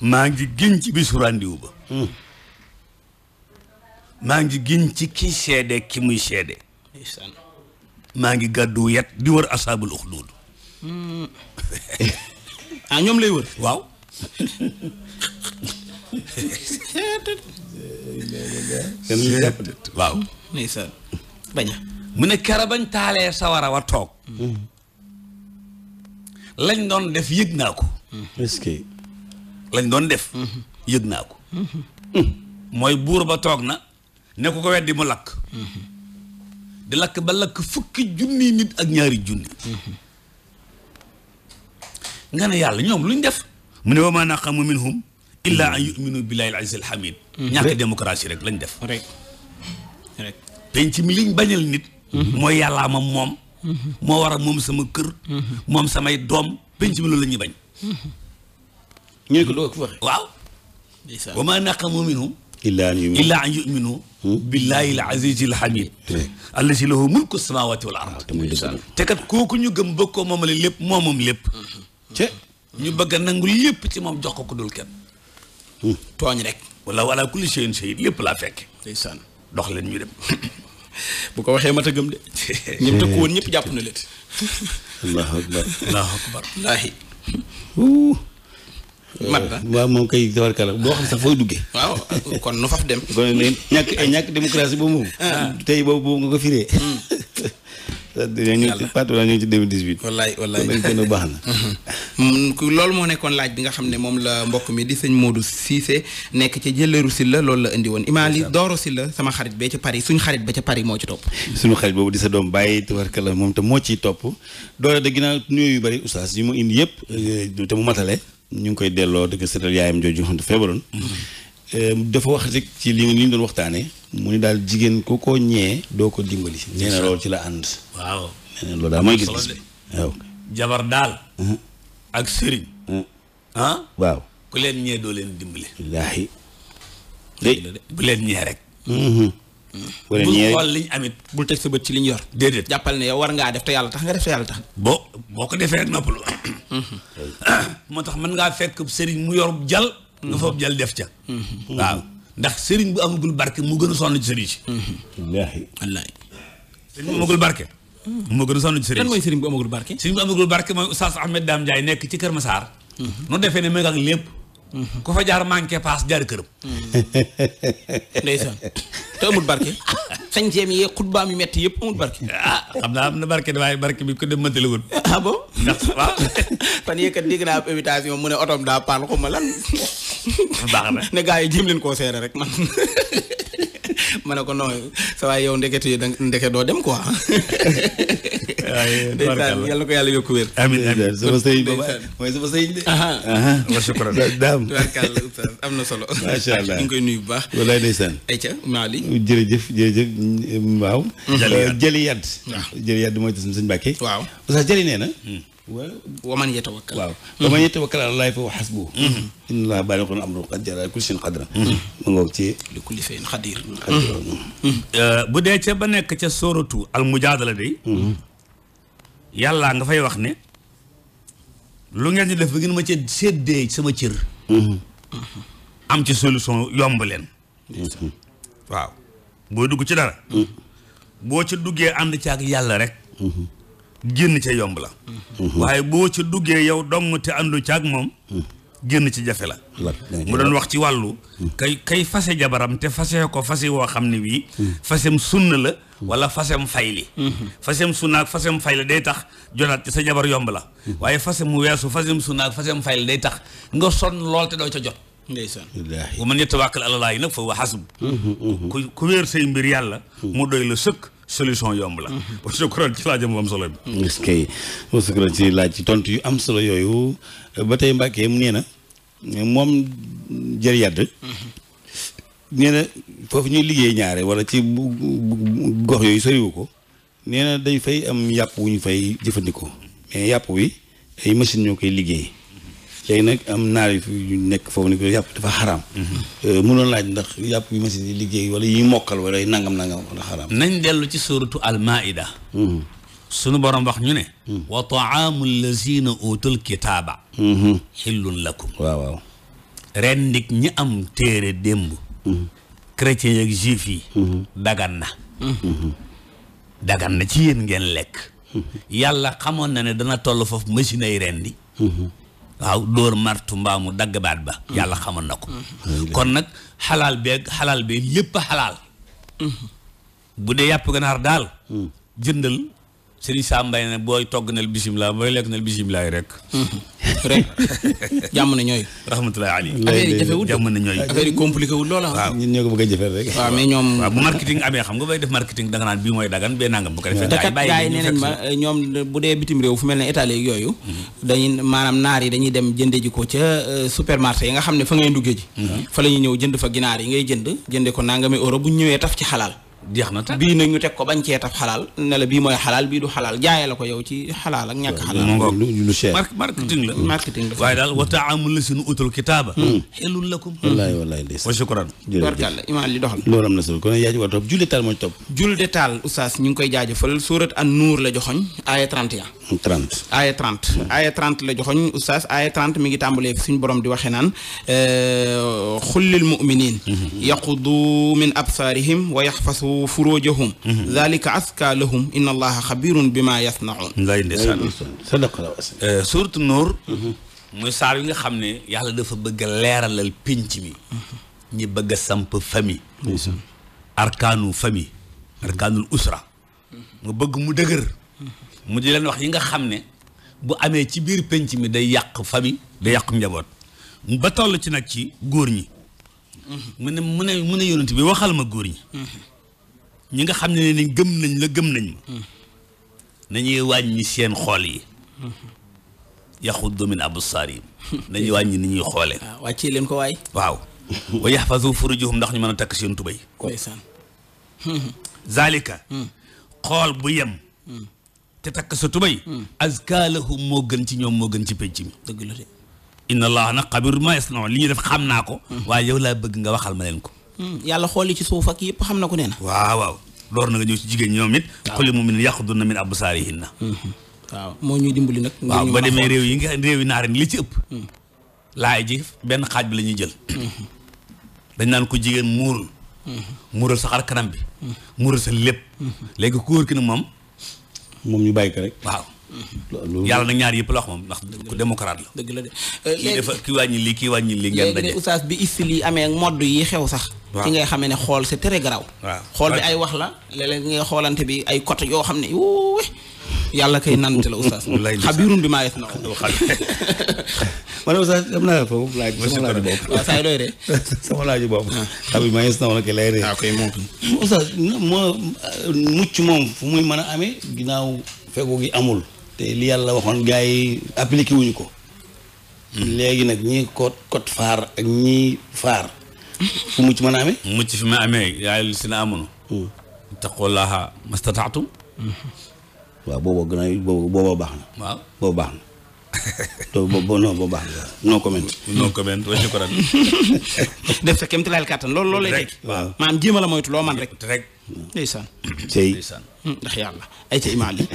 maa ngi giñ ci bisu ràndiwu ba hmm. maa ngi giñ ci ki seede ki muy seede maa ngi gàddu yet di wër asaabul uxduud hmm. ah ñoom lay wër waaw waaw ndeysaan baña mu ne kera bañ taalee sawara wa toog mm. lañ doon def yëg naa ko mm-hmm. est lañ doon def mm-hmm. naa ko mm-hmm. mm. mooy buur ba toog na nekk ko ko weddi mu lakk di lakk ba lakk fukki junni nit ak ñaari junni nga ne yàlla ñoom luñ def mu ne wa maa naqamu minhum illa an hmm. yuminu billahi al aziz al hamid hmm. ñàkk démocratie rek lañ def rek rek penc mi liñ bañal nit hmm. mooy yàllaa ma moom moo war a moom sama kër moom samay doom penc mi loolu la ñuy bañ ñu ne ko loo ko waxee waaw wa maa naqamu minhum illa an yuminu illa an yuminu billahi al aziz al hamid allazi lahu mulku samawati wal ard ah, te kat kooku ñu gëm bëgg ko moomale lépp moomam lépp ñu bëgg a nangu lépp ci moom jox ko ku dul kenn hmm. tooñ rek wala wala kulli shay'in shahid lépp laa fekk ndeysaan dox leen ñu dem bu ko waxee mata gëm de ñëpp tëkku woon ñëpp jàpp na leen allahu akbar la waaw moom kay tabarkala boo xam sax fooy duggee waaw kon nu faf dem ñàkk ñàkk démocratie boobu moom ah. boobu nga ko firee hmm. dinañu fàtte ñu ngi ci 2018. wallaay wallaay kon dañu baax na. Mm-hmm. Mm-hmm. loolu moo nekkoon laaj bi nga xam ne moom la mbokk mi di sëñ Modou Cissé nekk ca Jëlëru Silla loolu la indi woon Imaam li Dooro Silla sama xarit bee ca Paris suñu xarit ba ca Paris moo ci topp. suñu xarit boobu di sa doom bàyyi tubarkalla moom te moo ciy topp doole de ginnaaw nuyoo bari oustaz yi mu indi yëpp euh, te mu matale ñu ngi koy delloo dëgg sëtal yaayam jooju xam ne feebaroon mm-hmm. dafa wax rek ci li li ñu doon waxtaanee mu ni daal jigéen ku ko ñee doo ko dimbali. nee na loolu ci la ànd. waaw nee na loolu daal mooy gis-gis jabar daal. Uh-huh. ak sëriñ. Uh-huh. ah waaw. ku leen doo leen dimbali. wallaahi. bu leen ñee rek. wala mm-hmm. mm. ñeer xool liñ amit bul teg sa bët ci liñ yor. déedéet jàppal ne war ngaa def te yàlla tax nga def te yàlla tax. boo boo ko defee rek noppalu. Mm-hmm. moo tax mën ngaa fekk sëriñ mu yor jal lu foofu jël def ca waaw ndax sëriñ bu amagul barke mu gën a sonn ci sëriñ si wallaahi sëriñ bu amagul barke mu gën a sonn ci sëriñ lan mooy sëriñ bu amagul barke sëriñ bu amagul barke mooy oustaz Ahmed Dame Ndiaye nekk ci Kër Massar mhm. nu defee ne mu ngi ak lépp Mm-hmm. ku fa jaar manqué paas jaar këram. Mm-hmm. ndeysaan te amul barke. sañceem yi xutbaam yu metti yëpp amul barke. ah xam naa am na barke waaye barke bi ko dem mënti la woon. ah ndax waaw. fan yëkkat dégg invitation mu ne otoom daa paan ma lan. baax na ne gars yi jéem leen koo rek man. ma ne ko non sa yow ndekete yi doo dem quoi. waaye yàlla na ko yàlla yokk wér. amiin amiin sama sëy mooy sama sëy de. wa shukran daam tubaarkàlla oustaz am na solo. macha allah ñu ngi koy nuyu bu baax. walaay ndeysaan. ayca Maali. jërëjëf jërëjëf waaw. jëli yadd euh, jëli yadd mooy tasum sëñ Mbàkke. waaw oustaz jëli nee na. Hmm. waman yatawakkal waaw waman yatawakkal ala llaahi fa huwa xasbuhu hmm. inna llaaha baaligu amrihi qad ja'ala li kulli shay'in qadra mu hmm. ngoog ci li kulli shay'in xadir euh, bu dee ca ba nekk ca sóoratu al mujaadala day yàllaa nga fay wax ne lu ngeen di def bi ngeen ma ci séddee sama cër mm-hmm. am ci solution yomb leen mm-hmm. waaw boo dugg ci dara mm-hmm. boo ci duggee ànd ci ak yàlla rek génn ca yomb la waaye boo ci duggee yow dong te àndu ci ak moom génn ci jafe la mu doon wax ci wàllu hmm. kay kay fase jabaram te fase ko fase woo xam ne wii hmm. fasem sunna la hmm. wala fasem fay li fasem sunna ak fasem fay la day tax jotaat sa jabar yomb la waaye fasem mu weesu fasem sunna ak fasem fay la day tax nga son lool te doo ca jot ndeysaan wa man yatawakkal ala llaahi nag fa huwa hasbuh ku ku wéer say mbir yàlla mu doy la sëkk solution yomb la. ba mhm. sukkuroon ci laaj mu am solo bi. est-ce que ba laaj ci tontu yu am solo yooyu ba tey Mbàkke mu nee na moom jër yàdd mhm. nee foofu ñuy liggéey ñaare wala ci gox yooyu soriwu ko nee na day fay am yàpp wu ñu fay jëfandikoo mais yàpp wi ay machine ñoo koy liggéey. léegi nag am naar yu nekk foofu ne ko yàpp dafa xaraam mhm. euh, mënoon laaj ndax yàpp yu machine yi liggéey wala yi mokkal wala nangam nangam wala xaraam nañ dellu ci suuratu almaida mhm. sunu borom wax ñu ne mhm. wa taamu lazina utul kitaaba xillun lakum waaw waaw ren ndik ñi am téere démb chrétien yi ak juif yi dagan na dagan na ci yéen ngeen lekk yàlla xamoon na ne dana toll foofu machine ay rendi waaw dóor martu mbaamu dagg baat ba mm-hmm. yàlla xamoon na ko mm-hmm. Mm-hmm. kon nag xalaal beeg xalaal bi lépp xalaal bu dee yàpp ganaar daal mm. jëndal sëriñ Samba mbay ne booy togg nal bisimilaa booy lekk nal bisimilaa yi rek rek jàmm na ñooy. rahmatulah Ali. affaire yi jafewul jàmm na ñooy. affaire yi compliqué wul loola. waaw ñoom. waaw bu marketing amee xam nga bay def marketing danga naan bii mooy dagan bee nangam. bu ko defee gars yi bàyyi réew fu mel ne Italie yooyu. Mhm. dañuy naar yi dañuy dem jënde ko ca euh, supermarché yi nga xam ne fa ngay duggee ji. Mhm. fa la ñuy ñëw jënd fa ginaar yi ngay jënd. jënde ko nangami euro bu ñëwee taf ci xalaal jeex na bii nag ñu teg ko bañ cee xalaal ne la bii mooy xalaal bii du xalaal jaaye la ko yow ci xalaal ak ñàkk xalaal lu cher la mm. marketing la waaye daal wa taamul mm. la sunu utul kitaaba xelul lakum wallaay wallaay wa na solo kon julde taal moo ci topp julde taal oustaz ñu nuur la joxoñ aaya 31 30 aaya 30 aaya la joxoñ oustaz aaya 30 mi ngi tàmbalee fi borom di waxee naan euh, xullil muminin mm-hmm. yaqudu min absaarihim wa yahfazu furujahum dhalika mhm. azka lahum inna allaha xabirun bima yasnaun lay ndeysaan surtout Noor mooy yi nga xam ne yàlla dafa bëgg a leeralal pénc mi mhm. ñi bëgg samp famille arkaanu famille mhm. arkaanul usra nga bëgg mu dëgër mu di leen wax yi nga xam ne bu amee ci biir pénc mi day yàq famille da yàq njaboot ba toll ci nag ci góor ñi mu ne mu bi waxal ma góor ñi ñi nga xam ne ni gëm nañ la gëm nañ ma hmm. nañuy wàññi seen xool yi hmm. yaxuddu min absaarihim nañuy wàññi ni ñuy xoolee ah, wàccee leen ko waaye waaw hmm. wa yaxfazu furujahum mën a takk seen tubay ndeysaan zalika xool bu yem te takk sa tubay azkaa lahum moo gën ci ñoom moo gën ci penc mi dëgg la de inna allaha nag xabir li ñuy def xam naa ko waaye yow laa bëgg nga waxal ma leen ko Hmm, yàlla xooli ci suuf ak yëpp xam na ko ne na. waaw waaw door na nga ñëw ci jigéen ñoom it. waaw xolli mu min yàquduna min absaarihinna. Hmm, hmm. waaw moo ñuy dimbali nag. waaw ba demee réew yi nga réew yi naar li ci ëpp. laay ji benn xaaj bi la ñuy jël. dañ naan ko jigéen muurul. muural sa xar kanam bi. muural sa lépp. léegi ku góor ki ne moom. moom ñu bàyyi ko rek yàlla nag ñaar yëpp la wax moom ndax ku démocrate la. dëgg la de kii dafa kii wàññi lii kii wàññi lii. ngeen daje oustaz bi isti lii amee modd yi xew sax. ci ngay xamee ne xool c'est très grave. waaw xool bi ay wax la léeg-léeg ngay xoolante bi ay côté yoo xam ne wuuwe yàlla kay nant la oustaz. xabirun bi maa yes na ko. man oustaz dem naa la foofu laaj sama laaj bopp. waaw saa yu doy ree. sama laaj bopp. Ah. xam bi maa yes na ko lay ree. Ah, moo mucc moom fu muy mën a amee ginnaaw fegu gi amul. te li yàlla waxoon gars yi appliqué wuñu ko. Hmm. léegi nag ñii kot code faar ak ñii faar. fu mucc mën a mu mucc fi ma amee yaay si na amoon. Hmm. taqullaha mastataatum. Hmm. waaw booba gën a booba baax na. to boobu non boobu baax no comment. no comment ko shukran. def sa kéem tolluwaayal kàttan loolu loolu lay tekki. waaw maam jéem a la moytu loo man rek. rek ndeysaan. tey ndeysaan hmm, ndax yàlla ay ca imaam yi.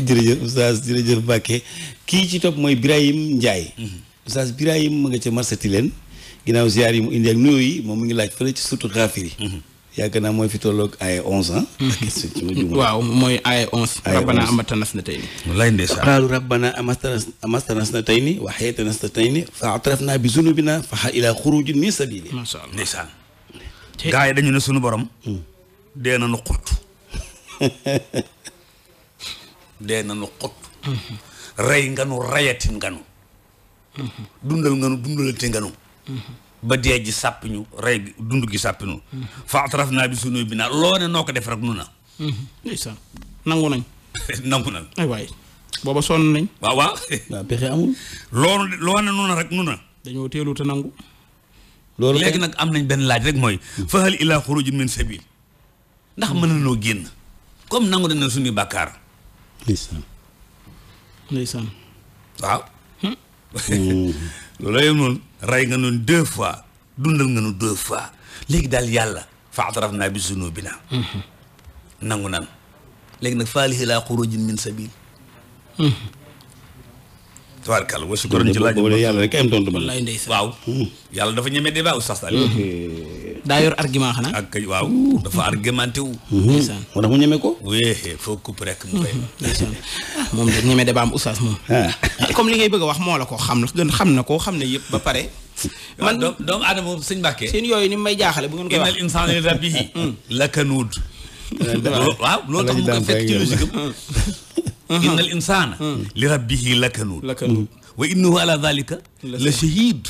jërëjëf oustaz jërëjëf Mbacke kii ci topp mooy Birahim Ndiaye. Hmm. oustaz Birahim mu nga ca Marsati leen ginnaaw ziar yi mu indi ak nuyoo yi moom mu ngi laaj fële ci surtout xaafir yi. Hmm. yaakaar naa mooy fi tolloog ay onze ans. Mm-hmm. waaw mooy ay onze. ay onze rabbana na tey nii. walaay ndeysaan na tey nii waxeetanas na tey nii fa atrafnaa bi zunubinaa fa hal ilaa xuruujin min sabiili. macha gaa yi dañu ne sunu borom. Mm. dee na nu xott. dee na nu xott. Mm-hmm. rey nga nu rayatin nga nu. Mm-hmm. dundal nga nu dundalati nga nu. ba dee ji sàpp ñu rey dund gi sàpp ñu fa atraf naa bi sunuy bi naa loo ne noo ko def rek nu na ndeysaan nangu nañ nangu nañ waay booba sonn nañ waaw waaw waaw pexe amul loolu loo ne nu rek nu na dañoo teelu te loolu léegi nag am nañ benn laaj rek mooy fa hal ilaa xuruj min sabil ndax mën na noo génn comme nangu nañ suñuy bàkkaar waaw hmm? loolu yëpp noonu rey nga noonu deux fois dundal nga nu deux fois léegi daal yàlla fa atrafna bi zunubina nangu nan léegi nag faalihi laa xurujin min sabil tabarkal wa shukran ci laaj boobu yàlla rek am tontu ma waaw hmm. yàlla dafa ñeme débat oustaz daa yor argument xanaa. ak waaw dafa argumenté wu. ndeysaan moo ñeme ko. foo coupe rek mu fay. ndeysaan moom de ñeme am oustaz moom. Ah. comme li ngay bëgg a wax moo la ko xam gën xam na koo xam ne yëpp ba pare. man doomu aadama moom sëñ Mbàkke. seen yooyu ni may jaaxale bu ngeen koy wax innal insaana li rabbihi hmm. lakanuud. waaw loolu tax mu koy fekk ci logique am. Hmm. innal insaana hmm. li rabbihi lakanuud. lakanuud wa innahu ala dhalika la shahid.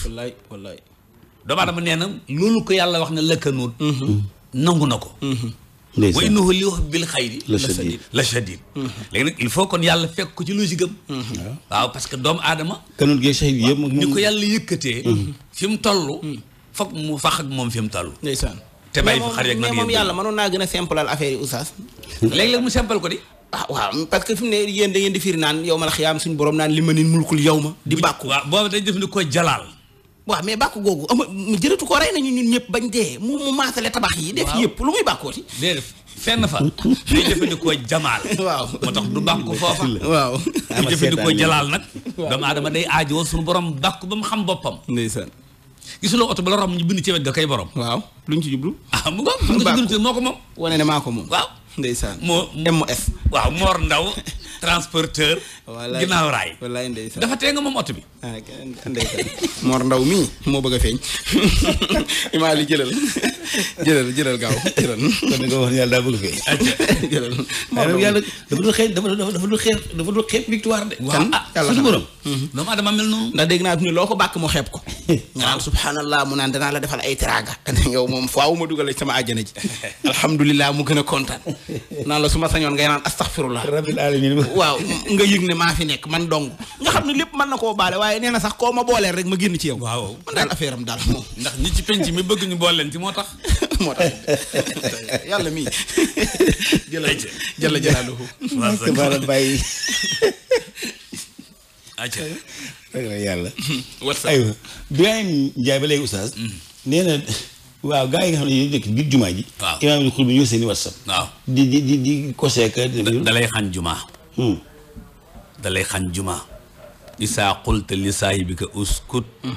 doomu aadama nee na loolu ko yàlla wax ne lëkkanuut mhm. nangu na ko mhm. wa innahu li hubbil xayri la shadid mhm. léegi nag il faut kon yàlla fekk ko ci logique am waaw parce que doomu aadama kanut gi say ko yàlla yëkkatee fi mu mu fax ak moom fi mu toll ndeysaan te bàyyi fi xar yeeg nag moom yàlla mënoon a ko di ah waaw parce que fi mu ne yéen da di firi naan yow ma la xiyaam suñu borom naan li ma nin mulkul yow ma di bàkku waaw boobu dañ def ni ko jalaal waaw mais bàkku googu ama jërëtu ko rey ñu ñun ñëpp bañ dee mu mu maasale tabax yi. def yépp lu muy bàkkooti. déedéet fenn fa. day jëfandikoo jamaal. waaw moo tax du bàkku foofa. waaw bu jëfandikoo jalaal nag. waaw doomu aadama day aajoo suñu borom bàkku ba mu xam boppam. ndeysaan. gisuloo oto ba la mu ñu bind ci wet ga kay borom. waaw luñ ci jublu. ah mu nga xam nga ci bind moo ko moom. wane ne maa ko moom waaw. ndeysaan moo MOS. waaw Mor Ndaw transporteur. wallaay ginnaaw raay. wallaay ndeysaan dafa tee nga moom oto bi. ah ndeysaan Mor Ndaw mii moo bëgg a feeñ. Imaali jëlal jëlal jëlal gaaw jëlal. kon ni nga wax yàlla daa a feeñ. jëlal dafa dul xeeb dafa dul xeeb dafa dul xeeb victoire de. waaw ah suñu borom. Mhm. doomu adama mel noonu ndax dégg naa fi ne loo ko bàkk mu xeeb ko nga naan subhaanallah mu naan danaa la defal ay teraanga yow moom faaw ma dugal sama àjjana ji alhamdulilah mu gën a kontaan naan la su ma sañoon ngay naan astaghfirullah rabbil alamin waaw nga yëg ne maa fi nekk man dong nga xam ne lépp man na koo baale waaye nee na sax koo ma booleel rek ma génn ci yow waaw man daal affaire am daal moom ndax ñi ci penc mi bëgg ñu bool leen ci moo tax moo tax yàlla mi jëla jëla jëlaaluhu acca ragal yàlla aywa Birahim Ndiaye ba léegi oustaz mm. nee na waaw gaa yi nga xam ne ñu nekk biir jumaa ji waaw imaam yi xul bi ñu seen i whatsapp waaw di di di di koseeka da lay xan jumaa hmm. da lay xan jumaa isaa qulta li saahibika uskut hmm.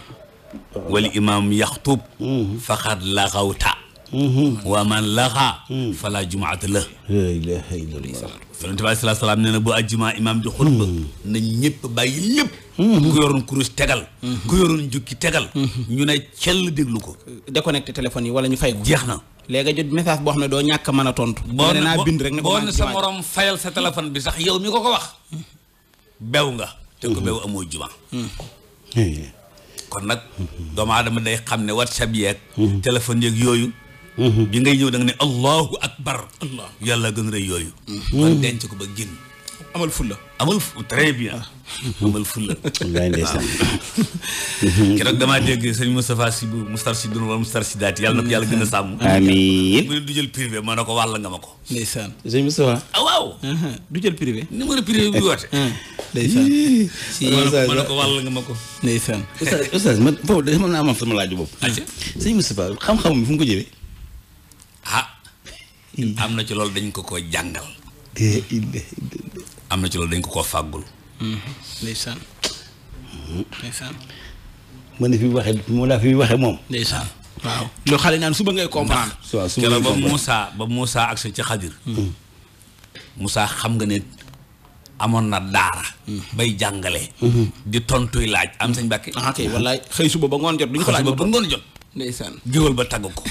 wal imaam yaxtub hmm. faqad laxawta Mm-hmm. waa man laxa mm. fala jumaata la la ilaha illallah yonent bi salaa salaam nee na bu ajjuma imaam di xutba mm. na ñëpp bàyyi lépp mm-hmm. ku yoroon kurus tegal mm-hmm. ku yoroon jukki tegal ñu ne cell déglu ko déconnecté téléphone yi wala ñu fay ko jeex na léegi jot message boo xam ne doo ñàkk a mën a tontu boo ne naa bind rek ne boo ne sa morom fayal sa téléphone bi sax yow mi ko ko wax bew nga te ko bew amoo juma kon nag doomu aadama day xam ne whatsapp yeeg téléphone yeeg yooyu Mm-hmm. bi ngay ñëw da nga ne allahu akbar yàlla gën rëy yooyu mm-hmm. man denc ko ba génn amal fulla amal fu très bien ah. mm-hmm. amal fulla wallaay ndeysaan keroog damaa dégg sëñ Moustapha si bu Moustarchidun wala Moustarchidaat yàlla na ko yàlla gën a sàmm amiin ma ko wàll nga ko ndeysaan ah, waaw uh-huh. du jël privé numéro privé bi woote uh-huh. ndeysaan si ma ne ko wàll ma ko ndeysaan naa amal sama laaju boobu sëñ Moustapha xam-xam bi fu ko jëlee ah am na ci loolu dañ ko ko jàngal am na ci loolu dañ ko ko fàggul mm-hmm. ndeysaan ndeysaan ma ne fi waxe moo laa fi waxe moom waaw lu xale naan suba ngay comprendre waaw suba ngay comprendre keroog ba Moussa ba Moussa ak sa ci xadir musaa mm-hmm. xam nga ne amoon na daara mm-hmm. bay jàngale di tontuy laaj am sañ bàkke ah kay wallaay xëy suba ba ngoon jot duñ ko laaj ba ngoon jot ndeysaan géwël ba tàgg ko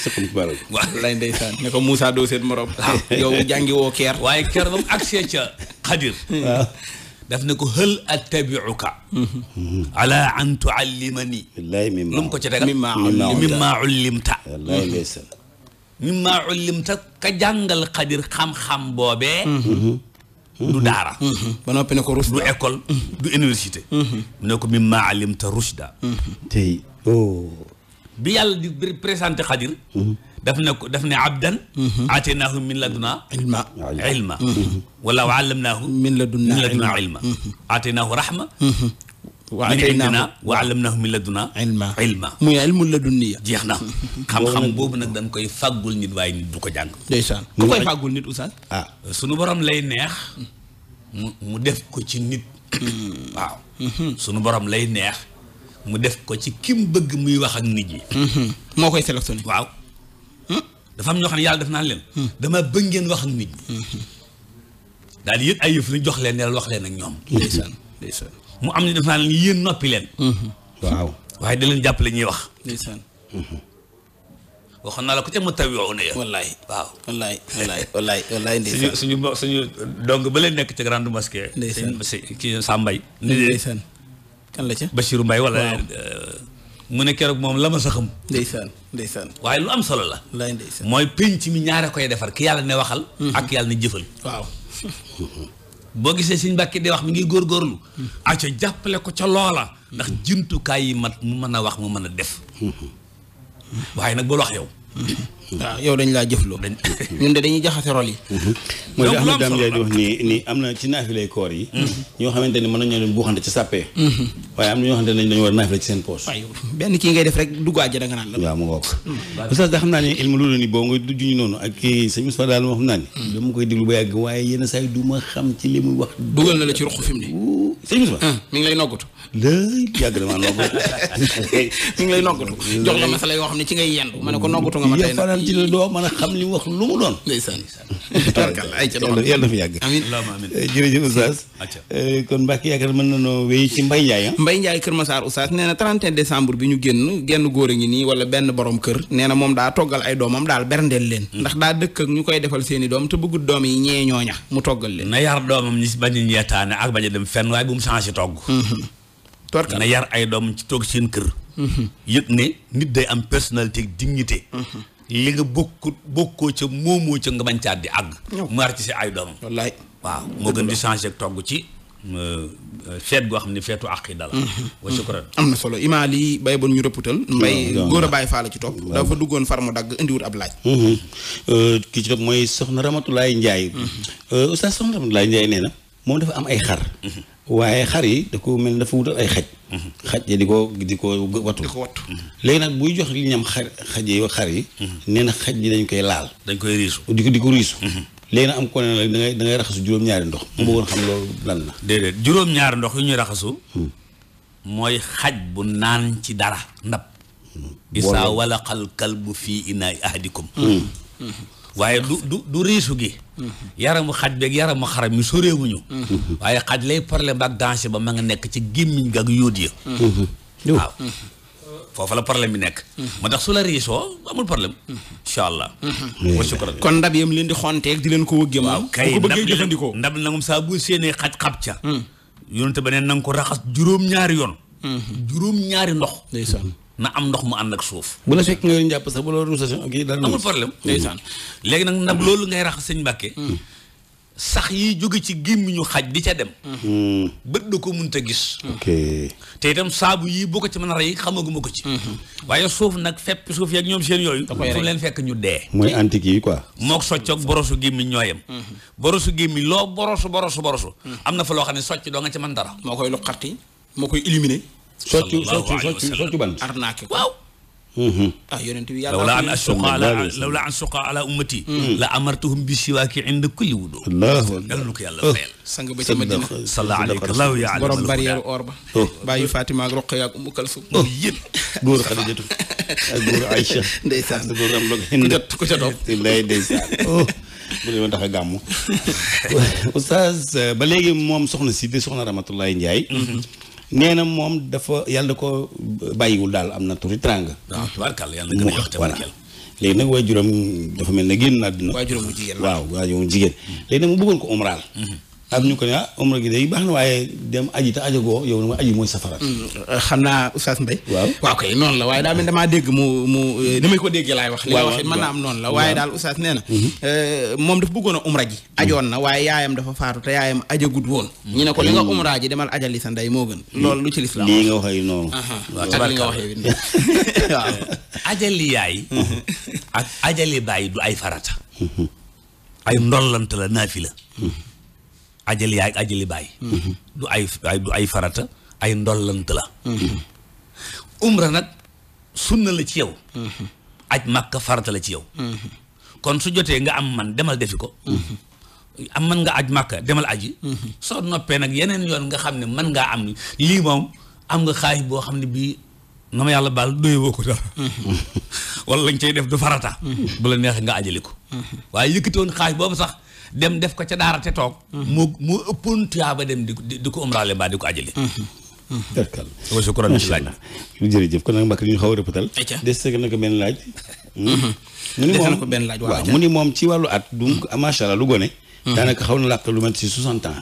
sëkkam ci baaraam waaw lay ndeysaan ne ko Moussa doo seet morom waaw ah. yow jàngi woo keer waaye keer ba mu agsee ca xadir daf ne ko hal attabiuka mm-hmm. ala an tuallimani wallaay mimma lu mu ko ci tegal mimma ullimta wallaay ndeysaan mm-hmm. mimma ullimta ka jàngal xadir xam-xam boobee mm-hmm. du daara ba noppi ne ko rushda du école du université ne ko mimma alimta rushda tey oh bi yàlla di présenté xadir daf ne ko daf ne abdan aataynaahu min ladunaa ilma ilma wala wa allamnaahu min ladunaa ilma aataynaahu rahma wa ataynaa wa allamnaahu min ladunaa ilma ilma muy ilmu ladunniya jeex na xam-xam boobu nag dañ koy fàggul nit waaye nit du ko jàng ndeysaan ku koy fàggul nit oustaz ah sunu borom lay neex mu mu def ko ci nit mm-hmm. waaw sunu borom lay neex mu def ko ci kim bëgg muy wax ak nit ñi. Mm-hmm. moo koy sélectionné. waaw hmm? dafa am ñoo xam ne yàlla def naa leen. Hmm. dama bëgg ngeen wax ak nit ñi. Mm-hmm. daal di yët ay yëf lu jox leen ne wax leen ak ñoom. ndeysaan ndeysaan mu am ni def naa leen yéen noppi leen. Mm-hmm. waaw waaye da leen jàppale ñuy wax. ndeysaan. waxoon naa la ko ca mu taw yoo ne ya. wallaay waaw wallaay wallaay wallaay ndeysaan suñu suñu suñu dong ba leen nekk ci grande mosquée. ndeysaan kii Sambay. ndeysaan. kan la ca Bachirou Mbaye wala euh, mu ne keroog moom la ma sa xam ndeysaan ndeysaan waaye lu am solo la laay ndeysaan mooy penc mi ñaare koy defar ki yàlla ne waxal mhm. ak yàlla ne jëfal waaw boo gisee suñ mbàkki di wax mi góor góorlu mhm. aco jàppale ko ca loola ndax jumtukaay yi mat mu mën a wax mu mën a def mhm. waaye nag bul wax yow waaw yow dañ laa jëfloo. ñun de dañuy jaxase rol yi. Mhm. mooy li Ahmed Dame na ci naafilay koor yi. Mhm. ñoo xamante ni mën nañu leen buuxante ci sàppee. Mhm. waaye am na ñoo xamante ne dañu war a naafile ci seen poche. waaw benn kii ngay def rek dugg àjja da nga naan la. waaw mu ngoog. oustaz da xam naa ne ilmu loolu nii boobu nga juñu noonu ak kii sëñ ma ne. sëñ Moussa. mi ngi lay ma ne ko noggatu nga ma tey seetaan ci la a xam li mu lu mu doon. ndeysaan tarkalla ay ca fi yàgg. amiin amiin eh, jërëjëf Oustaz. Eh, kon Mbacke yaakaar mën na noo wéy ci Mbaye Ndiaye ah. Mbaye Ndiaye Kër Massar Oustaz nee na 31 décembre bi ñu génn genn góor a ngi nii wala benn boroom kër nee na moom daa toggal ay doomam daal berndeel leen. Hmm. ndax daa dëkk ak ñu koy defal seeni doom te bëggut doom yi ñee ñooña mu toggal leen. na yar doomam ñi bañ a ñeetaane ak bañ a dem fenn waaye bu mu changé togg. Hmm. torkal na yar ay doom ci toog seen kër. Hmm. yëg ne nit day am personnalité dignité. li nga bokk bokkoo ca moomoo ca nga bañ caa di àgg. mu war ci si ay doomam. wallaay waaw moo gën di changé togg ci. seet euh, euh, goo xam ne feetu àqida la. Mm-hmm. wa shukran mm-hmm. am na solo Imaah yi bay bon ñu rëpputal. mbay góor a bàyyi faa la ci topp. dafa duggoon far mu dagg indiwut ab laaj. Mm-hmm. Euh, ki ci topp mooy Soxna Ramatulaay Njaay. oustaz Soxna Ramatulaay Njaay nee na moom dafa am ay xar. waaye xar yi da ko mel ne dafa wutal ay xaj. Mhm. xaj ya di ko di ko wattu. di ko wattu mhm. léegi nag buy jox li ñam xar xaj yi xar yi. Mhm. nee na xaj yi dañ koy laal. dañ koy riisu di ko di ko riisu. léegi nag am ko ne nag da raxasu juróom-ñaari ndox. mu bëggoon xam loolu lan na déedéet juróom-ñaari ndox yu ñuy raxasu. Hmm. mooy xaj bu naan ci dara ndab. Hmm. isaa walaqal kalbu fii inaay ahadikum hmm. waaye du du du riisu gi. yaramu xaj beeg yaramu xaram mi soreewuñu. waaye xaj lay problème ba ak danger ba ma nga nekk ci gémmiñ ga ak yóot ya. waaw foofu la problème bi nekk. moo tax su la riisoo amul problème. incha allah. kon ndab yam leen di xonteeg di leen ko wëggee. waaw kay ndab li jëfandikoo ndab na moom séenee xaj xab ca. Hmm. yonente ba ne na nga ko raxas juróom-ñaari yoon. Hmm. juróom-ñaari ndox. ndeysaan na am ndox mu ànd ak suuf. bu la fekk nga yor njàpp sax bu loolu sa kii daal amul problème. ndeysaan léegi nag nag loolu ngay rax sañ Mbàkke. Hmm. sax yi jóge ci gémmiñu xaj di ca dem. Hmm. bët da ko mënut a gis. ok te itam saabu yi boo ko ci mën a rey xamaguma ko ci. Hmm. waaye suuf nag fepp suuf yeeg ñoom seen yooyu. da fu leen fekk ñu dee. mooy antique yi quoi. moog soccoog borosu gémmiñ ñooyam. borosu gémmiñ loo borosu borosu borosu. am na fa loo xam ne socc doo nga ca man dara. moo koy lu moo koy illuminer. soccu soccu soccu soccu bant arnaake waaw mhm. ah yonent bi yàlla lawla an asuqa ala lawla an suqa ala ummati mhm. la amartuhum bi siwaaki inda kulli wudu allahu akbar yàlla ko yàlla oh. fayal sang ba ci madina salla alayka allahu ya borom barrière or ba oh. bàyyi Fatima ak Roqaya ak Umu Kalsum oh, yëpp góor Xadijatu ak góor Aïcha ndeysaan góor am log ku ca topp lay ndeysaan bu dee ma tax a gàmmu oustaz ba léegi moom soxna si di soxna Ramatullahi Ndiaye mhm. nee na moom dafa yàlla ko bàyyiwul daal am na tuuti teraanga. waaw ah, tubaarkàlla yàlla gën a yokk tamit léegi nag waajuram dafa mel ne génn àdduna. waajuram mu jigéen waaw waajuram mu jigéen. léegi nag mu bëggoon ko umraal. Mhm. am ñu ko ne ah umra gi day baax na waaye dem aji te ajagoo yow mooy mooy safara. Mm, euh, xam naa Oustaz Mbaye. waaw waaw noonu la waaye daa mel dégg mu mu damay euh, ko déggee laay wax. li nga wax it la waaye daal Oustaz nee na. Mm-hmm. Euh, moom dafa bëggoon a umra ji. ajoon na waaye yaayam dafa faatu te yaayam ajagut woon. ñu ne ko li nga umra mm. ji demal ajali sa ndey moo gën. Mm. loolu lu ci lislaam lii nga waxee noonu. ak li nga waxee waaw. ajali yaay. Mm-hmm. ak du ay farata. Mm-hmm. ay ndollante la naafi la. ajali yaay ajali baay mm-hmm. du ay du ay farata ay ndollant la mm-hmm. umra nag sunna la ci yow mm-hmm. aj màkka farata la ci yow kon su jotee nga am man demal defi ko am man nga aj màkka demal aji soo noppee nag yeneen yoon nga xam ne man ngaa am ni lii moom am nga xaalis boo xam ne bii na ma yàlla baal doye woo ko lañ cay def du farata bu la neexee nga ajali ko waaye yëkkati woon boobu sax dem def ko ca daara te toog. mu mu ëppoon tuyaaba dem di ko di ko umraale mbaa di ko ajali. d'accord waaw su ko doon ci laaj. jërëjëf kon nag mbokk yi ñu xaw a rëppatal. des na nga ko benn laaj. Mm-hmm. Mm-hmm. mu ni moom ko benn laaj waaw mu ni moom ci wàllu at. du mm-hmm. macha allah lu gone. Mm-hmm. daanaka xaw na làq lu mat si soixante ans.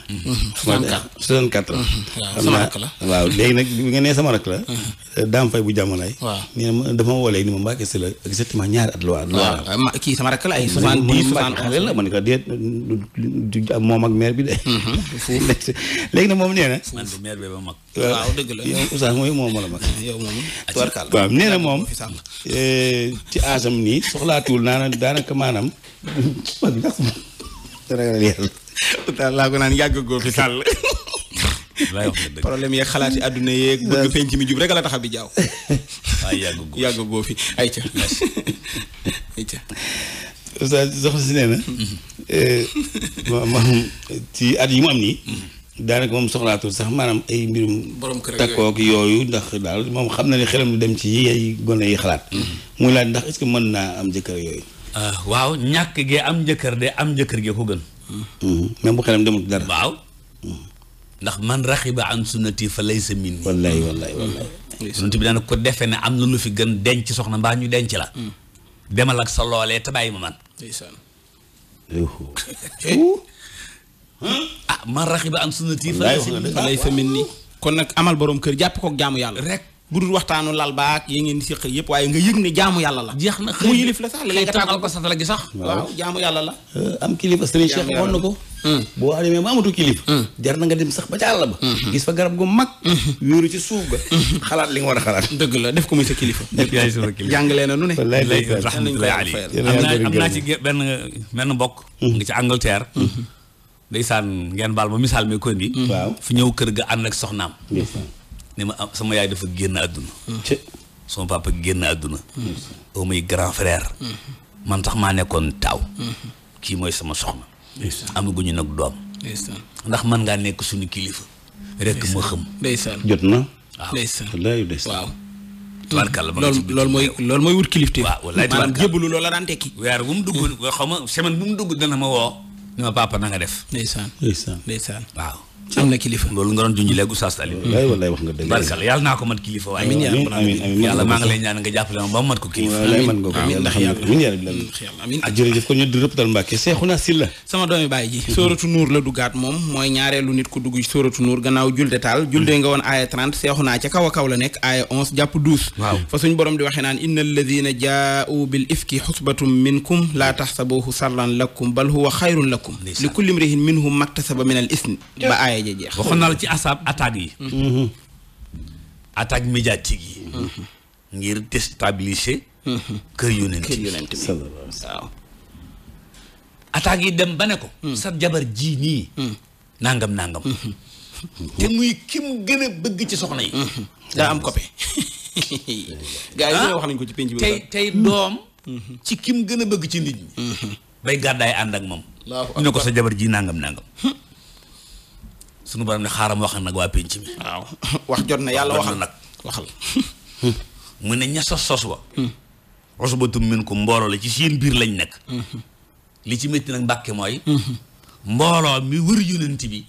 soixante quatre ans. waaw sama rakk la waaw léegi nag bi nga nee sama rakk la. Mm-hmm. Euh, daam fay bu jamonoy. waaw nee na dafa ma woo léegi ni ma Mbacke Sylla la exactement ñaari at la waaw. waaw kii sama rakk la ay soixante dix soixante onze la man ko déet moom ak maire bi de. Mm-hmm. léegi nag moom nee na. man de maire bi ba mag. waaw dëgg la yow Oustaz mooy moom la mag. yow moom tubarkàlla waaw nee na moom euh, ci aasam nii soxlaatuwul naa daanaka maanaam. te laa ko naan yàgg fi sàll. problème yeeg xalaat yi àdduna yeeg. bëgg penc mi jub rek la tax a bi jaaw. waaw yàggagoo fi yàggagoo fi ayca. ayca. oustaz soxna si mm-hmm. eh, at yi mu am nii. Mm-hmm. daanaka moom soxlaatul sax maanaam ay mbirum. borom kër takkook yooyu ndax daal moom xam na ne xelam du dem ci yi ay gone yi xalaat. Mm-hmm. muy laaj ndax est-ce que mën naa am jëkkër yooyu. Euh, waaw ñàkk gee am njëkkër de am njëkkër gee ko gën. Mm-hmm. même bu xelam demul dara. waaw. Mm-hmm. ndax man raxiba an sunnati fa lay min. wallaay wallaay wallaay. sunnati mm-hmm. bi daan ko defe ne am na lu fi gën denc soxna mbaa ñu denc la. demal ak sa loolee te bàyyi man. ndeysaan. ah man raxiba an sunnati fa laysa min. fa nii kon nag amal boroom kër jàpp koog jaamu yàlla rek. bu dul waxtaanu lal baak yi waaye nga yëg ne jaamu yàlla la jeex na mu yilif la sax léegi nga tàggal ko sant la gi sax la euh, am kilifa sëriñ Cheikh waxoon na hmm. boo demee ba amatu kilifa hmm. jar na nga dem sax ba ca àll ba hmm. gis fa garab gu mag wéeru ci suuf ga xalaat li nga war a xalaat dëgg la def ko muy sa kilifa jàngale na nu ne rahmatullahi ali am naa ci benn benn mbokk nga ci Angleterre ndeysaan ngeen baal ma misaal mi ko indi waaw ñëw kër ga ànd ak soxnaam ni ma am ah, sama yaay dafa génn àdduna mm-hmm. sama papa génn àdduna mm-hmm. oo oh, muy grand frère mm-hmm. man sax maa nekkoon taaw kii mooy sama soxna amaguñu nag doom ndax man ngaa nekk suñu kilifa rekk ma xam ndeysaan jot na waaw tubaarkàlla ba nga ci loolu mooy loolu mooy wut kilifte waaw wallaay maanaam jébbalu la daan tekki weer bu mu dugg xaw ma semaine bu mu dugg dana ma woo ni ma papa na nga def ndeysaan waaw am na kilifa loolu nga doon junj léegi oustaz Aliou. Mm-hmm. wallaay wallaay wax nga Silla. sama doomi baay ji. sóoratu nuur la duggaat moom mooy ñaareelu nit ku dugg ci sóoratu gannaaw julde taal julde nga woon aaya 30 Seexuna ca kaw a kaw nekk aaya 11 jàpp 12. fa suñ borom di waxee naan inna alladina jaau bil ifki xusbatum minkum laa taxsabuhu sarran lakum bal huwa xayrun lakum li kulli mrihin minhum maktasaba min al ba aaya laaye ja naa la ci asaab attaques yi mm-hmm. attaque médiatique yi mm-hmm. ngir déstabiliser mm-hmm. kër yonent kër yi dem ba ne ko sa jabar ji nii nangam nangam te muy kim gën bëgg ci soxna yi am copé gaa ah? wax nañ ko ci penc bi tey doom ci kim gën a bëgg ci nit ñi bay gàddaay ànd ak moom ñu ne ko sa jabar ji nangam nangam hmm. suñu borom ne xaaram wax nag waa penc mi. waaw wax jot na yàlla waxal nag waxal. mu ne ña sos sos wa. Hmm. usubatum minkum mbooloo la ci seen biir lañ nekk. Hmm. li ci métti nag mbàkke mooy. Hmm. mbooloo mi wër yonent bi.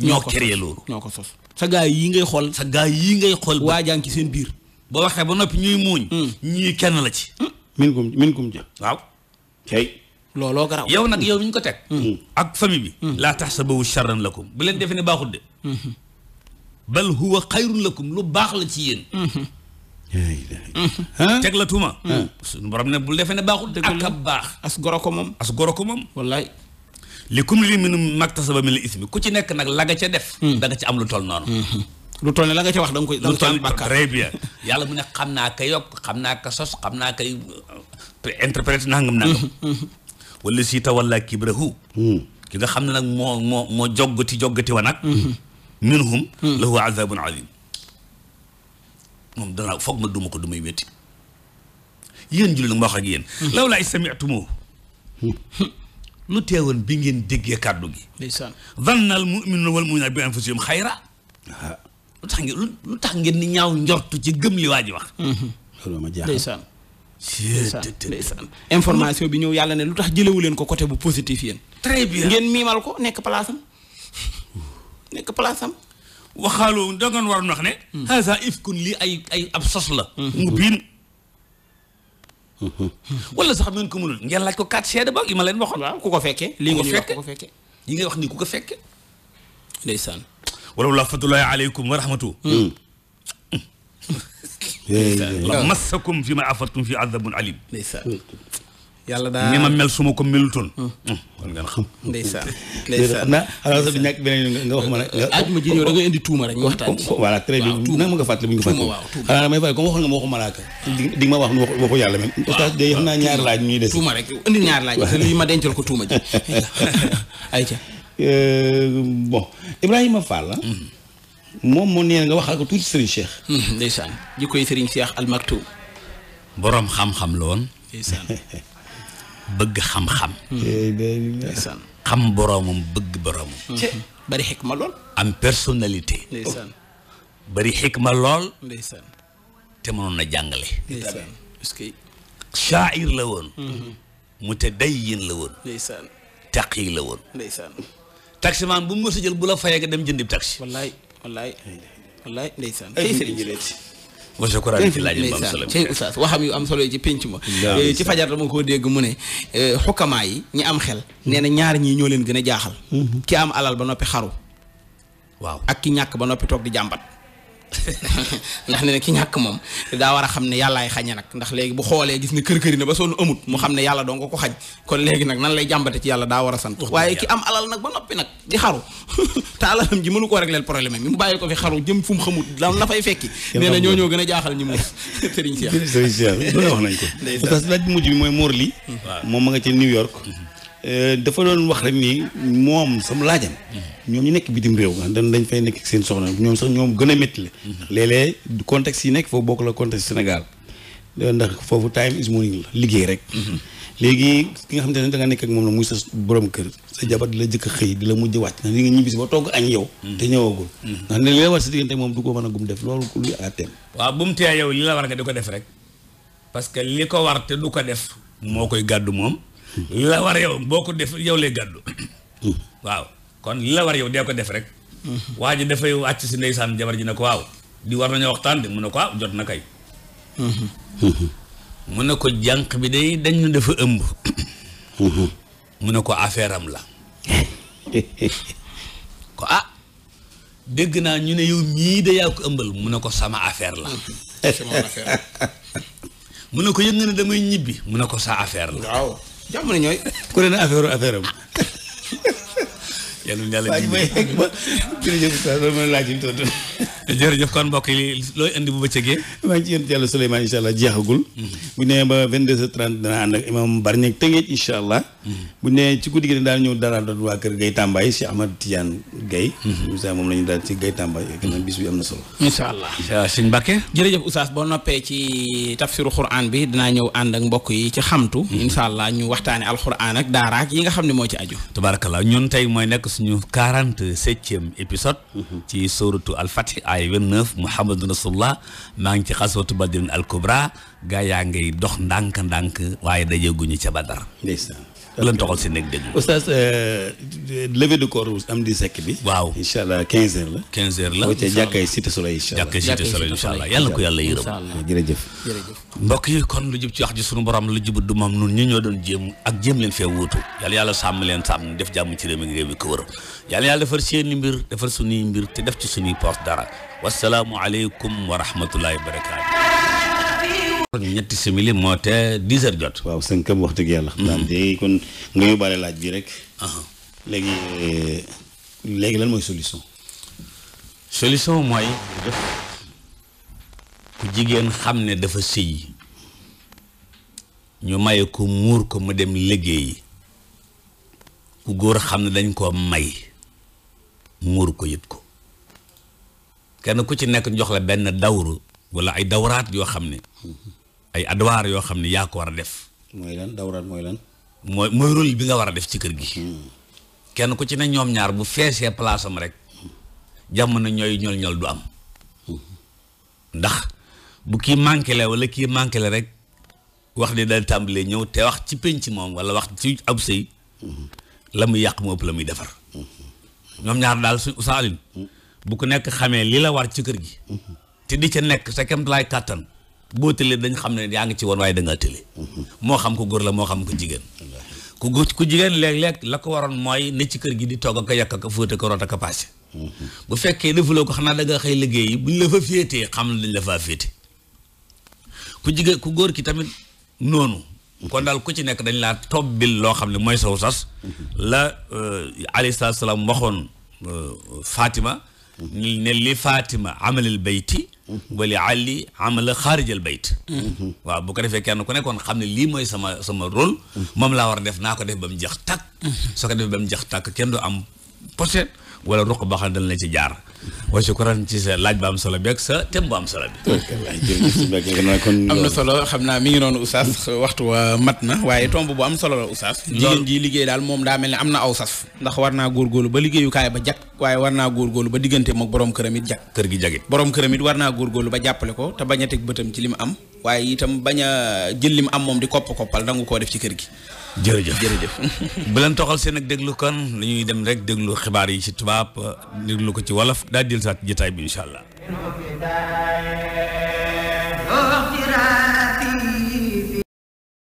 ñoo créé loolu. ñoo ko sos sa gaa yii ngay xool. sa gaa yii ngay xool. waajaan ci seen biir. boo waxee ba noppi ñuy muuñ. ñii kenn la ci. minkum minkum ja waaw. kay. looloo garaaw yow nag yow mi ko teg. Hmm. ak famille bi. Hmm. laa tahsabuhu sharran lakum bu leen defee ne baaxul de. Hmm. bal huwa xayrun lakum lu baax la ci yéen. teg la tuuma. suñu borom ne bul defee ne baaxul de. ak baax as goro ko moom. as goro ko moom. wallaay. li kum li minum maktasaba min ismi ku ci nekk nag la nga def. da am lu toll noonu. lu toll ne la nga ca wax da koy. da nga ca am bàkkaar yàlla mu ne xam naa ka yokk xam naa ka sos xam naa kay interprète nangam nangam. wala si tawalla kibrahu hmm. ki nga xam ne nag moo moo moo joggati joggati wa nag hmm. minhum hmm. lahu azabun azim moom danaa foog ma duma ko du may métti yéen jullit nag ma wax ak yéen law laay sami'tumuhu lu teewoon bi ngeen déggee kàddu gi ndeysaan dhanna al mu'minuna wal mu'minat bi anfusihim xayra lu tax ngeen lu tax ngeen ni ñaaw njortu ci gëm li waa ji wax loolu ma information bi ñëw yàlla ne lu tax jëlewu leen ko côté bu positif yéen. très bien ngeen miimal ko nekk palaasam nekk palaasam. waxaaloo da ngeen waroon wax ne. Hmm. haza ifkun lii ay ay ab sos la. Hmm. mu biin. wala sax ngeen ko mënul ngeen laaj ko quatre seede ba yi ma leen waxoon. waaw ku ko fekkee lii nga ñuy wax fekkee yi ngay wax nii ku ko fekkee. ndeysaan. wala wala fatulahi aleykum wa la massakum fi ma afattum fi adabun alim ndeysaan yàlla daa ni ma mel su ma ko melutoon. kon hmm. hmm, ngeen xam. ndeysaan hmm. ndeysaan na alors que ñàkk beneen nga wax ma ne. àjjuma ji ñëw da ngay indi tuuma rek ñu waxtaan ci. voilà très bien nag ma ko fàttali bu ñu ko fàttali. tuuma waaw tuuma xanaa damay fay comme waxoon nga ma waxu malaaka. di nga ma wax nu waxu yàlla même. waaw waaw day xam naa ñaari laaj ñuy des. tuuma rek indi ñaari laaj. parce que lii ma dencal ko tuuma ji. ayca. Euh, bon Ibrahima Fall. Ah. moom moo nee nga wax ak tuuti Serigne Cheikh. Hmm, ndeysaan jikkoy Serigne Cheikh Al Maktoum. boroom xam-xam la woon. ndeysaan bëgg xam-xam. Hmm. Eh, xam boroomam bëgg boroomam. Hmm. bari xikma lool. am personnalité. ndeysaan bari xikma lool. ndeysaan te na jàngale. parce que. shaa'ir la woon. mutadayyin la woon. ndeysaan taqi la woon. ndeysaan taximaan bu mu mës a jël bu la fayee nga dem jëndi taxi. wallaay. wallaay wallaay ndeysaan ay sëriñ monsieur Kourane ci laaj am solo ci oustaz waxam yu am solo yi ci pénc ma eh, ci fajar dama koo dégg mu ne eh, xukamaa yi ñi am xel nee na ñaar ñi ñoo leen gën a jaaxal mhm. ki am alal ba noppi xaru waaw ak ki ñàkk ba noppi toog di jàmbat ndax ne ne ki ñàkk moom daa war a xam ne yàllaay xañe nag ndax léegi bu xoolee gis ne kër-këri na ba sonn amut mu xam ne yàlla doo ko xaj kon léegi nag nan lay jàmbate ci yàlla daa war a sant waaye ki am alal nag ba noppi nag di xaru te alalam ji mënu ko régleel problème mi mu bàyyi ko fi xaru jëm fu mu xamut lan la fay fekki nee na ñoo ñoo gën a jaaxal ñi muus sëriñ Cheikh sëriñ Cheikh ne wax nañ ko parce que laaj mujj mooy Mor li moom ma nga ci New York mhm. Euh, dafa doon wax rek nii moom sama laajam ñoom ñu nekk bitim réew nga dañ dañ fay nekk seen soxna ñoom sax ñoom gën a métti la mm-hmm. léeg-léeg contexte yi nekk foofu bokk la contexte senegal euh, ndax foofu time is money liggéey rek mm-hmm. léegi ki nga xam ne da nekk ak moom la muy sa borom kër sa jabar di la jëkk a xëy di la mujj wàcc nga li nga ñibbisi ba togg añ yow mm-hmm. te ñëwagul nga xam ne li la war sa diggante moom du ko mën a gum def loolu lu àtteem waa bu mu tee yow li la war nga ko def rek parce que li ko war te du ko def moo koy gàddu moom la war yow boo ko def yow lay gàddu mm. waaw kon li la war yow dee ko def rek mm-hmm. waa ji dafay wàcc si ndeysaan jabar ji ne ko waaw di war nañoo waxtaan de mu ne ko waaw jot na kay mm-hmm. mu ne ko jànq bi day dañ na dafa mm-hmm. mu ne ko affaire am la ko ah dégg naa ñu ne yow mii de yaa ko ëmbal mu ne ko sama affaire la mu ne ko yëg nga damay ñibbi mu ne ko sa affaire la jàpp na ñooy. ku na affaire affaire am. yàlla na yàlla ji. waaye mooy egg ba. jërëjëf Oustaz loolu mooy laaj bi tontu. jërëjëf kon mbokk yi looy indi bu bëccëgee maa ngi ci yéen Yàlla Souleymane incha allah jeexagul mm-hmm. bu ñu nee ba vingt deux heures trente dana ànd ak imam bari nekk tëngeej incha allah mm-hmm. bu ñu nee ci guddi gi ne daal ñëw dara doon waa kër Gaye Tambaay si Ahmad Tidiane Gaye mm-hmm. moom la ñu daal ci Gaye Tambaay kanam bis bi am na solo incha allah sëñ Mbàkke jërëjëf Oustaz boo noppee ci tafsiru Qur'an bi dinaa ñëw ànd ak mbokk yi ci xamtu incha allah ñu waxtaane alquran ak daaraak yi nga xam ne moo ci aju tabarakallah ñun tey mooy nekk suñu quarante-septième épisode ci suratu al-Fatiha ay 29 Muhammadu Rasulullah maa ngi ci xaswatu badrin al kubra gaa yaa ngay dox ndànk-ndànk waaye dajeeguñu ca Badar. ndeysaan lan toxal si nekk dégg. oustaz euh, levée du corps am di sekk bi. waaw incha allah 15 heures la. 15 heures la boo ca jàkkay cité soleil incha yàlla ko yàlla yërëm. jërëjëf mbokk yi kon lu jub ci wax ji sunu borom lu jubut du moom nun ñu ñoo doon jéem ak jéem leen fee wuutu yàlla sàmm leen sàmm def jàmm ci réew mi réew mi yàlla yàlla defar seen i mbir defar suñuy mbir te def ci suñuy poos dara wasalaamu aleykum wa rahmatullahi wa ñetti simili moo te dix jot waaw sënkam wax dëgg yàlla daam mhm. de kon nga yóbbaale laaj bi rek léegi eh, léegi lan mooy solution solution mooy ku jigéen xam ne dafa sëy ñu maye ko muur ko mu dem liggéeyi ku góor xam ne dañ koo may muur ko yët ko kenn ku ci nekk jox la benn dawru wala ay dawraat yoo xam ne ay adwaar yoo xam ne yaa ko war a def. mooy lan dawraat mooy lan. mooy mooy rôle bi nga war a def ci kër gi. Hmm. kenn ku ci ne ñoom ñaar bu feesee place am rek jamono ñooy ñol-ñol du am. ndax bu kii manqué la wala kii manqué la rek wax de daal tàmbalee ñëw te wax ci penc moom wala wax ci ab sëy la mu yàq moo ëpp la muy defar. ñoom ñaar daal su Oustaz bu ko nekk xamee li la war ci kër gi te di ca nekk sa kem laay kàttan boo tëlee dañ xam ne yaa ngi ci woon waaye da ngaa moo xam ko góor la moo xam ko jigéen ku góor ku jigéen léeg-léeg la ko waroon mooy ne ci kër gi di togg ak yàq ak a fóot a root bu fekkee defuloo ko xanaa da nga xëy liggéey yi buñ la fa féetee xam ne la faa féete ku jigéen ku góor ki tamit noonu kon daal ku ci nekk dañ laa tobbil loo xam ne mooy saw sas la euh, alayhi salaatu salaam waxoon euh, Fatima ne li Fatima amalal bayti wali ali amala xaarijal bayt waaw bu ko defee kenn ku nekkoon xam ne lii mooy sama sama rôle moom laa war a def naa ko def ba mu jeex takk soo ko defee ba mu jeex tàkk kenn du am pochette wala ruq boo xam ne dal na ci jaar wa shukran ci sa laaj ba am solo beeg sa thème bu am solo bi. am na solo xam naa mi ngi noonu Oustaz waxtu wa mat na waaye tomb bu am solo la Oustaz. jigéen ji liggéey daal moom daa mel ne am na aw sas. ndax war naa góorgóorlu ba liggéeyukaay ba jat waaye war naa góorgóorlu ba diggante moog borom këram it jag. kër gi jagit borom këram it war naa góorgóorlu ba jàppale ko te bañ teg bëtam ci lim am waaye itam bañ a jël lim am moom di kopp-koppal nangu koo def ci kër gi jërëjëf jërëjëf bu leen toxal seen ak déglu kon lu ñuy dem rek déglu xibaar yi ci tubaab déglu ko ci wolof daal di jël saat jotaay bi incha allah